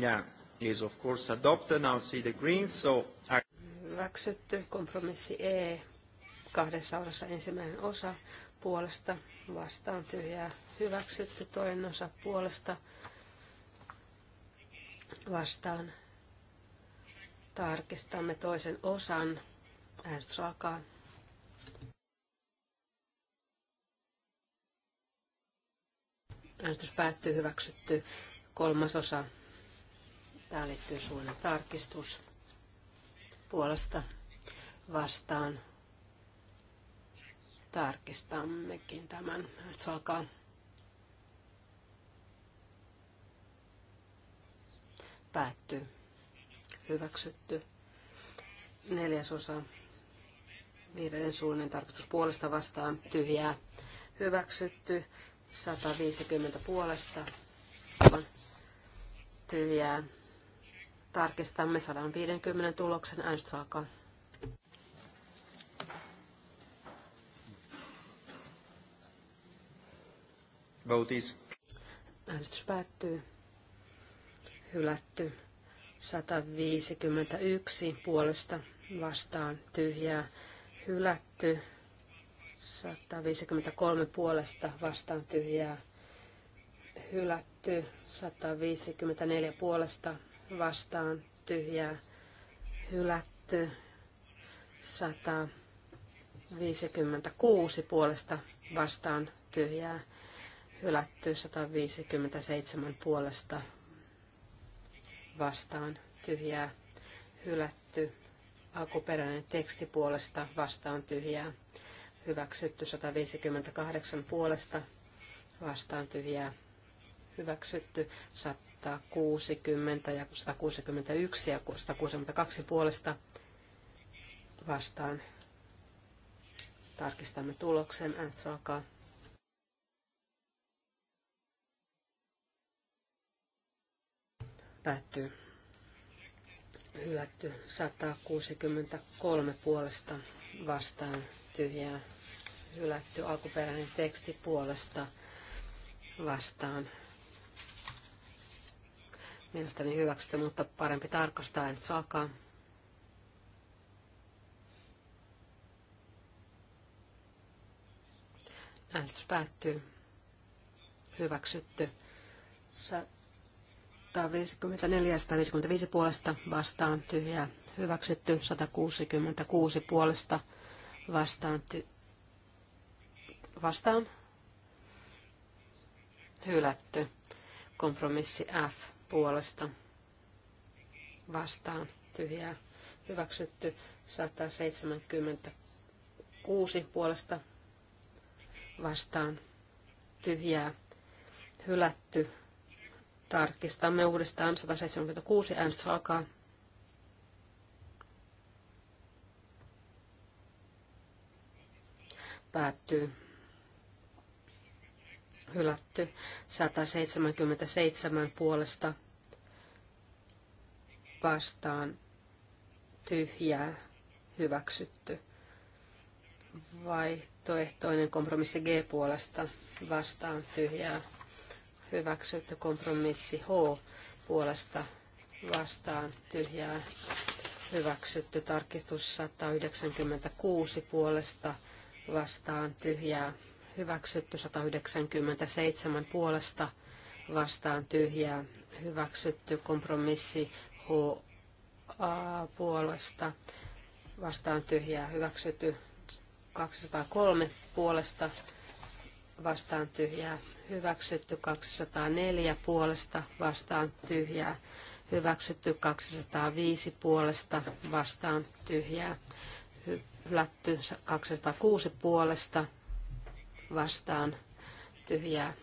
Speaker 1: Yeah, is of course adopted. Now see the green so...
Speaker 5: Hyväksytty kompromissi E kahdessa osassa ensimmäinen osa puolesta vastaan tyhjää hyväksytty, toinen osa puolesta vastaan. Tarkistamme toisen osan. Äänestys alkaa. Äänestys päättyy hyväksytty. Kolmas osa. Tämä liittyy suunnan tarkistus. Puolesta vastaan tarkistammekin tämän. Nyt alkaa. Päättyy. Hyväksytty. Neljäsosa. viiden suunnan tarkistus puolesta vastaan. Tyhjää. Hyväksytty. 150 puolesta. Tyhjää. Tarkistamme 150 tuloksen. Äänestys alkaa. Vote is... Äänestys päättyy. Hylätty. 151 puolesta vastaan tyhjää. Hylätty. 153 puolesta vastaan tyhjää. Hylätty. 154 puolesta vastaan tyhjää. Hylätty. 156 puolesta vastaan tyhjää hylätty 157 puolesta vastaan tyhjää, hylätty alkuperäinen teksti puolesta vastaan tyhjää, hyväksytty 158 puolesta vastaan tyhjää, hyväksytty 160 ja 161 ja 162 puolesta vastaan. Tarkistamme tuloksen. Äänestys alkaa. Päättyy. Hylätty 163 puolesta vastaan tyhjää. Hylätty alkuperäinen teksti puolesta vastaan. Mielestäni hyväksytty, mutta parempi tarkastaa se alkaa. Äänestys päättyy. Hyväksytty. Sa- 154 155 puolesta vastaan tyhjää hyväksytty, 166 puolesta vastaan, ty- vastaan hylätty, kompromissi F puolesta vastaan tyhjää hyväksytty, 176 puolesta vastaan tyhjää hylätty, Tarkistamme uudestaan 176 äänestys alkaa. Päättyy. Hylätty 177 puolesta vastaan tyhjää hyväksytty. Vaihtoehtoinen kompromissi G puolesta vastaan tyhjää hyväksytty kompromissi H puolesta vastaan tyhjää hyväksytty tarkistus 196 puolesta vastaan tyhjää hyväksytty 197 puolesta vastaan tyhjää hyväksytty kompromissi h puolesta vastaan tyhjää hyväksytty 203 puolesta vastaan tyhjää hyväksytty 204 puolesta vastaan tyhjää hyväksytty 205 puolesta vastaan tyhjää hylätty 206 puolesta vastaan tyhjää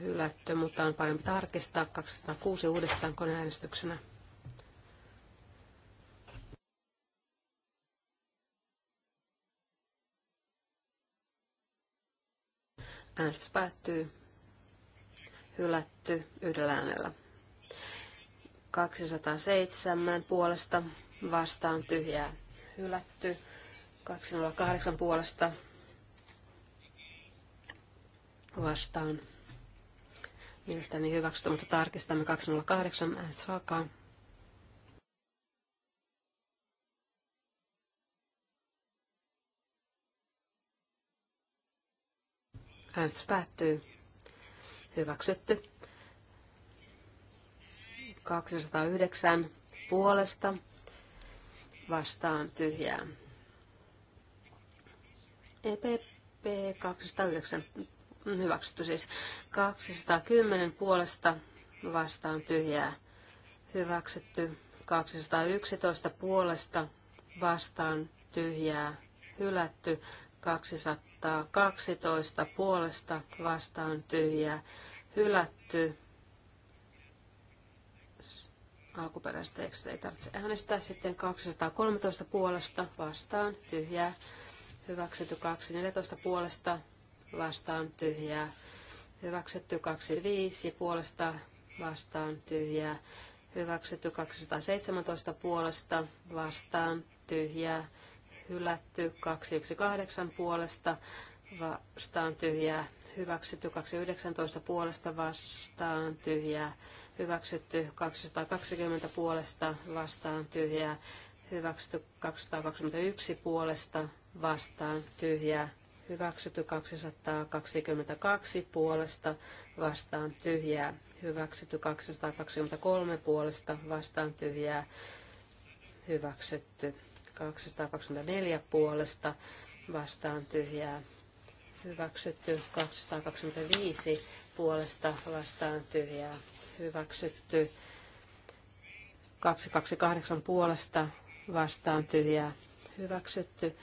Speaker 5: hylätty, mutta on parempi tarkistaa 206 uudestaan koneäänestyksenä. Äänestys päättyy. Hylätty yhdellä äänellä. 207 puolesta vastaan tyhjää. Hylätty. 208 puolesta vastaan. Mielestäni hyväksytty, mutta tarkistamme 208. Äänestys alkaa.
Speaker 3: Äänestys päättyy. Hyväksytty.
Speaker 5: 209 puolesta vastaan tyhjää. EPP 209 hyväksytty siis 210 puolesta vastaan tyhjää. Hyväksytty 211 puolesta vastaan tyhjää. Hylätty 212 puolesta vastaan tyhjää hylätty. Alkuperäistä tekstistä ei tarvitse äänestää. Sitten 213 puolesta vastaan tyhjää hyväksytty. 214 puolesta vastaan tyhjää hyväksytty. 25 puolesta vastaan tyhjää hyväksytty. 217 puolesta vastaan tyhjää hylätty, 218 puolesta vastaan tyhjää, hyväksytty 219 puolesta vastaan tyhjää, hyväksytty 220 puolesta vastaan tyhjää, hyväksytty 221 puolesta vastaan tyhjää, hyväksytty 222 puolesta vastaan tyhjää, hyväksytty 223 puolesta vastaan tyhjää, hyväksytty 224 puolesta vastaan tyhjää hyväksytty 225 puolesta vastaan tyhjää hyväksytty 228 puolesta vastaan tyhjää hyväksytty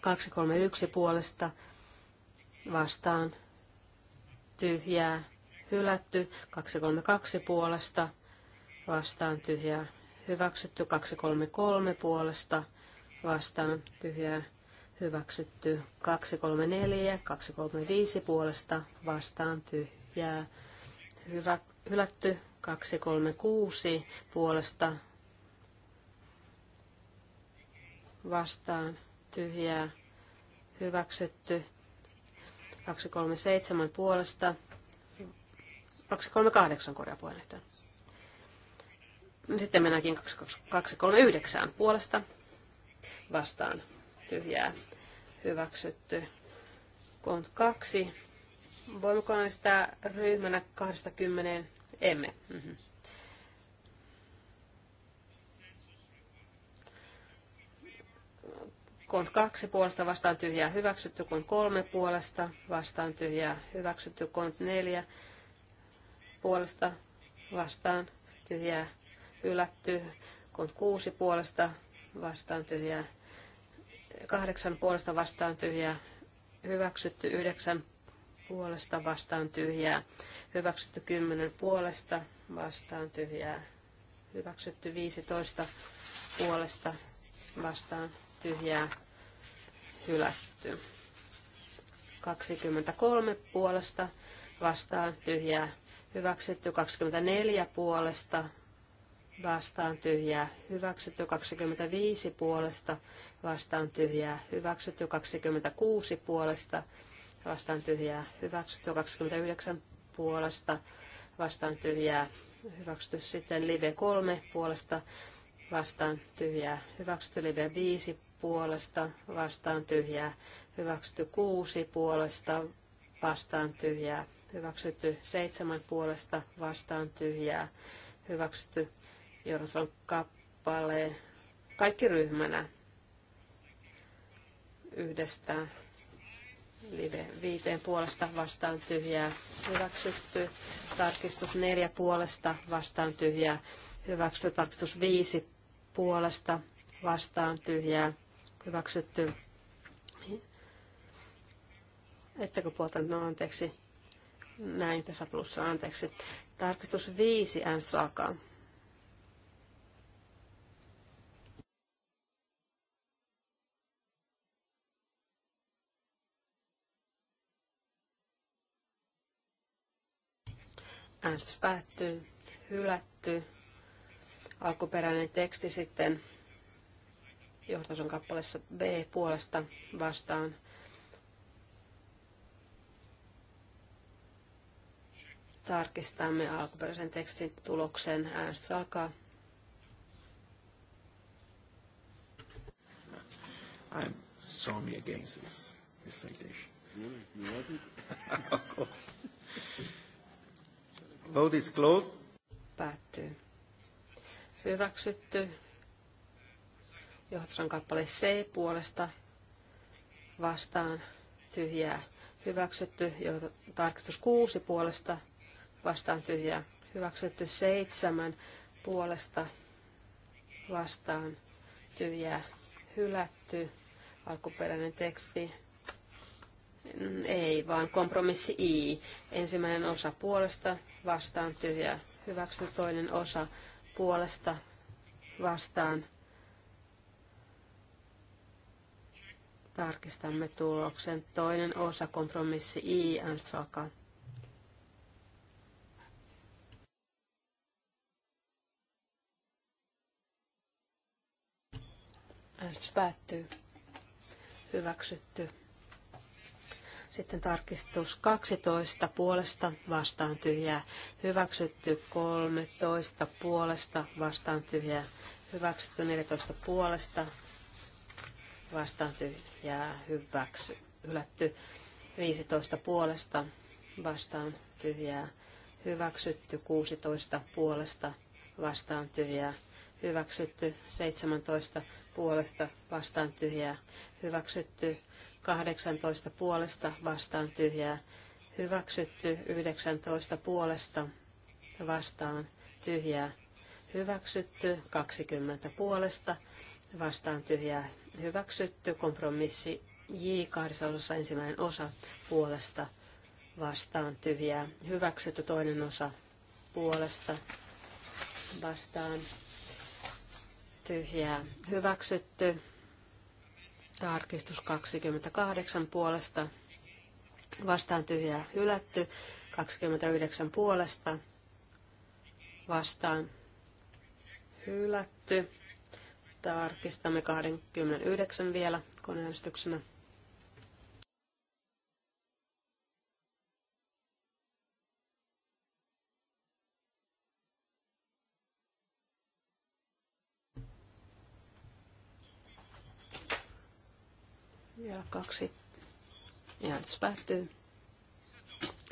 Speaker 5: 231 puolesta vastaan tyhjää hylätty 232 puolesta vastaan tyhjää hyväksytty 233 puolesta vastaan tyhjää hyväksytty 234, 235 puolesta vastaan tyhjää hyvä, hylätty 236 puolesta vastaan tyhjää hyväksytty 237 puolesta 238 korjaa puheenjohtaja.
Speaker 6: Sitten mennäänkin
Speaker 5: 239 puolesta vastaan tyhjää hyväksytty. Kont 2. Voimmeko äänestää ryhmänä 20? Emme. Mm-hmm. Kont 2 puolesta vastaan tyhjää hyväksytty, kont 3 puolesta vastaan tyhjää hyväksytty, kont 4 puolesta vastaan tyhjää hylätty, kun kuusi puolesta vastaan tyhjää, kahdeksan puolesta vastaan tyhjää, hyväksytty yhdeksän puolesta vastaan tyhjää, hyväksytty kymmenen puolesta vastaan tyhjää, hyväksytty 15 puolesta vastaan tyhjää, hylätty. 23 puolesta vastaan tyhjää, hyväksytty 24 puolesta vastaan tyhjää hyväksytty 25 puolesta, vastaan tyhjää hyväksytty 26 puolesta, vastaan tyhjää hyväksytty 29 puolesta, vastaan tyhjää hyväksytty sitten live 3 puolesta, vastaan tyhjää hyväksytty live 5 puolesta, vastaan tyhjää hyväksytty 6 puolesta, vastaan tyhjää hyväksytty 7 puolesta, vastaan tyhjää hyväksytty Euroslan kappale, kaikki ryhmänä yhdestä live viiteen puolesta vastaan tyhjää hyväksytty, tarkistus neljä puolesta vastaan tyhjää hyväksytty, tarkistus viisi puolesta vastaan tyhjää hyväksytty. Ettekö puolta, no anteeksi, näin tässä plussa, anteeksi. Tarkistus viisi äänestys alkaa. Äänestys päättyy. Hylätty. Alkuperäinen teksti sitten on kappaleessa B puolesta vastaan. Tarkistamme alkuperäisen tekstin tuloksen. Äänestys alkaa.
Speaker 1: I'm strongly against this, this citation. Really? You want it? of course. Vote is closed.
Speaker 5: Päättyy. Hyväksytty. Johdatran kappale C puolesta vastaan tyhjää. Hyväksytty. Tarkistus 6 puolesta vastaan tyhjää. Hyväksytty 7 puolesta vastaan tyhjää. Hylätty. Alkuperäinen teksti mm, ei, vaan kompromissi I. Ensimmäinen osa puolesta vastaan tyhjää. Hyväksytty toinen osa puolesta vastaan. Tarkistamme tuloksen. Toinen osa kompromissi I, and alkaa. Äänestys päättyy. Hyväksytty. Sitten tarkistus 12 puolesta vastaan tyhjää. Hyväksytty 13 puolesta vastaan tyhjää. Hyväksytty 14 puolesta vastaan tyhjää. Hyväksy. Hylätty 15 puolesta vastaan tyhjää. Hyväksytty 16 puolesta vastaan tyhjää. Hyväksytty 17 puolesta vastaan tyhjää. Hyväksytty 18 puolesta vastaan tyhjää hyväksytty, 19 puolesta vastaan tyhjää hyväksytty, 20 puolesta vastaan tyhjää hyväksytty, kompromissi J kahdessa osassa ensimmäinen osa puolesta vastaan tyhjää hyväksytty, toinen osa puolesta vastaan tyhjää hyväksytty. Tarkistus 28 puolesta. Vastaan tyhjää hylätty. 29 puolesta. Vastaan hylätty. Tarkistamme 29 vielä koneäänestyksenä.
Speaker 6: Ja
Speaker 3: Äänestys päättyy.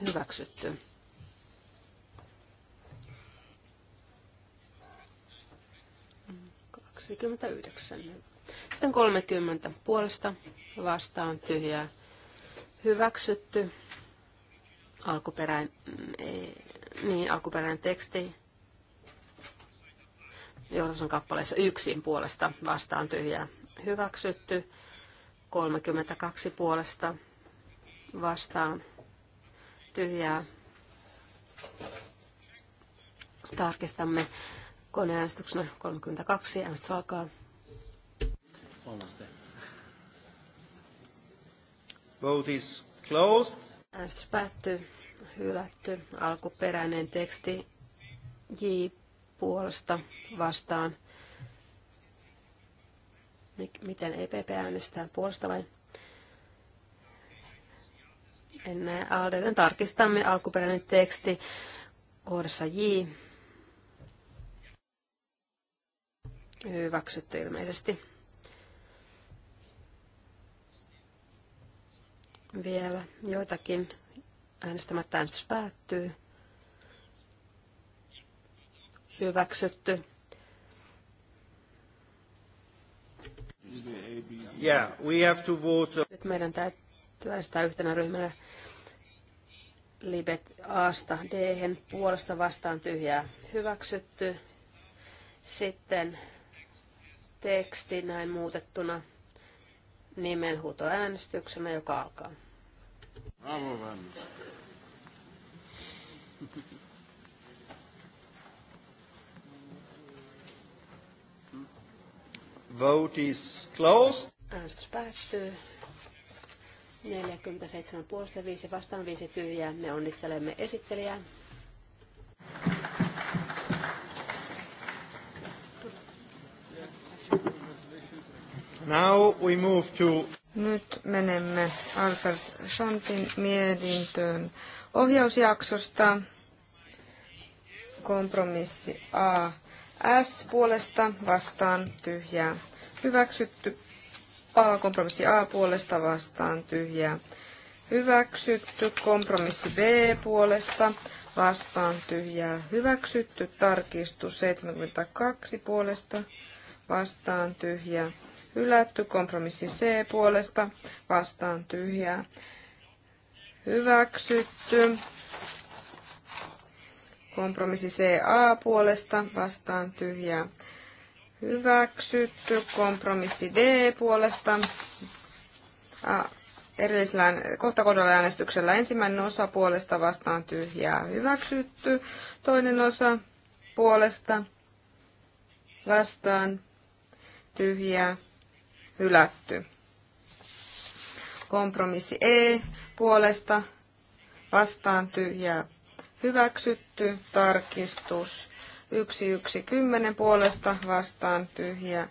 Speaker 3: Hyväksytty.
Speaker 5: Sitten 30 puolesta vastaan tyhjää. Hyväksytty. Alkuperäinen, eh, niin, alkuperäinen teksti on kappaleessa yksin puolesta vastaan tyhjää hyväksytty. 32 puolesta vastaan tyhjää. Tarkistamme koneäänestyksenä 32. Äänestys alkaa.
Speaker 1: Vote is closed.
Speaker 5: Äänestys päättyy. Hylätty. Alkuperäinen teksti J puolesta vastaan miten EPP äänestää puolesta vai en näe Aldeten. Tarkistamme alkuperäinen teksti kohdassa J. Hyväksytty ilmeisesti. Vielä joitakin äänestämättä äänestys päättyy. Hyväksytty.
Speaker 1: Yeah, we have to vote. Uh, Nyt
Speaker 5: meidän täytyy äänestää yhtenä ryhmänä libet Asta d puolesta vastaan tyhjää hyväksytty. Sitten teksti näin muutettuna äänestyksenä, joka alkaa.
Speaker 6: Bravo,
Speaker 1: Vote is closed.
Speaker 5: Äänestys päättyy. 47 puolesta 5 vastaan 5 tyhjää. Me onnittelemme esittelijää.
Speaker 4: Now we move to... Nyt menemme Arthur Shantin mietintöön ohjausjaksosta. Kompromissi A S puolesta vastaan tyhjää hyväksytty. A kompromissi A puolesta vastaan tyhjää hyväksytty. Kompromissi B puolesta vastaan tyhjää hyväksytty. Tarkistus 72 puolesta vastaan tyhjää hylätty. Kompromissi C puolesta vastaan tyhjää hyväksytty. Kompromissi CA puolesta vastaan tyhjää hyväksytty. Kompromissi D puolesta erillisellä kohtakohdalla äänestyksellä ensimmäinen osa puolesta vastaan tyhjää hyväksytty. Toinen osa puolesta vastaan tyhjää hylätty. Kompromissi E puolesta vastaan tyhjää hyväksytty. Tarkistus kymmenen puolesta vastaan tyhjä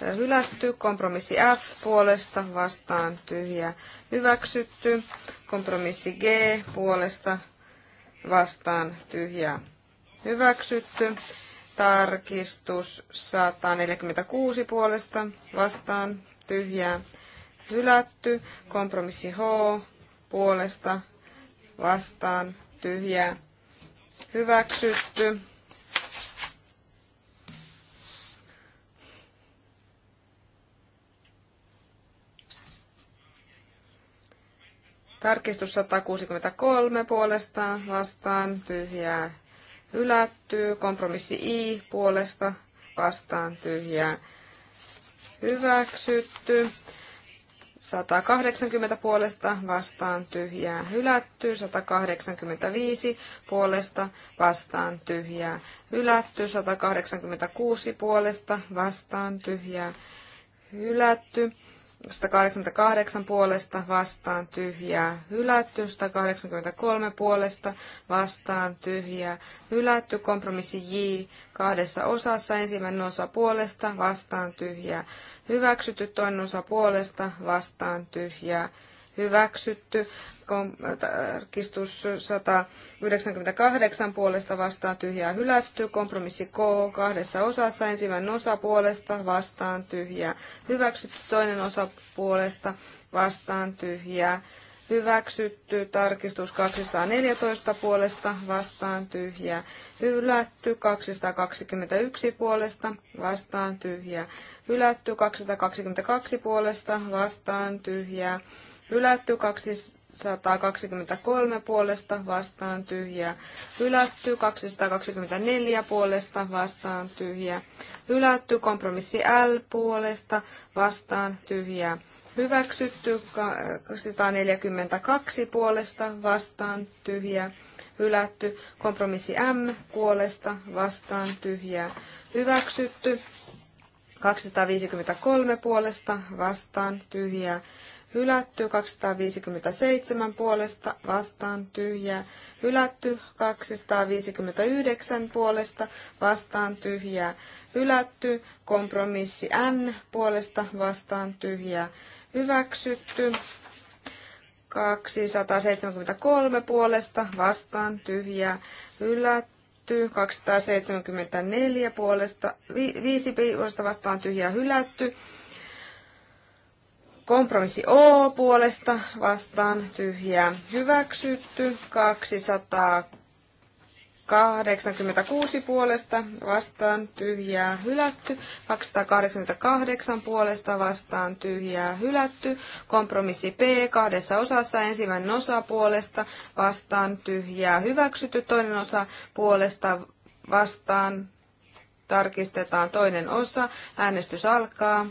Speaker 4: hylätty. Kompromissi F puolesta vastaan tyhjä hyväksytty. Kompromissi G puolesta vastaan tyhjä hyväksytty. Tarkistus 146 puolesta vastaan tyhjää hylätty. Kompromissi H puolesta vastaan tyhjää Hyväksytty. Tarkistus 163 puolesta vastaan tyhjää Ylättyy Kompromissi I puolesta vastaan tyhjää hyväksytty. 180 puolesta vastaan tyhjää hylätty, 185 puolesta vastaan tyhjää hylätty, 186 puolesta vastaan tyhjää hylätty, 188 puolesta vastaan tyhjää hylätty, 183 puolesta vastaan tyhjää hylätty, kompromissi J kahdessa osassa, ensimmäinen osa puolesta vastaan tyhjää hyväksytty, toinen osa puolesta vastaan tyhjää hyväksytty. Tarkistus 198 puolesta vastaan tyhjää hylätty. Kompromissi K kahdessa osassa. Ensimmäinen osa puolesta vastaan tyhjää hyväksytty. Toinen osa puolesta vastaan tyhjää hyväksytty, tarkistus 214 puolesta, vastaan tyhjää hylätty, 221 puolesta, vastaan tyhjää hylätty, 222 puolesta, vastaan tyhjää hylätty, 223 puolesta vastaan tyhjää, hylätty, 224 puolesta vastaan tyhjää, hylätty, kompromissi L puolesta vastaan tyhjää, hyväksytty, 142 puolesta vastaan tyhjää, hylätty, kompromissi M puolesta vastaan tyhjää, hyväksytty, 253 puolesta vastaan tyhjää, hylätty, 257 puolesta vastaan tyhjää, hylätty, 259 puolesta vastaan tyhjää, hylätty, kompromissi N puolesta vastaan tyhjää, hyväksytty, 273 puolesta vastaan tyhjää, hylätty, 274 puolesta, 5 puolesta vastaan tyhjää hylätty, Kompromissi O puolesta vastaan tyhjää hyväksytty. 286 puolesta vastaan tyhjää hylätty. 288 puolesta vastaan tyhjää hylätty. Kompromissi P kahdessa osassa ensimmäinen osa puolesta vastaan tyhjää hyväksytty. Toinen osa puolesta vastaan tarkistetaan toinen osa. Äänestys alkaa.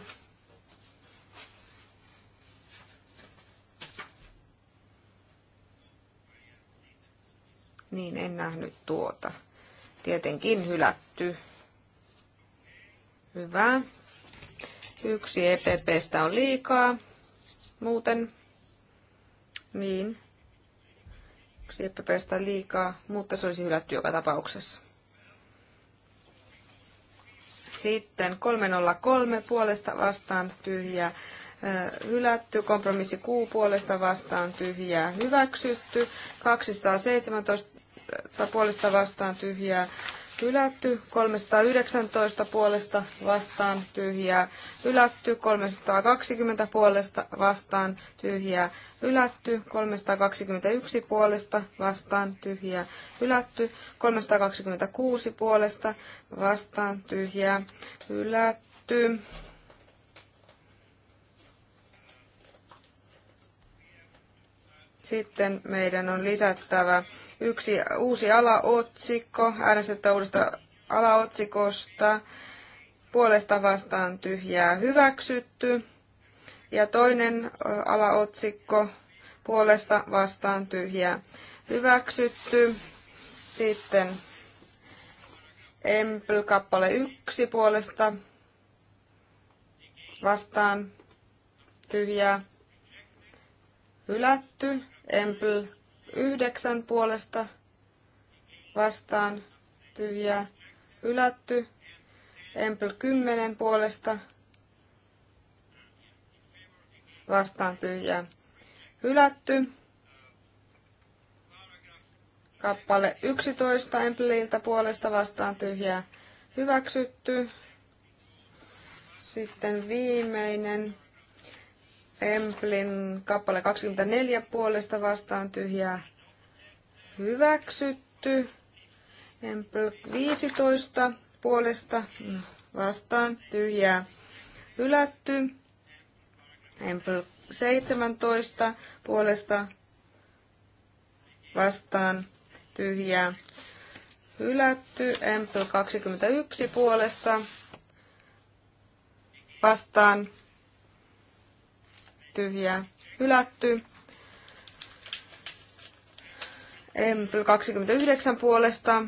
Speaker 4: Niin, en nähnyt tuota. Tietenkin hylätty. Hyvä. Yksi EPPstä on liikaa. Muuten. Niin. Yksi EPPstä on liikaa, mutta se olisi hylätty joka tapauksessa. Sitten 303 puolesta vastaan tyhjää hylätty, kompromissi Q puolesta vastaan tyhjää hyväksytty, 217 puolesta vastaan tyhjää hylätty, 319 puolesta vastaan tyhjää hylätty, 320 puolesta vastaan tyhjää hylätty, 321 puolesta vastaan tyhjää hylätty, 326 puolesta vastaan tyhjää hylätty. Sitten meidän on lisättävä yksi uusi alaotsikko, äänestettä uudesta alaotsikosta, puolesta vastaan tyhjää hyväksytty. Ja toinen alaotsikko, puolesta vastaan tyhjää hyväksytty. Sitten Empl-kappale yksi puolesta vastaan tyhjää hylätty. Empl 9 puolesta vastaan tyhjää hylätty. Empl 10 puolesta vastaan tyhjää hylätty. Kappale 11 Empliltä puolesta vastaan tyhjää hyväksytty. Sitten viimeinen Emplin kappale 24 puolesta vastaan tyhjää hyväksytty. Empl 15 puolesta vastaan tyhjää hylätty. Empl 17 puolesta vastaan tyhjää hylätty. Empl 21 puolesta vastaan tyhjää hylätty. Empl 29 puolesta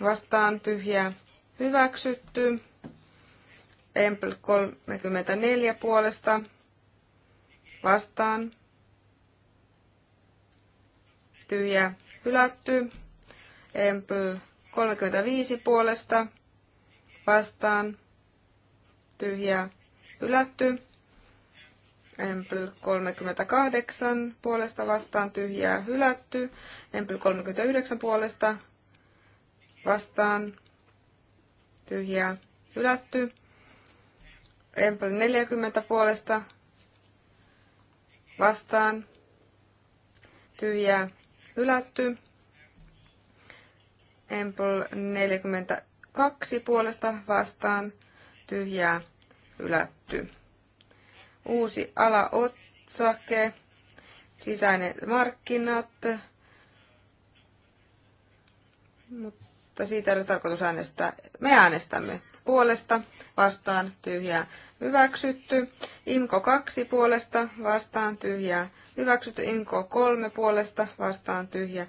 Speaker 4: vastaan tyhjää hyväksytty. Empl 34 puolesta vastaan tyhjää hylätty. Empl 35 puolesta vastaan tyhjää hylätty. Empl 38 puolesta vastaan tyhjää hylätty. Empl 39 puolesta vastaan tyhjää hylätty. Empl 40 puolesta vastaan tyhjää hylätty. Empl 42 puolesta vastaan tyhjää hylätty. Uusi alaotsake, sisäinen markkinat, mutta siitä ei ole tarkoitus äänestää. Me äänestämme puolesta, vastaan, tyhjää, hyväksytty. Imko 2 puolesta, vastaan, tyhjää, hyväksytty. Imko 3 puolesta, vastaan, tyhjää,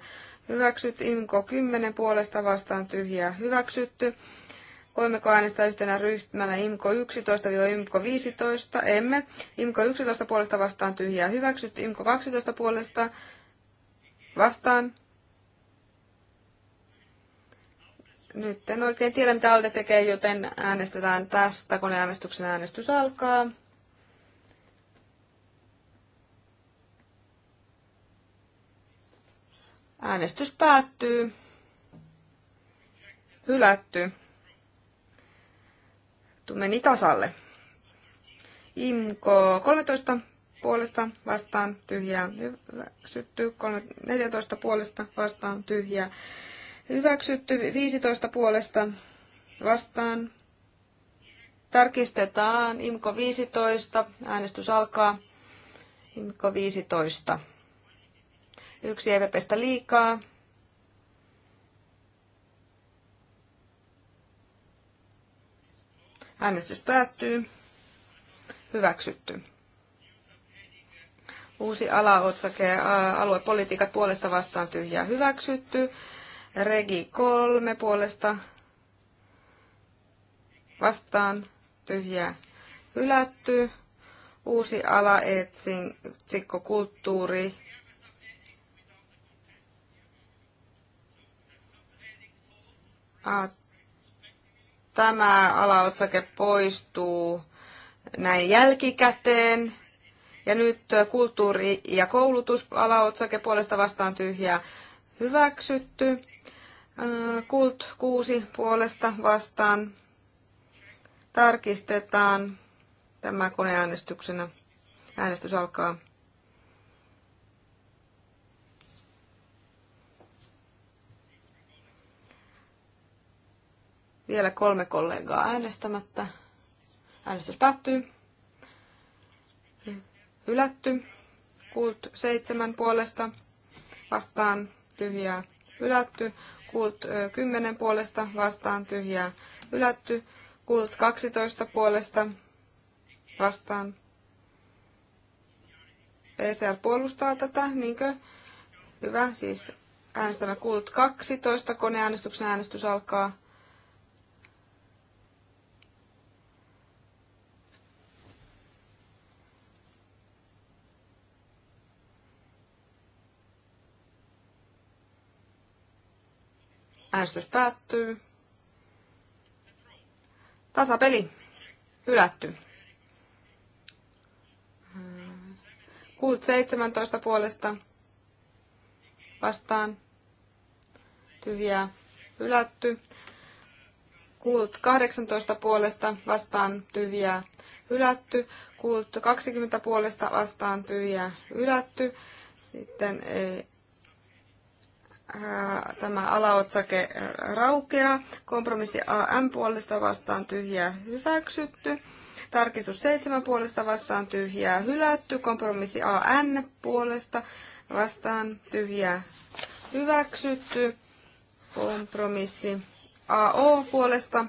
Speaker 4: hyväksytty. Imko 10 puolesta, vastaan, tyhjää, hyväksytty. Voimmeko äänestää yhtenä ryhmänä IMKO 11-IMKO 15? Emme. IMKO 11 puolesta vastaan tyhjää hyväksyt. IMKO 12 puolesta vastaan. Nyt en oikein tiedä, mitä Alde tekee, joten äänestetään tästä, kun äänestyksen äänestys alkaa. Äänestys päättyy. Hylätty meni tasalle. IMKO 13 puolesta vastaan tyhjää hyväksytty, 14 puolesta vastaan tyhjää hyväksytty, 15 puolesta vastaan tarkistetaan IMKO 15, äänestys alkaa IMKO 15. Yksi EVPstä liikaa, Äänestys päättyy. Hyväksytty. Uusi alaotsake aluepolitiikat puolesta vastaan tyhjää hyväksytty. Regi 3 puolesta vastaan tyhjää hylätty. Uusi ala etsikko kulttuuri A tämä alaotsake poistuu näin jälkikäteen. Ja nyt kulttuuri- ja koulutusalaotsake puolesta vastaan tyhjää hyväksytty. Kult 6 puolesta vastaan tarkistetaan tämä koneäänestyksenä. Äänestys alkaa. Vielä kolme kollegaa äänestämättä. Äänestys päättyy. Hylätty. Kult seitsemän puolesta vastaan tyhjää hylätty. Kult kymmenen puolesta vastaan tyhjää hylätty. Kult 12 puolesta vastaan. ECR puolustaa tätä, niinkö? Hyvä, siis äänestämme Kult 12, koneäänestyksen äänestys alkaa. Äänestys päättyy. Tasapeli. Hylätty. Kult 17 puolesta vastaan. Tyhjää. Hylätty. Kult 18 puolesta vastaan tyhjää hylätty. Kult 20 puolesta vastaan tyhjää hylätty. Sitten eh, tämä alaotsake raukeaa. Kompromissi AM puolesta vastaan tyhjää hyväksytty. Tarkistus 7 puolesta vastaan tyhjää hylätty. Kompromissi AN puolesta vastaan tyhjää hyväksytty. Kompromissi AO puolesta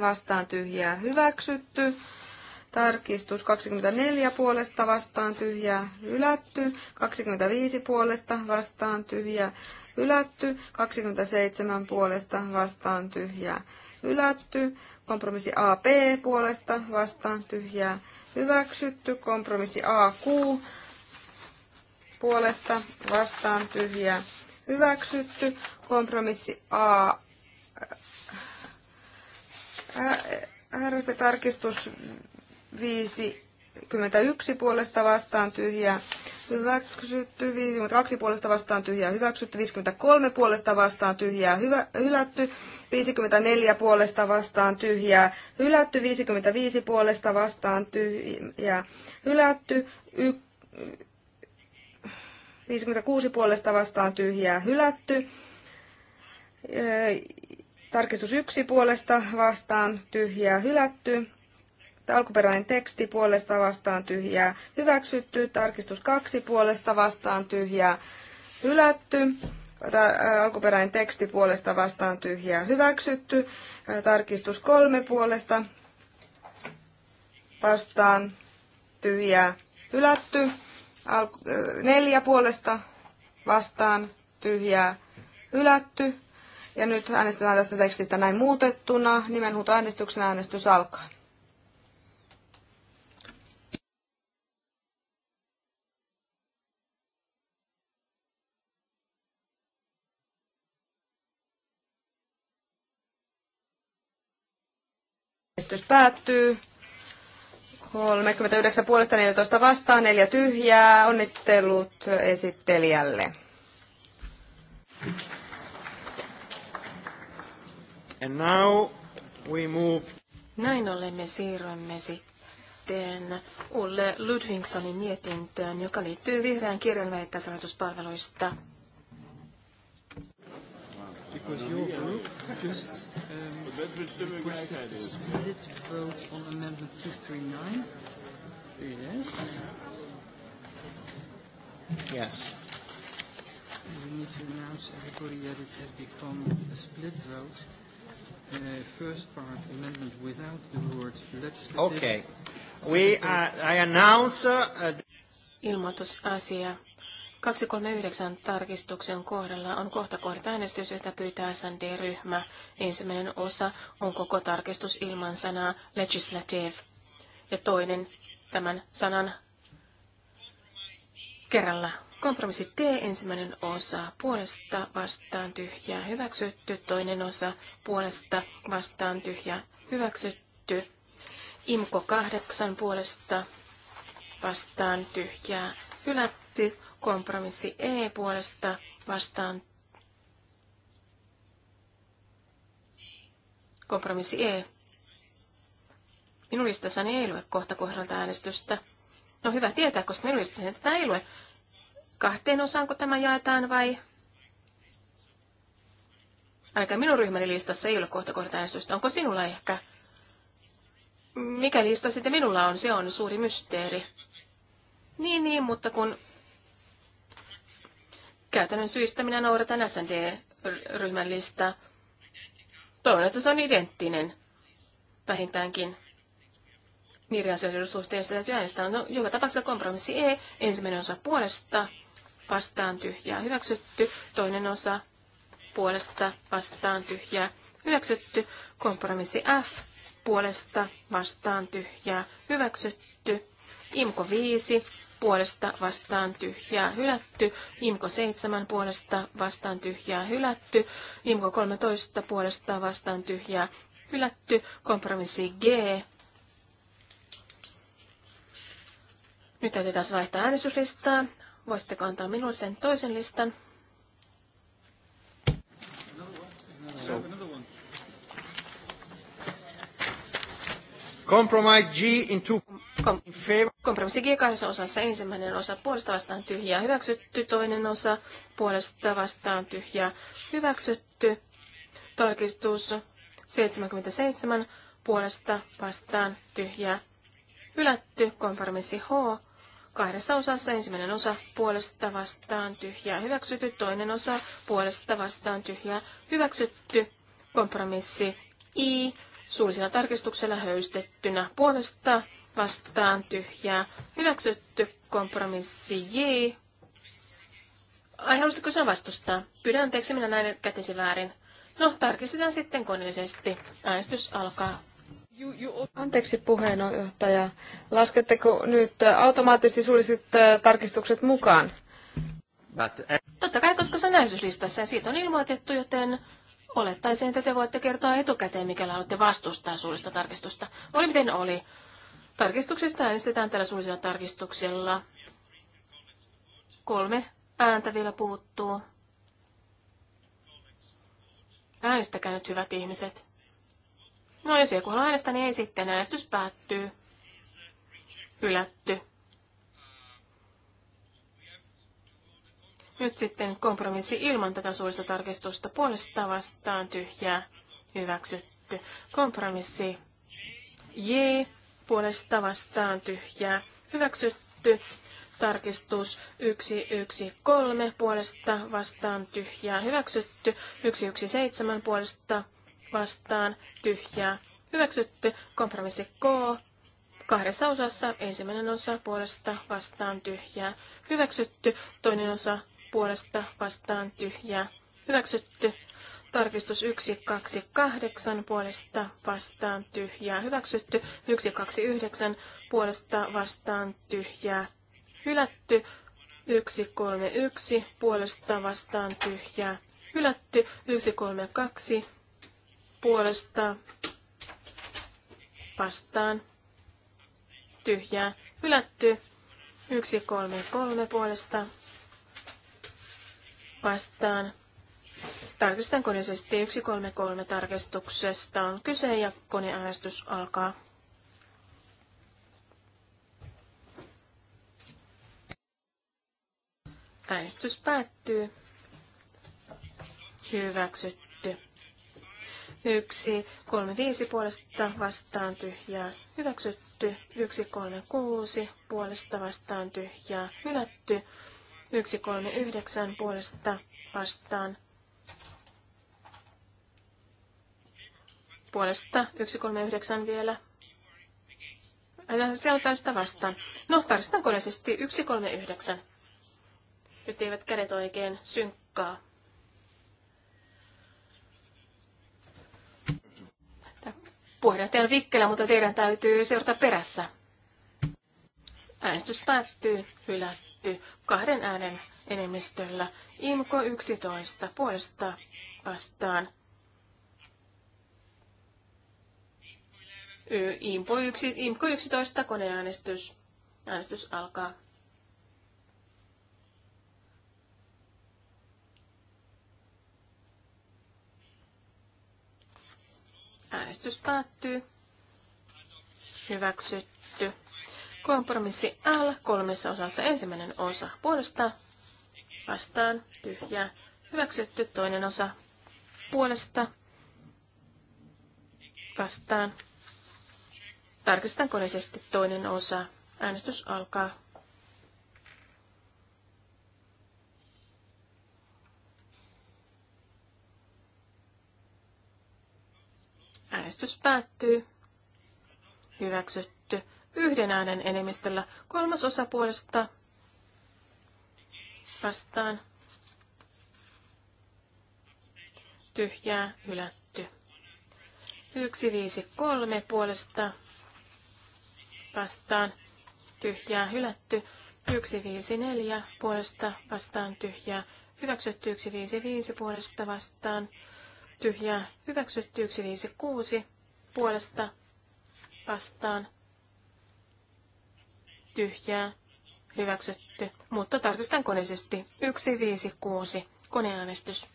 Speaker 4: vastaan tyhjää hyväksytty. Tarkistus 24 puolesta vastaan tyhjä ylätty, 25 puolesta vastaan tyhjä ylätty, 27 puolesta vastaan tyhjä ylätty, Kompromissi AP puolesta vastaan tyhjä hyväksytty. Kompromissi AQ puolesta vastaan tyhjä hyväksytty. Kompromissi A RP-tarkistus 51 puolesta vastaan tyhjää hyväksytty, 52 puolesta vastaan tyhjää hyväksytty, 53 puolesta vastaan tyhjää hyvä, hylätty, 54 puolesta vastaan tyhjää hylätty, 55 puolesta vastaan tyhjää hylätty, y, 56 puolesta vastaan tyhjää hylätty, tarkistus 1 puolesta vastaan tyhjää hylätty, alkuperäinen teksti puolesta vastaan tyhjää hyväksytty, tarkistus kaksi puolesta vastaan tyhjää hylätty, alkuperäinen teksti puolesta vastaan tyhjää hyväksytty, tarkistus kolme puolesta vastaan tyhjää hylätty, neljä puolesta vastaan tyhjää hylätty. Ja nyt äänestetään tästä tekstistä näin muutettuna. Nimenhuutoäänestyksen äänestys alkaa.
Speaker 6: päättyy.
Speaker 4: 39 puolesta 14 vastaan, neljä tyhjää. Onnittelut esittelijälle.
Speaker 1: And now we move.
Speaker 2: Näin ollen me siirrymme sitten Ulle Ludvingsonin mietintöön, joka liittyy vihreän kirjan vähittäisrahoituspalveluista.
Speaker 6: Because your group just Um, request a split vote on amendment 239. Yes.
Speaker 3: Yes.
Speaker 1: We need to announce everybody that it has become a split vote. Uh, first part, amendment without the word legislative. Okay.
Speaker 2: We, uh, I announce... Uh, Ilmoitusasia. 239 tarkistuksen kohdalla on kohta kohdat äänestys, jota pyytää SND-ryhmä. Ensimmäinen osa on koko tarkistus ilman sanaa legislative ja toinen tämän sanan kerralla. Kompromissi D, ensimmäinen osa, puolesta vastaan tyhjää hyväksytty, toinen osa, puolesta vastaan tyhjää hyväksytty. Imko kahdeksan puolesta vastaan tyhjää hylätty Seuraavaksi kompromissi E puolesta vastaan. Kompromissi E. Minun listassani ei lue kohta kohdalta äänestystä. No hyvä tietää, koska minun listassani tätä ei lue. Kahteen osaanko tämä jaetaan vai? Ainakaan minun ryhmäni listassa ei ole kohta kohdalta äänestystä. Onko sinulla ehkä? Mikä lista sitten minulla on, se on suuri mysteeri. Niin, niin, mutta kun Käytännön syistä minä noudatan SND-ryhmän listaa. Toivon, että se on identtinen, vähintäänkin. Niiden asioiden suhteen sitä täytyy äänestää. No, joka tapauksessa kompromissi E, ensimmäinen osa puolesta, vastaan tyhjää, hyväksytty. Toinen osa puolesta, vastaan tyhjää, hyväksytty. Kompromissi F, puolesta, vastaan tyhjää, hyväksytty. Imko 5, puolesta vastaan tyhjää hylätty, Imko 7 puolesta vastaan tyhjää hylätty, Imko 13 puolesta vastaan tyhjää hylätty, kompromissi G. Nyt täytyy taas vaihtaa äänestyslistaa. Voisitteko antaa minulle sen toisen listan?
Speaker 1: So. Compromise G in two.
Speaker 2: Kompromissi G kahdessa osassa ensimmäinen osa puolesta vastaan tyhjää hyväksytty, toinen osa puolesta vastaan tyhjää hyväksytty. Tarkistus 77 puolesta vastaan tyhjää hylätty. Kompromissi H kahdessa osassa ensimmäinen osa puolesta vastaan tyhjää hyväksytty, toinen osa puolesta vastaan tyhjää hyväksytty. Kompromissi I suullisella tarkistuksella höystettynä puolesta vastaan tyhjää. Hyväksytty kompromissi J. Ai, haluaisitko sinä vastustaa? Pyydän anteeksi, minä näin kätesi väärin. No, tarkistetaan sitten koneellisesti. Äänestys alkaa. Anteeksi
Speaker 4: puheenjohtaja. Lasketteko nyt automaattisesti sulisit äh, tarkistukset mukaan? Eh,
Speaker 2: Totta kai, koska se on äänestyslistassa ja siitä on ilmoitettu, joten olettaisin, että te voitte kertoa etukäteen, mikä haluatte vastustaa suullista tarkistusta. Oli miten oli. Tarkistuksesta äänestetään tällä suullisella tarkistuksella. Kolme ääntä vielä puuttuu. Äänestäkää nyt hyvät ihmiset. No jos joku äänestä, niin ei sitten. Äänestys päättyy. Hylätty. Nyt sitten kompromissi ilman tätä suurista tarkistusta puolesta vastaan tyhjää hyväksytty. Kompromissi J puolesta vastaan tyhjää hyväksytty. Tarkistus 113 puolesta vastaan tyhjää hyväksytty. 117 puolesta vastaan tyhjää hyväksytty. Kompromissi K kahdessa osassa. Ensimmäinen osa puolesta vastaan tyhjää hyväksytty. Toinen osa puolesta vastaan tyhjää hyväksytty. Tarkistus 128 puolesta vastaan tyhjää hyväksytty. 129 puolesta vastaan tyhjää hylätty. 131 puolesta vastaan tyhjää hylätty. 132 puolesta vastaan tyhjää hylätty. 133 puolesta vastaan Tarkistetaan koneisesti 133 tarkistuksesta on kyse ja koneäänestys alkaa. Äänestys päättyy. Hyväksytty. Yksi, kolme, viisi puolesta vastaan tyhjää. Hyväksytty. Yksi, kolme, kuusi puolesta vastaan tyhjää. Hylätty. Yksi, kolme, yhdeksän puolesta vastaan puolesta 139 vielä. Se on tästä vastaan. No, tarkistetaan koneisesti 139. Nyt eivät kädet oikein synkkaa. Puheenjohtaja on vikkelä, mutta teidän täytyy seurata perässä. Äänestys päättyy, hylätty, kahden äänen enemmistöllä. IMKO 11 puolesta vastaan IMPO, 11 koneäänestys. Äänestys alkaa. Äänestys päättyy. Hyväksytty. Kompromissi L kolmessa osassa ensimmäinen osa puolesta vastaan tyhjää. Hyväksytty toinen osa puolesta vastaan Tarkistan koneisesti toinen osa. Äänestys alkaa. Äänestys päättyy. Hyväksytty. Yhden äänen enemmistöllä kolmas osa puolesta vastaan. Tyhjää hylätty. kolme puolesta vastaan tyhjää hylätty. 154 puolesta vastaan tyhjää hyväksytty. 155 puolesta vastaan tyhjää hyväksytty. 156 puolesta vastaan tyhjää hyväksytty, mutta tarkistan koneisesti 156 koneäänestys.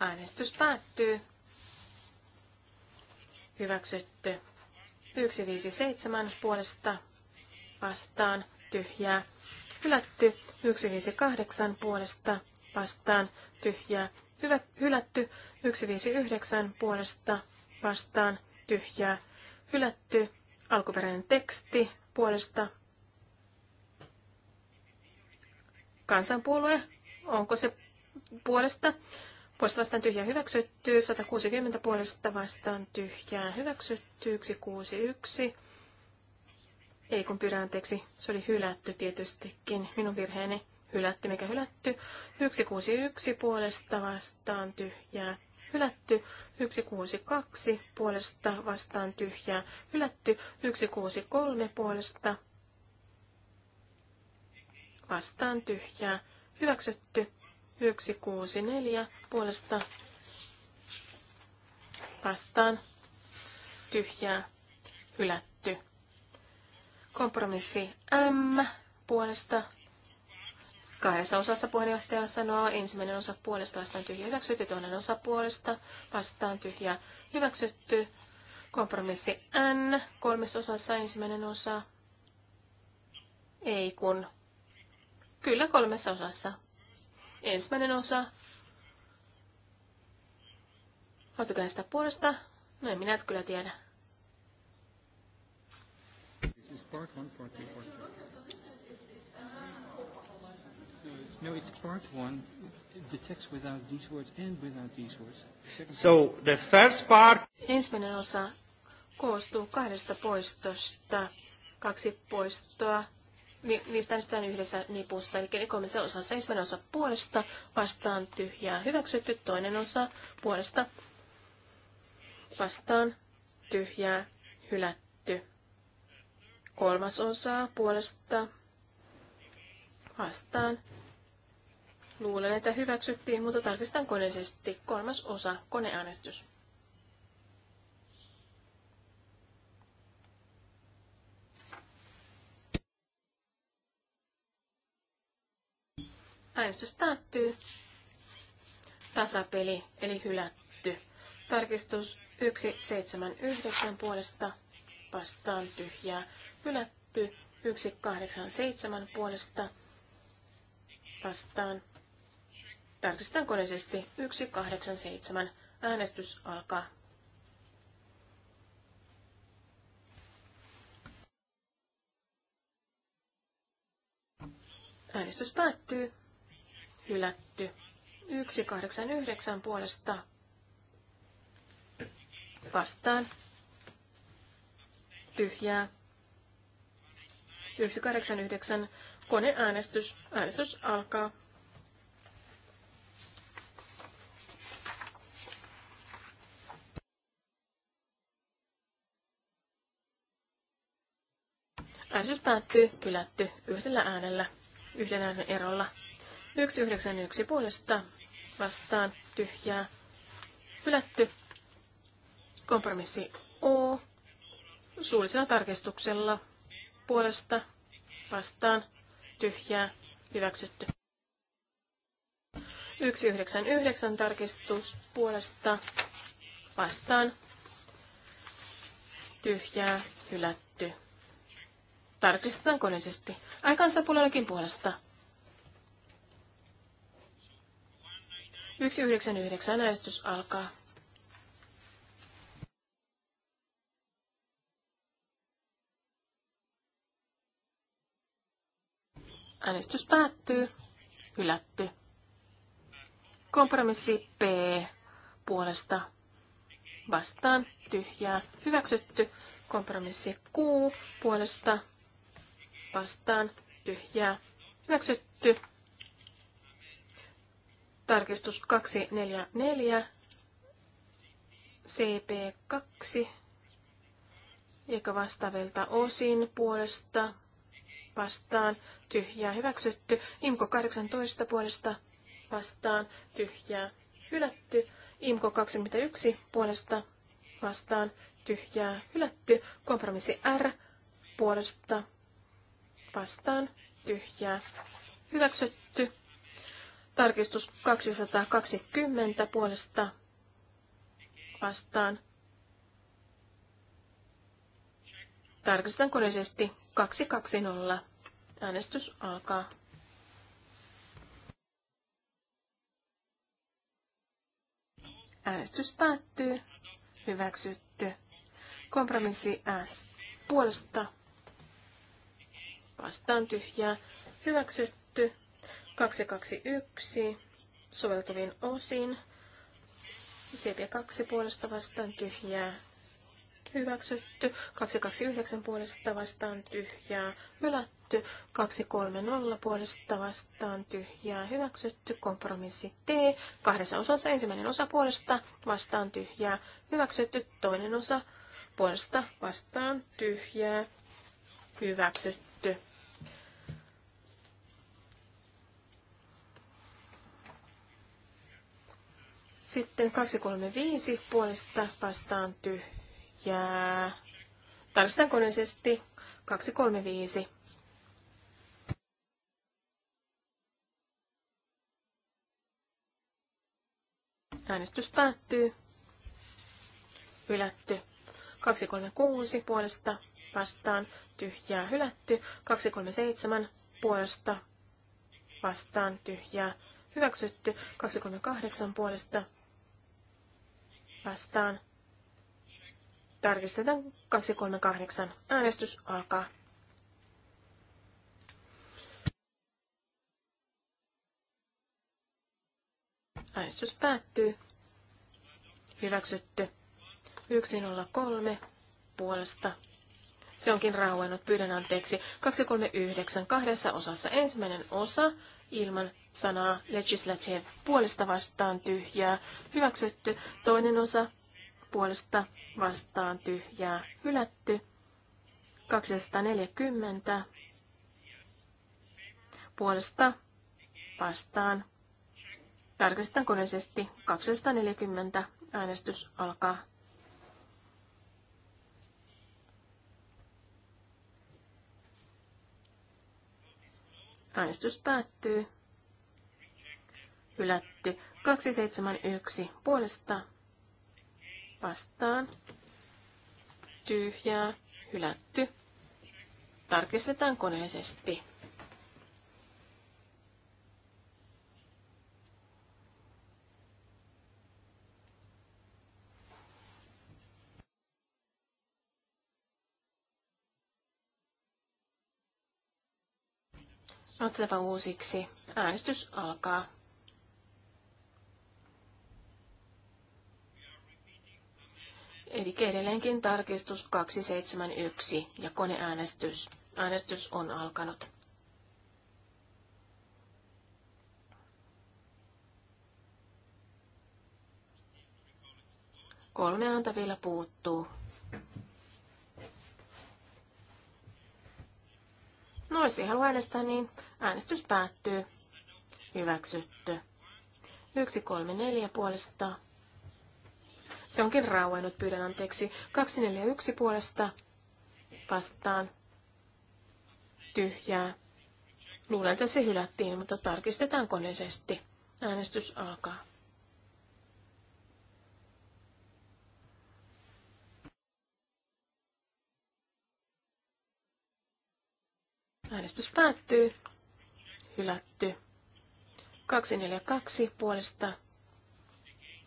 Speaker 2: Äänestys päättyy. Hyväksytty. 157 puolesta vastaan tyhjää. Hylätty. 158 puolesta vastaan tyhjää. Hyvä, hylätty. 159 puolesta vastaan tyhjää. Hylätty. Alkuperäinen teksti puolesta kansanpuolue. Onko se puolesta Pois vastaan tyhjää hyväksytty, 160 puolesta vastaan tyhjää hyväksytty, 161. Ei kun pyydän anteeksi, se oli hylätty tietystikin, minun virheeni hylätty, mikä hylätty. 161 puolesta vastaan tyhjää hylätty, 162 puolesta vastaan tyhjää hylätty, 163 puolesta vastaan tyhjää hyväksytty, 164 puolesta vastaan tyhjää hylätty. Kompromissi M puolesta. Kahdessa osassa puheenjohtaja sanoo ensimmäinen osa puolesta vastaan tyhjä hyväksytty, toinen osa puolesta vastaan tyhjä hyväksytty. Kompromissi N kolmessa osassa ensimmäinen osa. Ei kun. Kyllä kolmessa osassa Ensimmäinen osa. Oletko näistä puolesta? No en minä kyllä tiedä.
Speaker 6: Part one, part two, part two.
Speaker 1: No, it's part one, the text without these words and without
Speaker 4: these words. Second so the first part...
Speaker 2: Ensimmäinen osa koostuu kahdesta poistosta. Kaksi poistoa niistä äänestetään yhdessä nipussa, eli kolmessa osassa ensimmäinen osa puolesta, vastaan tyhjää hyväksytty, toinen osa puolesta, vastaan tyhjää hylätty, kolmas osa puolesta, vastaan. Luulen, että hyväksyttiin, mutta tarkistan koneisesti kolmas osa, koneäänestys. Äänestys päättyy. Tasapeli, eli hylätty. Tarkistus 179 puolesta vastaan tyhjää. Hylätty 187 puolesta vastaan. Tarkistetaan koneisesti 187. Äänestys alkaa. Äänestys päättyy hylätty. 189 puolesta vastaan tyhjää. 189 koneäänestys. Äänestys alkaa. Äänestys päättyy, kylätty, yhdellä äänellä, yhden äänen erolla. 191 puolesta vastaan tyhjää hylätty. Kompromissi O suullisella tarkistuksella puolesta vastaan tyhjää hyväksytty. 199 tarkistus puolesta vastaan tyhjää hylätty. Tarkistetaan koneisesti. Aikansa puolellakin puolesta 199 äänestys alkaa. Äänestys päättyy. Hylätty. Kompromissi P puolesta vastaan tyhjää. Hyväksytty. Kompromissi Q puolesta vastaan tyhjää. Hyväksytty. Tarkistus 244, CP2, joka vastaavilta osin puolesta vastaan tyhjää hyväksytty. Imko 18 puolesta vastaan tyhjää hylätty. Imko 21 puolesta vastaan tyhjää hylätty. Kompromissi R puolesta vastaan tyhjää hyväksytty. Tarkistus 220 puolesta vastaan. Tarkistan koneisesti 220. Äänestys alkaa. Äänestys päättyy. Hyväksytty. Kompromissi S. Puolesta. Vastaan tyhjää. Hyväksytty. 221 soveltuvin osin. cp 2 puolesta vastaan tyhjää hyväksytty. 229 puolesta vastaan tyhjää hylätty. 230 puolesta vastaan tyhjää hyväksytty. Kompromissi T. Kahdessa osassa ensimmäinen osa puolesta vastaan tyhjää hyväksytty. Toinen osa puolesta vastaan tyhjää hyväksytty Sitten 235 puolesta vastaan tyhjää. Tarkistan koneisesti 235. Äänestys päättyy. Hylätty. 236 puolesta vastaan tyhjää hylätty. 237 puolesta vastaan tyhjää hyväksytty. 238 puolesta vastaan. Tarkistetaan 238. Äänestys alkaa. Äänestys päättyy. Hyväksytty. 103 puolesta. Se onkin rauennut, pyydän anteeksi. 239 kahdessa osassa. Ensimmäinen osa ilman sanaa legislative puolesta vastaan tyhjää hyväksytty, toinen osa puolesta vastaan tyhjää hylätty, 240 puolesta vastaan. Tarkistan koneisesti 240 äänestys alkaa. Äänestys päättyy hylätty. 271 puolesta vastaan tyhjää hylätty. Tarkistetaan koneellisesti. Otetaanpa uusiksi. Äänestys alkaa. Eli edelleenkin tarkistus 271 ja koneäänestys. Äänestys on alkanut. Kolme ääntä vielä puuttuu. No, jos ei halua äänestää, niin äänestys päättyy. Hyväksytty. Yksi kolme neljä puolesta se onkin rauennut, pyydän anteeksi. 241 puolesta vastaan tyhjää. Luulen, että se hylättiin, mutta tarkistetaan koneisesti. Äänestys alkaa. Äänestys päättyy. Hylätty. 242 puolesta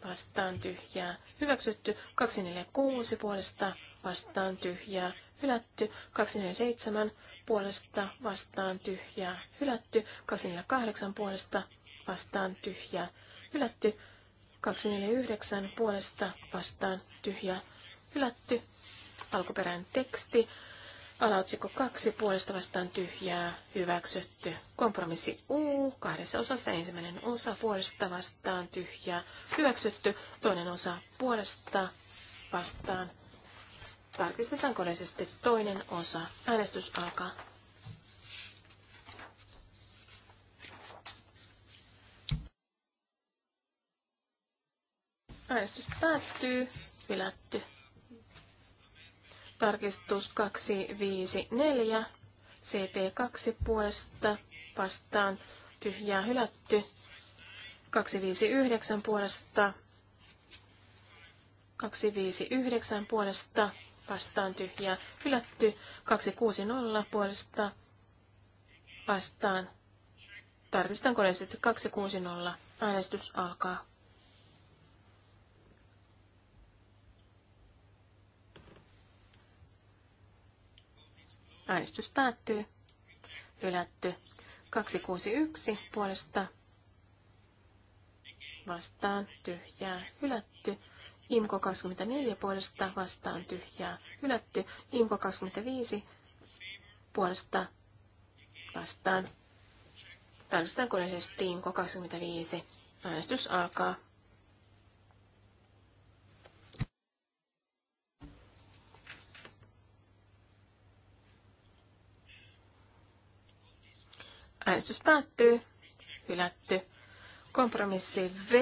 Speaker 2: vastaan tyhjää, hyväksytty. 246 puolesta vastaan tyhjää, hylätty. 247 puolesta vastaan tyhjää, hylätty. 248 puolesta vastaan tyhjää, hylätty. 249 puolesta vastaan tyhjää, hylätty. Alkuperäinen teksti Alaotsikko kaksi puolesta vastaan tyhjää, hyväksytty. Kompromissi U, kahdessa osassa ensimmäinen osa puolesta vastaan tyhjää, hyväksytty. Toinen osa puolesta vastaan. Tarkistetaan koneisesti toinen osa. Äänestys alkaa. Äänestys päättyy. Hylätty. Tarkistus 254. CP2 puolesta vastaan tyhjää hylätty. 259 puolesta 259 puolesta vastaan tyhjää hylätty. 260 puolesta vastaan. Tarkistan koneisesti 260. Äänestys alkaa. Äänestys päättyy. Ylätty. 261 puolesta vastaan tyhjää hylätty. Imko 24 puolesta vastaan tyhjää hylätty. Imko 25 puolesta vastaan. Tarkistetaan koneisesti Imko 25. Äänestys alkaa. Äänestys päättyy. Hylätty. Kompromissi V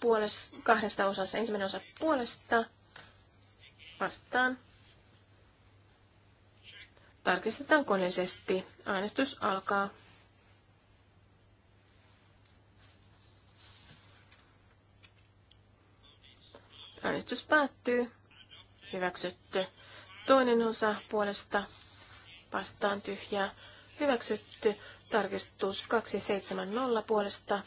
Speaker 2: puolesta, kahdesta osassa. Ensimmäinen osa puolesta vastaan. Tarkistetaan koneellisesti. Äänestys alkaa. Äänestys päättyy. Hyväksytty. Toinen osa puolesta vastaan tyhjää. Hyväksytty. Tarkistus 270 puolesta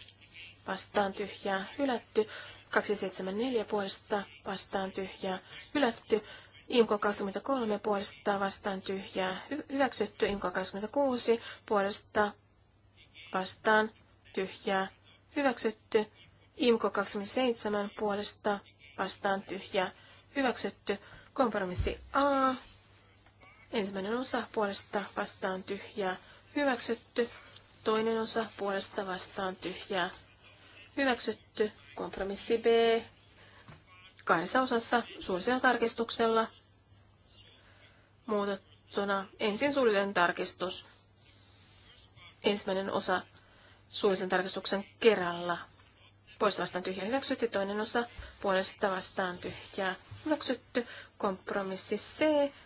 Speaker 2: vastaan tyhjää hylätty. 274 puolesta vastaan tyhjää hylätty. Imko 23 puolesta vastaan tyhjää hyväksytty. Imko 26 puolesta vastaan tyhjää hyväksytty. Imko 27 puolesta vastaan tyhjää hyväksytty. Kompromissi A. Ensimmäinen osa puolesta vastaan tyhjää Hyväksytty. Toinen osa puolesta vastaan tyhjää. Hyväksytty. Kompromissi B. Kahdessa osassa suullisella tarkistuksella muutettuna. Ensin suullinen tarkistus. Ensimmäinen osa suullisen tarkistuksen kerralla. Pois vastaan tyhjä hyväksytty. Toinen osa puolesta vastaan tyhjää hyväksytty. Kompromissi C,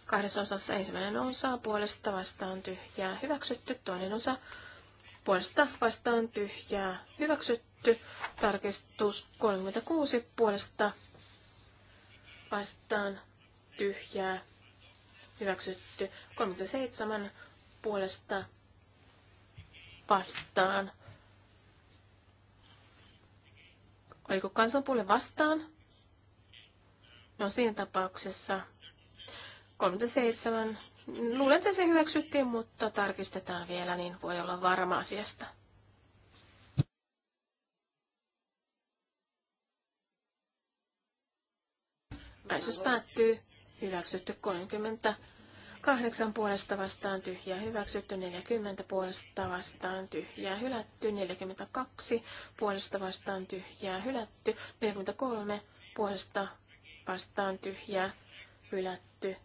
Speaker 2: kahdessa osassa ensimmäinen osa, puolesta vastaan tyhjää, hyväksytty. Toinen osa, puolesta vastaan tyhjää, hyväksytty. Tarkistus 36, puolesta vastaan tyhjää, hyväksytty. 37, puolesta vastaan. Oliko kansanpuolen vastaan? No siinä tapauksessa 37. Luulen, että se hyväksyttiin, mutta tarkistetaan vielä, niin voi olla varma asiasta. Äisyys päättyy. Hyväksytty 30. 8 puolesta vastaan tyhjää hyväksytty, 40 puolesta vastaan tyhjää hylätty, 42 puolesta vastaan tyhjää hylätty, 43 puolesta vastaan tyhjää hylätty.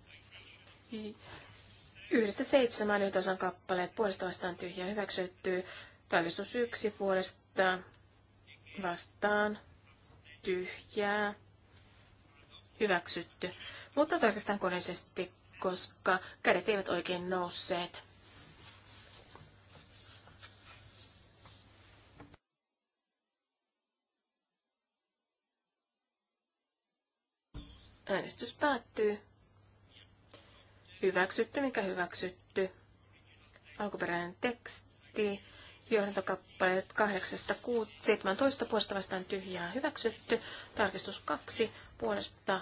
Speaker 2: Yhdestä seitsemän osan kappaleet puolesta vastaan tyhjää hyväksytty. Tarkistus yksi puolesta vastaan tyhjää hyväksytty. Mutta oikeastaan koneisesti, koska kädet eivät oikein nousseet. Äänestys päättyy. Hyväksytty, mikä hyväksytty. Alkuperäinen teksti. Johdantokappaleet 17 puolesta vastaan tyhjää hyväksytty. Tarkistus 2 puolesta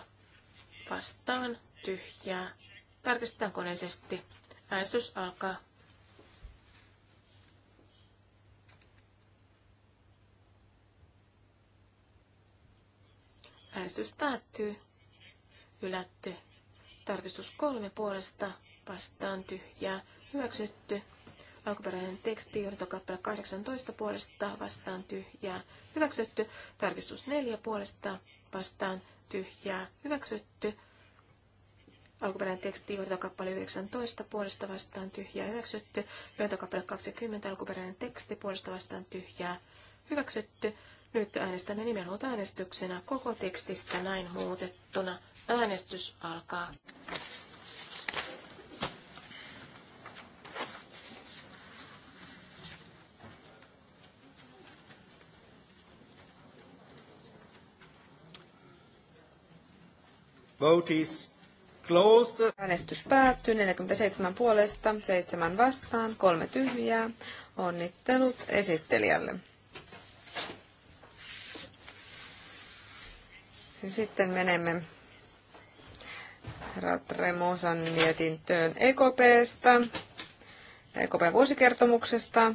Speaker 2: vastaan tyhjää. Tarkistetaan koneisesti. Äänestys alkaa. Äänestys päättyy hylätty. Tarkistus kolme puolesta vastaan tyhjää hyväksytty. Alkuperäinen teksti, johdantokappale 18 puolesta vastaan tyhjää hyväksytty. Tarkistus neljä puolesta vastaan tyhjää hyväksytty. Alkuperäinen teksti, johdantokappale 19 puolesta vastaan tyhjää hyväksytty. Johdantokappale 20, alkuperäinen teksti puolesta vastaan tyhjää hyväksytty. Nyt äänestämme äänestyksenä koko tekstistä näin muutettuna. Äänestys alkaa.
Speaker 4: Vote
Speaker 1: is closed.
Speaker 4: Äänestys päättyy 47 puolesta, 7 vastaan, 3 tyhjää. Onnittelut esittelijälle. Sitten menemme Ratremosan mietintöön EKPstä, EKPn vuosikertomuksesta.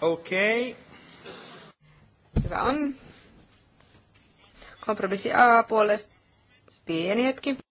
Speaker 4: Okay on. Kompromissi A puolesta. Pieni hetki.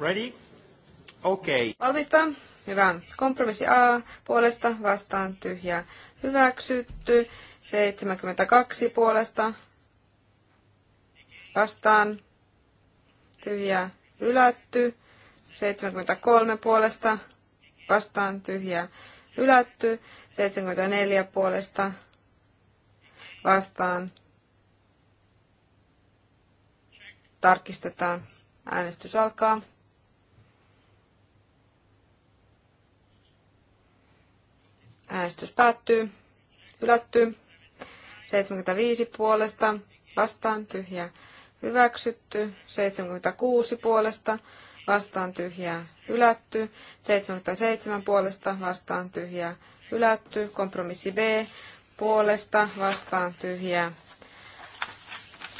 Speaker 1: Ready? Okay.
Speaker 4: Valmista. Hyvä. Kompromissi A puolesta vastaan tyhjä. Hyväksytty. 72 puolesta vastaan tyhjä. Ylätty. 73 puolesta vastaan tyhjä. Ylätty. 74 puolesta vastaan tarkistetaan. Äänestys alkaa. Äänestys päättyy. Hylätty. 75 puolesta. Vastaan tyhjä. Hyväksytty. 76 puolesta. Vastaan tyhjä. Hylätty. 77 puolesta. Vastaan tyhjä. Hylätty. Kompromissi B. Puolesta. Vastaan tyhjä.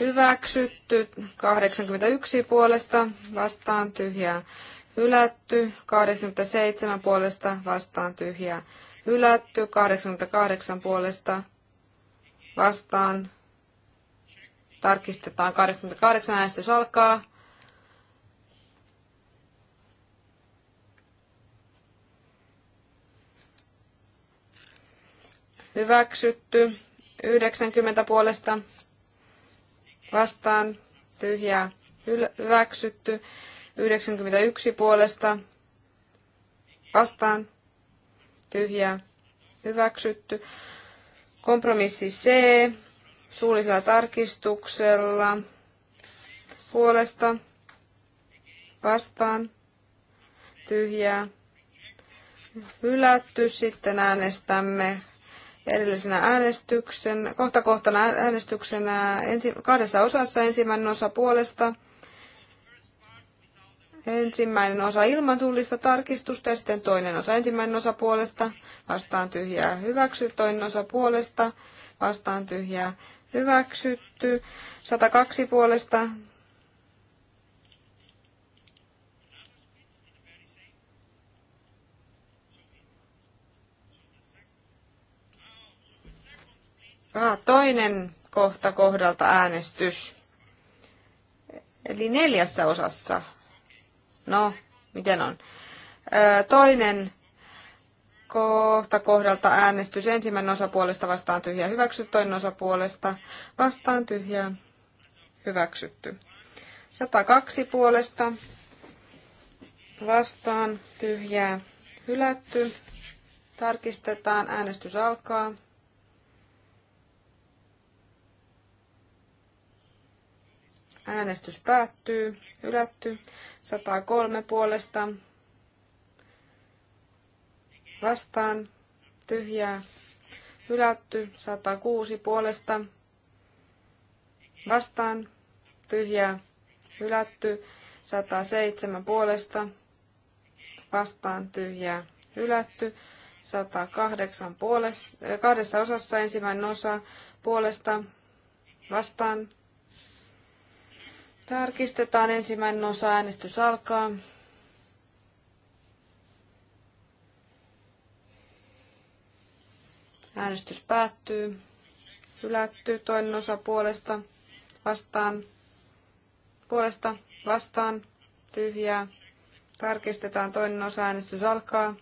Speaker 4: Hyväksytty. 81 puolesta. Vastaan tyhjä. Hylätty. 87 puolesta. Vastaan tyhjää hylätty, 88 puolesta vastaan. Tarkistetaan 88 äänestys alkaa. Hyväksytty. 90 puolesta vastaan tyhjää hyväksytty. 91 puolesta vastaan tyhjä hyväksytty. Kompromissi C suullisella tarkistuksella puolesta vastaan tyhjää hylätty. Sitten äänestämme erillisenä äänestyksen, kohta kohtana äänestyksenä ensi, kahdessa osassa ensimmäinen osa puolesta Ensimmäinen osa ilman suullista tarkistusta ja sitten toinen osa. Ensimmäinen osa puolesta vastaan tyhjää hyväksytty, toinen osa puolesta vastaan tyhjää hyväksytty, 102 puolesta Ah, toinen kohta kohdalta äänestys. Eli neljässä osassa No, miten on? Toinen kohta kohdalta äänestys. Ensimmäinen osa puolesta vastaan tyhjä hyväksytty, toinen osa puolesta vastaan tyhjä hyväksytty. 102 puolesta vastaan tyhjää hylätty. Tarkistetaan, äänestys alkaa. Äänestys päättyy. Hylätty. 103 puolesta. Vastaan. Tyhjää. Hylätty. 106 puolesta. Vastaan. Tyhjää. Hylätty. 107 puolesta. Vastaan. Tyhjää. Hylätty. 108 puolesta, kahdessa osassa ensimmäinen osa puolesta vastaan Tarkistetaan ensimmäinen osa. Äänestys alkaa. Äänestys päättyy. Hylätty toinen osa puolesta vastaan. Puolesta vastaan. Tyhjää. Tarkistetaan toinen osa. Äänestys alkaa.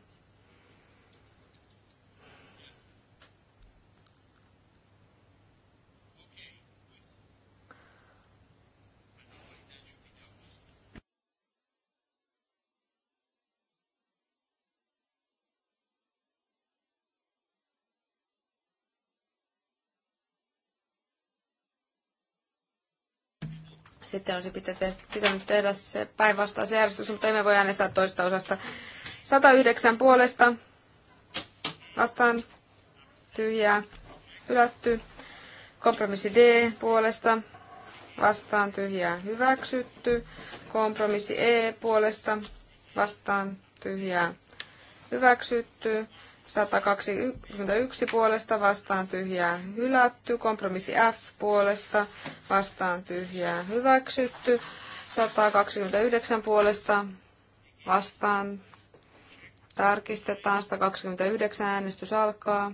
Speaker 4: Sitten olisi pitänyt tehdä se päinvastaisen järjestys, mutta emme voi äänestää toista osasta. 109 puolesta vastaan tyhjää hylätty. Kompromissi D puolesta vastaan tyhjää hyväksytty. Kompromissi E puolesta vastaan tyhjää hyväksytty. 121 puolesta vastaan tyhjää hylätty. Kompromissi F puolesta vastaan tyhjää hyväksytty. 129 puolesta vastaan tarkistetaan. 129 äänestys alkaa.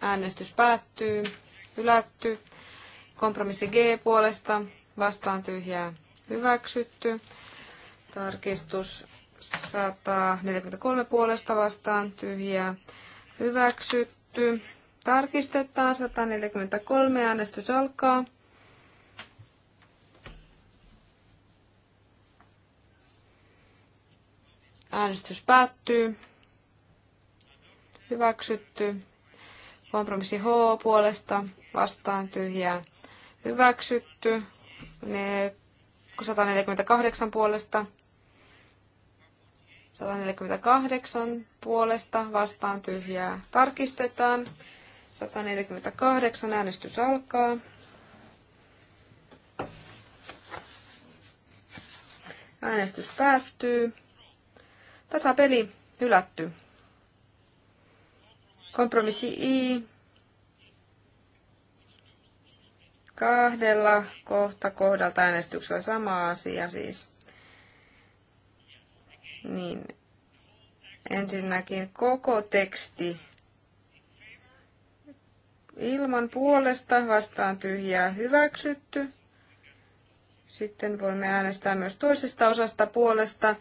Speaker 4: Äänestys päättyy. Hylätty. Kompromissi G puolesta vastaan tyhjää hyväksytty. Tarkistus 143 puolesta vastaan tyhjää hyväksytty. Tarkistetaan 143 äänestys alkaa. Äänestys päättyy. Hyväksytty. Kompromissi H puolesta vastaan tyhjää. Hyväksytty. Ne 148 puolesta. 148 puolesta vastaan tyhjää tarkistetaan. 148 äänestys alkaa. Äänestys päättyy. Tasapeli hylätty. Kompromissi I kahdella kohta kohdalta äänestyksellä sama asia siis. Niin. Ensinnäkin koko teksti ilman puolesta vastaan tyhjää hyväksytty. Sitten voimme äänestää myös toisesta osasta puolesta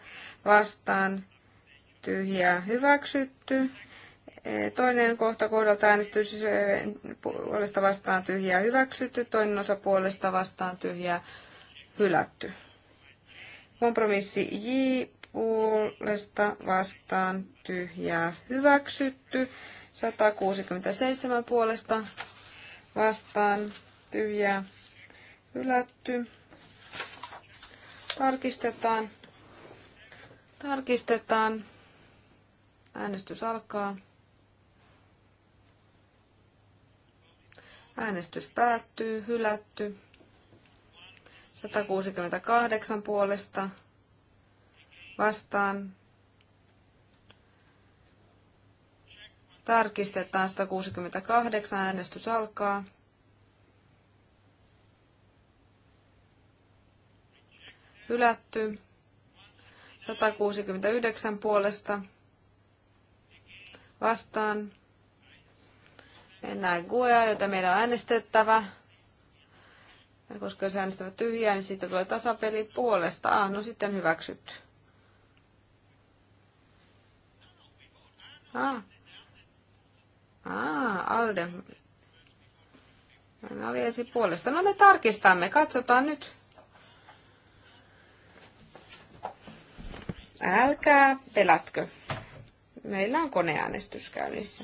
Speaker 4: vastaan tyhjää hyväksytty. Toinen kohta kohdalta äänestys eh, puolesta vastaan tyhjää hyväksytty, toinen osa puolesta vastaan tyhjää hylätty. Kompromissi J puolesta vastaan tyhjää hyväksytty, 167 puolesta vastaan tyhjää hylätty. Tarkistetaan. Tarkistetaan. Äänestys alkaa. Äänestys päättyy, hylätty. 168 puolesta vastaan. Tarkistetaan 168, äänestys alkaa. Hylätty. 169 puolesta vastaan Mennään GUEA, jota meidän on äänestettävä. Ja koska jos äänestävät tyhjää, niin siitä tulee tasapeli puolesta. Ah, no sitten hyväksytty. Ah. Ah, Alde. Hän oli ensin puolesta. No me tarkistamme, katsotaan nyt. Älkää pelätkö. Meillä on koneäänestys käynnissä.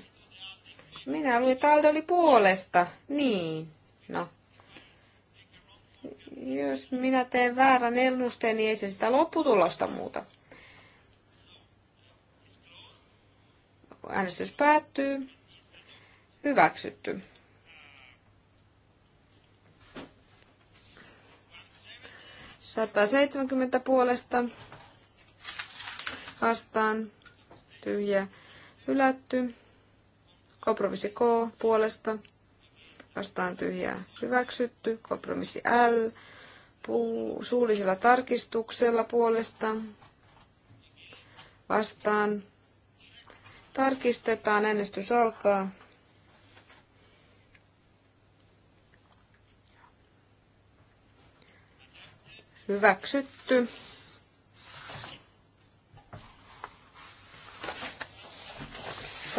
Speaker 4: Minä luin, että Alde oli puolesta. Niin, no. Jos minä teen väärän ennusteen, niin ei se sitä lopputulosta muuta. Äänestys päättyy. Hyväksytty. seitsemänkymmentä puolesta vastaan tyhjä hylätty. Kompromissi K puolesta vastaan tyhjää hyväksytty. Kompromissi L puu, suullisella tarkistuksella puolesta vastaan. Tarkistetaan, äänestys alkaa. Hyväksytty.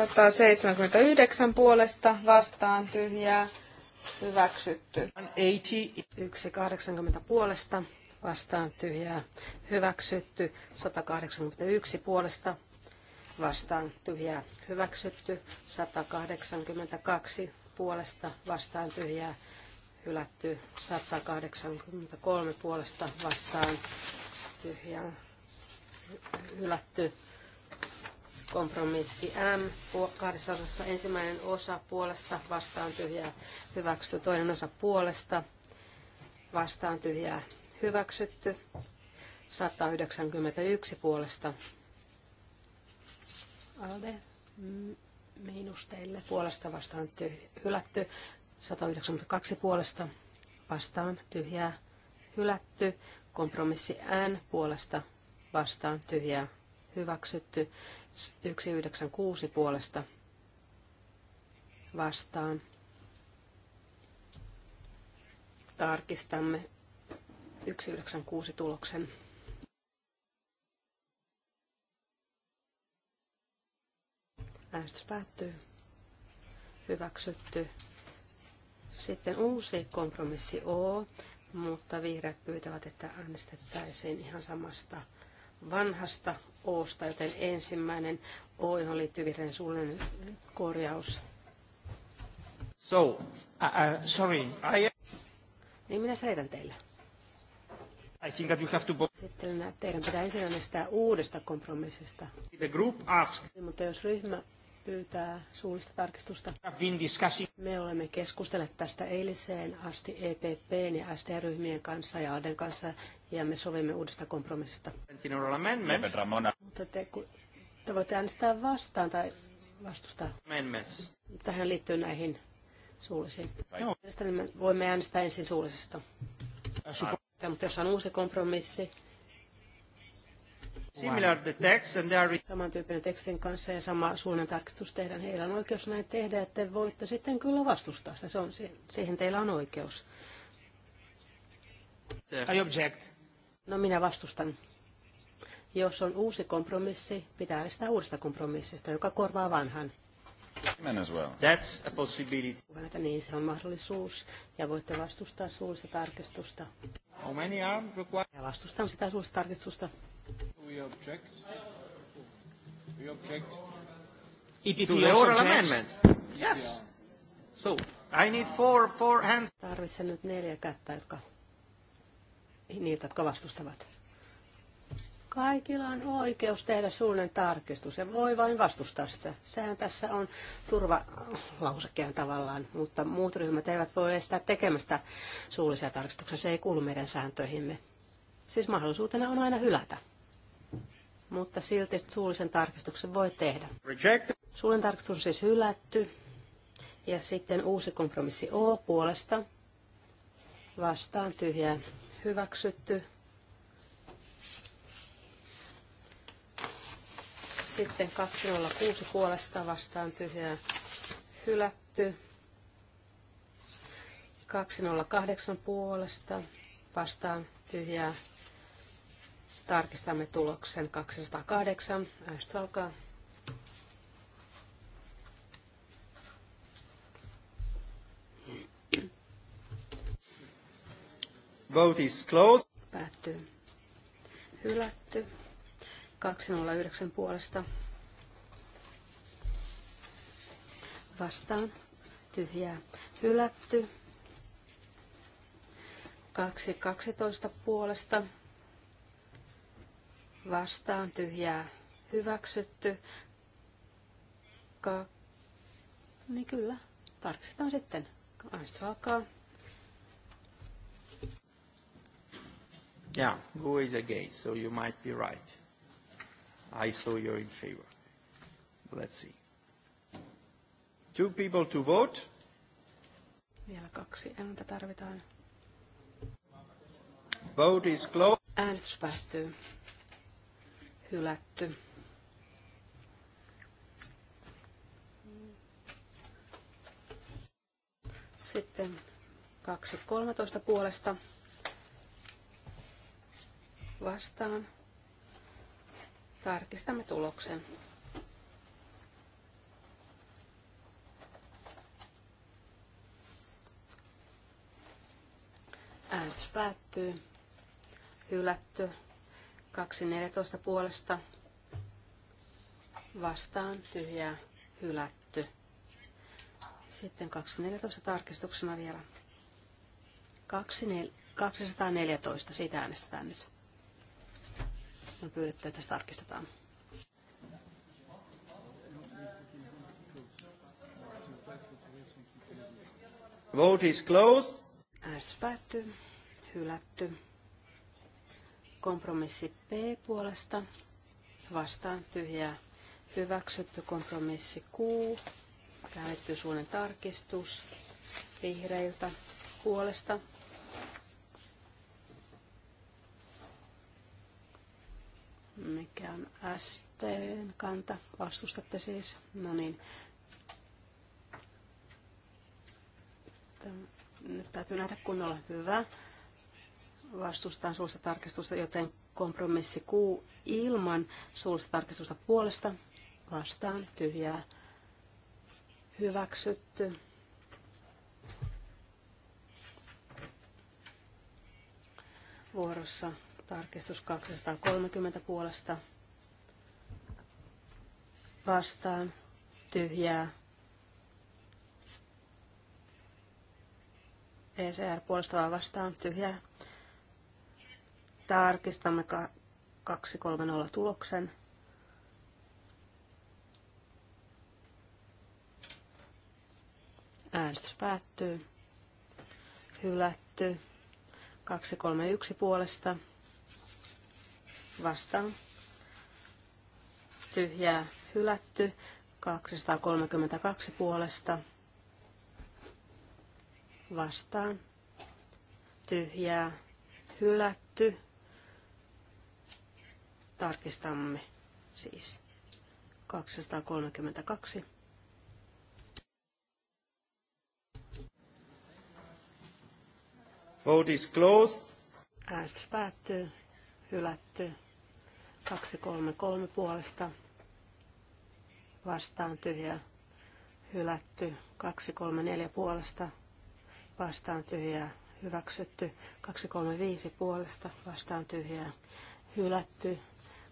Speaker 4: 279 puolesta vastaan tyhjää hyväksytty. 180 puolesta vastaan tyhjää
Speaker 5: hyväksytty. 181 puolesta vastaan tyhjää hyväksytty. 182 puolesta vastaan tyhjää hylätty. 183 puolesta vastaan tyhjää hylätty. Kompromissi M, kahdessa ensimmäinen osa puolesta vastaan tyhjää hyväksytty, toinen osa puolesta vastaan tyhjää hyväksytty, 191 puolesta. Alde, miinus teille, puolesta vastaan tyh- hylätty, 192 puolesta vastaan tyhjää hylätty, kompromissi N puolesta vastaan tyhjää hyväksytty, 196 puolesta vastaan. Tarkistamme 196 tuloksen. Äänestys päättyy. Hyväksytty. Sitten uusi kompromissi O, mutta vihreät pyytävät, että äänestettäisiin ihan samasta vanhasta Osta, joten ensimmäinen O, johon liittyy vihreän suullinen korjaus.
Speaker 1: So, uh, uh, sorry, I...
Speaker 5: Niin minä selitän teille.
Speaker 1: I think that you have to...
Speaker 5: Sitten teidän pitää ensin äänestää uudesta kompromissista. The group ask. Mutta jos ryhmä pyytää suullista tarkistusta. Me olemme keskustelleet tästä eiliseen asti EPPn ja ST-ryhmien kanssa ja ADEN kanssa ja me sovimme uudesta kompromissista. Mutta te, te voitte äänestää vastaan tai vastustaa. Tähän liittyy näihin suullisiin. Mielestäni me voimme äänestää ensin suullisesta. Äh, Mutta jos on uusi kompromissi, Similar the text and they are... Samantyyppinen tekstin kanssa ja sama suunnan tarkistus tehdään. Heillä on oikeus näin tehdä, että voitte sitten kyllä vastustaa sitä. Se on, siihen teillä on oikeus. I object. No minä vastustan. Jos on uusi kompromissi, pitää äänestää uudesta kompromissista, joka korvaa vanhan.
Speaker 1: As well. That's a possibility.
Speaker 5: Että niin, se on mahdollisuus ja voitte vastustaa suullista tarkistusta.
Speaker 1: How many are required? Ja vastustan
Speaker 5: sitä suullista tarkistusta
Speaker 6: we object. We object. EPP to the oral amendment. Yes.
Speaker 1: So, I need four, four hands. Tarvitsen
Speaker 5: nyt neljä kättä, jotka niiltä, jotka vastustavat. Kaikilla on oikeus tehdä suunnan tarkistus ja voi vain vastustaa sitä. Sehän tässä on turvalausekkeen tavallaan, mutta muut ryhmät eivät voi estää tekemästä suullisia tarkistuksia. Se ei kuulu meidän sääntöihimme. Siis mahdollisuutena on aina hylätä mutta silti suullisen tarkistuksen voi tehdä. Suullinen tarkistus on siis hylätty. Ja sitten uusi kompromissi O puolesta. Vastaan tyhjää hyväksytty. Sitten 206 puolesta vastaan tyhjää hylätty. 208 puolesta vastaan tyhjää Tarkistamme tuloksen 208. Äänestys alkaa.
Speaker 1: Vote is closed.
Speaker 5: Päättyy. Hylätty. 209 puolesta. Vastaan. Tyhjää. Hylätty. 212 puolesta vastaan tyhjää hyväksytty. Ka- niin kyllä, tarkistetaan sitten. Äänestys alkaa.
Speaker 1: Yeah, who is against? So you might be right. I saw you're in favor. Let's see. Two people to vote.
Speaker 5: Vielä kaksi ääntä tarvitaan.
Speaker 1: Vote is closed. Äänestys päättyy
Speaker 5: hylätty. Sitten 2.13 puolesta vastaan. Tarkistamme tuloksen. Äänestys päättyy. Hylätty 2.14 puolesta vastaan tyhjää hylätty. Sitten 2.14 tarkistuksena vielä. 214, siitä äänestetään nyt. On pyydetty, että tästä tarkistetaan.
Speaker 1: Vote is closed.
Speaker 5: Äänestys päättyy. Hylätty. Kompromissi P puolesta vastaan tyhjää hyväksytty. Kompromissi Q käännetty suunnan tarkistus vihreiltä puolesta mikä on STn kanta. Vastustatte siis. No niin. Nyt täytyy nähdä kunnolla. Hyvä vastustaan suullista tarkistusta, joten kompromissi Q ilman suullista tarkistusta puolesta vastaan tyhjää hyväksytty. Vuorossa tarkistus 230 puolesta vastaan tyhjää ECR puolesta vastaan tyhjää Tarkistamme 230 tuloksen. Äänestys päättyy. Hylätty. 231 puolesta. Vastaan. Tyhjää. Hylätty. 232 puolesta. Vastaan. Tyhjää. Hylätty. Tarkistamme siis 232.
Speaker 1: Vote is closed.
Speaker 5: Äänestys päättyy. Hylätty. 233 puolesta. Vastaan tyhjä. Hylätty. 234 puolesta. Vastaan tyhjää. Hyväksytty. 235 puolesta. Vastaan tyhjää. Hylätty.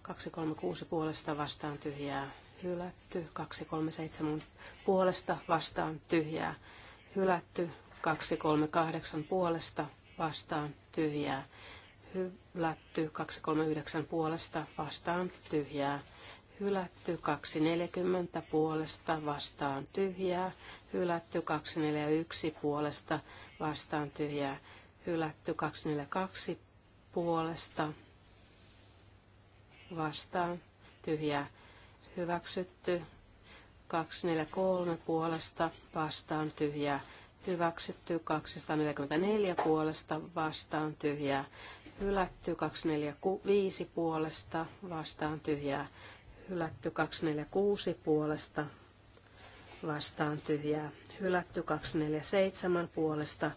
Speaker 5: 236 puolesta vastaan tyhjää hylätty, 237 puolesta vastaan tyhjää hylätty, 238 puolesta vastaan tyhjää hylätty, 239 puolesta vastaan tyhjää hylätty, 240 puolesta vastaan tyhjää hylätty, 241 puolesta vastaan tyhjää hylätty, 242 puolesta vastaan, Tyhjä hyväksytty. 243 puolesta vastaan tyhjä hyväksytty. 244 puolesta vastaan tyhjä hylätty. 245 puolesta vastaan tyhjä hylätty. 246 puolesta vastaan tyhjä hylätty. 247 puolesta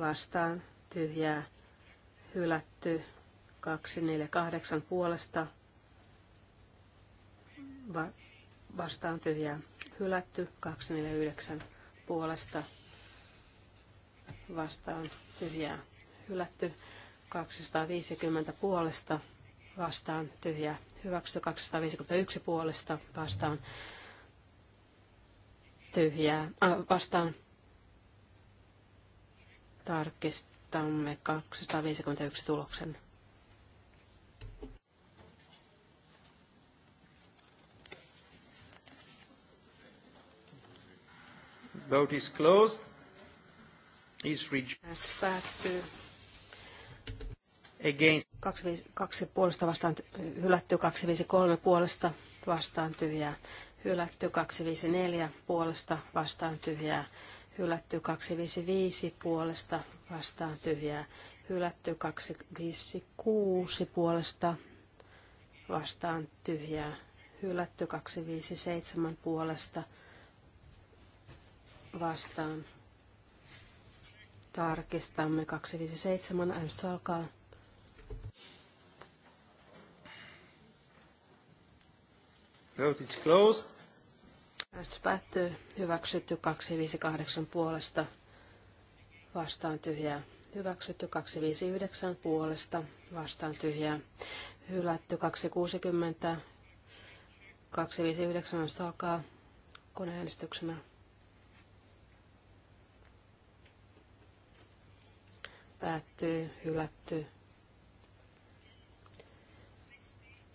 Speaker 5: vastaan tyhjä hylätty. 248 puolesta Va- vastaan tyhjää hylätty. 249 puolesta vastaan tyhjää hylätty. 250 puolesta vastaan tyhjää hyväksytty. 251 puolesta vastaan tyhjää äh, vastaan tarkistamme 251 tuloksen.
Speaker 1: Vote is closed. Is rejected.
Speaker 5: Päättyy. Against. kaksi puolesta vastaan hylätty, 253 puolesta vastaan tyhjää, hylätty, 254 puolesta vastaan tyhjää, hylätty, 255 puolesta vastaan tyhjää, hylätty, 256 puolesta vastaan tyhjää, hylätty, 257 puolesta vastaan tyhjää, hylätty, 257 puolesta vastaan. Tarkistamme 257. Äänestys alkaa.
Speaker 1: Vote is closed.
Speaker 5: Äänestys päättyy. Hyväksytty 258 puolesta. Vastaan tyhjää. Hyväksytty 259 puolesta. Vastaan tyhjää. Hylätty 260. 259 alkaa koneäänestyksenä. päättyy, hylätty.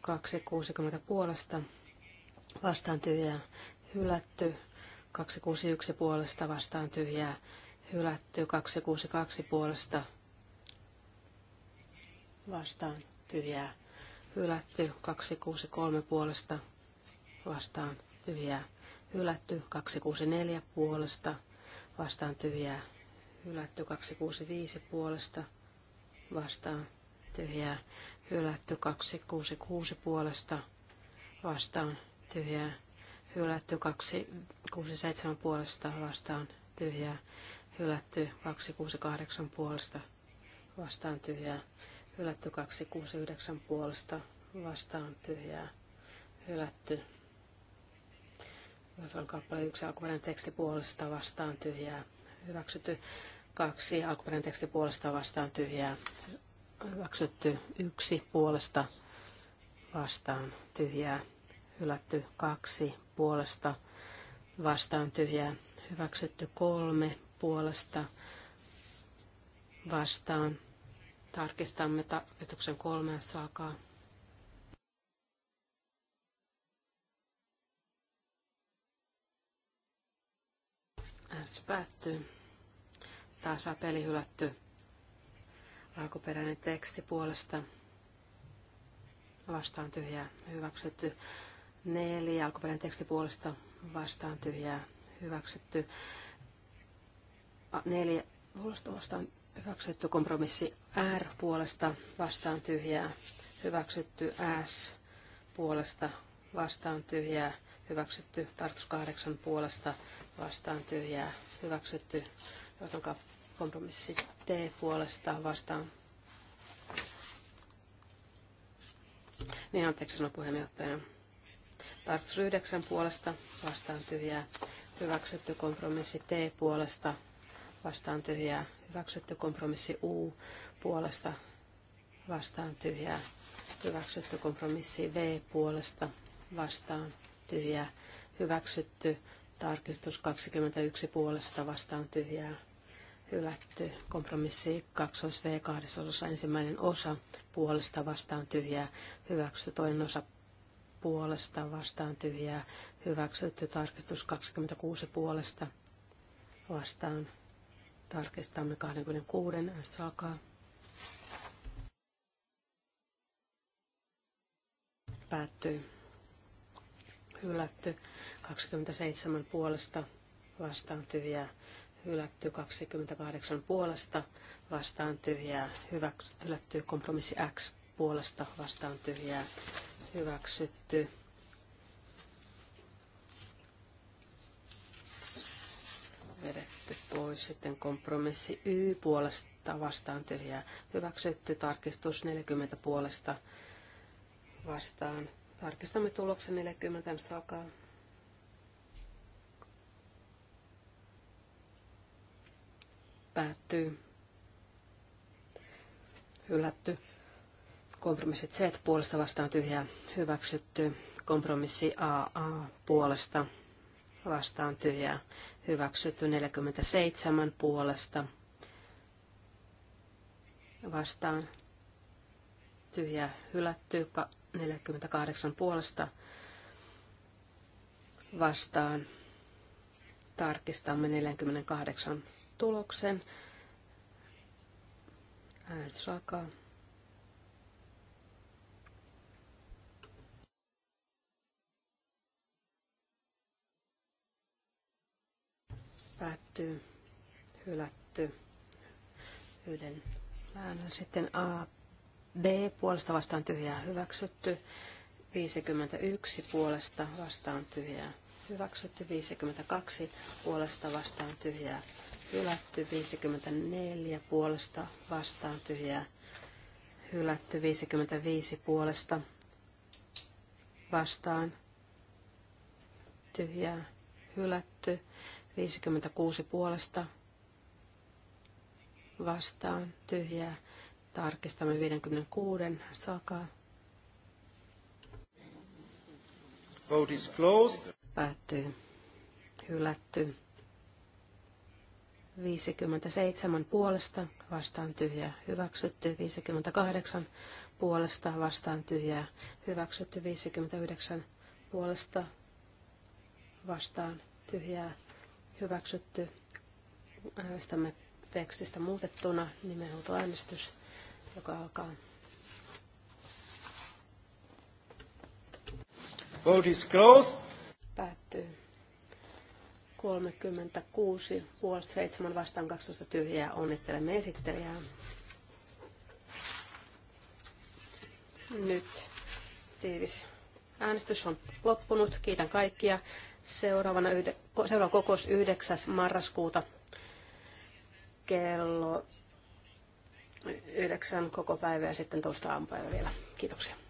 Speaker 5: 260 puolesta vastaan tyhjää, hylätty. 261 puolesta vastaan tyhjää, hylätty. 262 puolesta vastaan tyhjää, hylätty. 263 puolesta vastaan tyhjää, hylätty. 264 puolesta vastaan tyhjää, hylätty 265 puolesta vastaan tyhjää, hylätty 266 puolesta vastaan tyhjää, hylätty 267 puolesta vastaan tyhjää, hylätty 268 puolesta vastaan tyhjää, hylätty 269 puolesta vastaan tyhjää, hylätty on kappale yksi alkuperäinen teksti puolesta vastaan tyhjää, hyväksytty kaksi alkuperäinen teksti puolesta vastaan tyhjää, hyväksytty yksi puolesta vastaan tyhjää, hylätty kaksi puolesta vastaan tyhjää, hyväksytty kolme puolesta vastaan. Tarkistamme tarkistuksen kolme, jos alkaa. Äänestys päättyy. Tasapeli hylätty. Alkuperäinen teksti puolesta. Vastaan tyhjää. Hyväksytty. Neljä. Alkuperäinen teksti puolesta. Vastaan tyhjää. Hyväksytty. Neljä. Puolesta vastaan hyväksytty. Kompromissi R puolesta. Vastaan tyhjää. Hyväksytty S puolesta. Vastaan tyhjää. Hyväksytty. Tartus kahdeksan puolesta vastaan tyhjää hyväksytty, jotenka kompromissi T puolesta vastaan. Niin anteeksi sanoi puheenjohtaja. Tarkoitus 9 puolesta vastaan tyhjää hyväksytty kompromissi T puolesta vastaan tyhjää hyväksytty kompromissi U puolesta vastaan tyhjää hyväksytty kompromissi V puolesta vastaan tyhjää hyväksytty Tarkistus 21 puolesta vastaan tyhjää hylätty. Kompromissi 2 V kahdessa ensimmäinen osa puolesta vastaan tyhjää hyväksytty. Toinen osa puolesta vastaan tyhjää hyväksytty. Tarkistus 26 puolesta vastaan. Tarkistamme 26. Äänestys alkaa. Päättyy. Hylätty. 27 puolesta vastaan tyhjää hylätty 28 puolesta, vastaan tyhjää, hylätty kompromissi X puolesta, vastaan tyhjää, hyväksytty. Vedetty pois sitten kompromissi Y puolesta, vastaan tyhjää, hyväksytty tarkistus 40 puolesta, vastaan. Tarkistamme tuloksen 40 sakaa. Päättyy. Hylätty. Kompromissit C puolesta vastaan tyhjää. Hyväksytty. Kompromissi AA puolesta vastaan tyhjää. Hyväksytty 47 puolesta vastaan tyhjää. Hylätty 48 puolesta vastaan. Tarkistamme 48 tuloksen. Äänestys
Speaker 3: Päättyy, hylätty
Speaker 5: yhden äänen. Sitten A, B puolesta vastaan tyhjää hyväksytty. 51 puolesta vastaan tyhjää hyväksytty 52, puolesta vastaan tyhjää Hylätty 54 puolesta vastaan tyhjää. Hylätty 55 puolesta vastaan tyhjää. Hylätty 56 puolesta vastaan tyhjää. Tarkistamme 56 sakaa.
Speaker 1: Vote is closed.
Speaker 5: Päättyy. Hylätty. 57 puolesta vastaan tyhjää hyväksytty, 58 puolesta vastaan tyhjää hyväksytty, 59 puolesta vastaan tyhjää hyväksytty. Äänestämme tekstistä muutettuna äänestys, joka alkaa.
Speaker 1: Vote is closed.
Speaker 5: Päättyy. 36, puolet seitsemän vastaan 12 tyhjää. Onnittelemme esittelijää. Nyt tiivis äänestys on loppunut. Kiitän kaikkia. Seuraavana yhde, seuraava kokous 9. marraskuuta kello 9 koko päivä ja sitten toista aamupäivä vielä.
Speaker 3: Kiitoksia.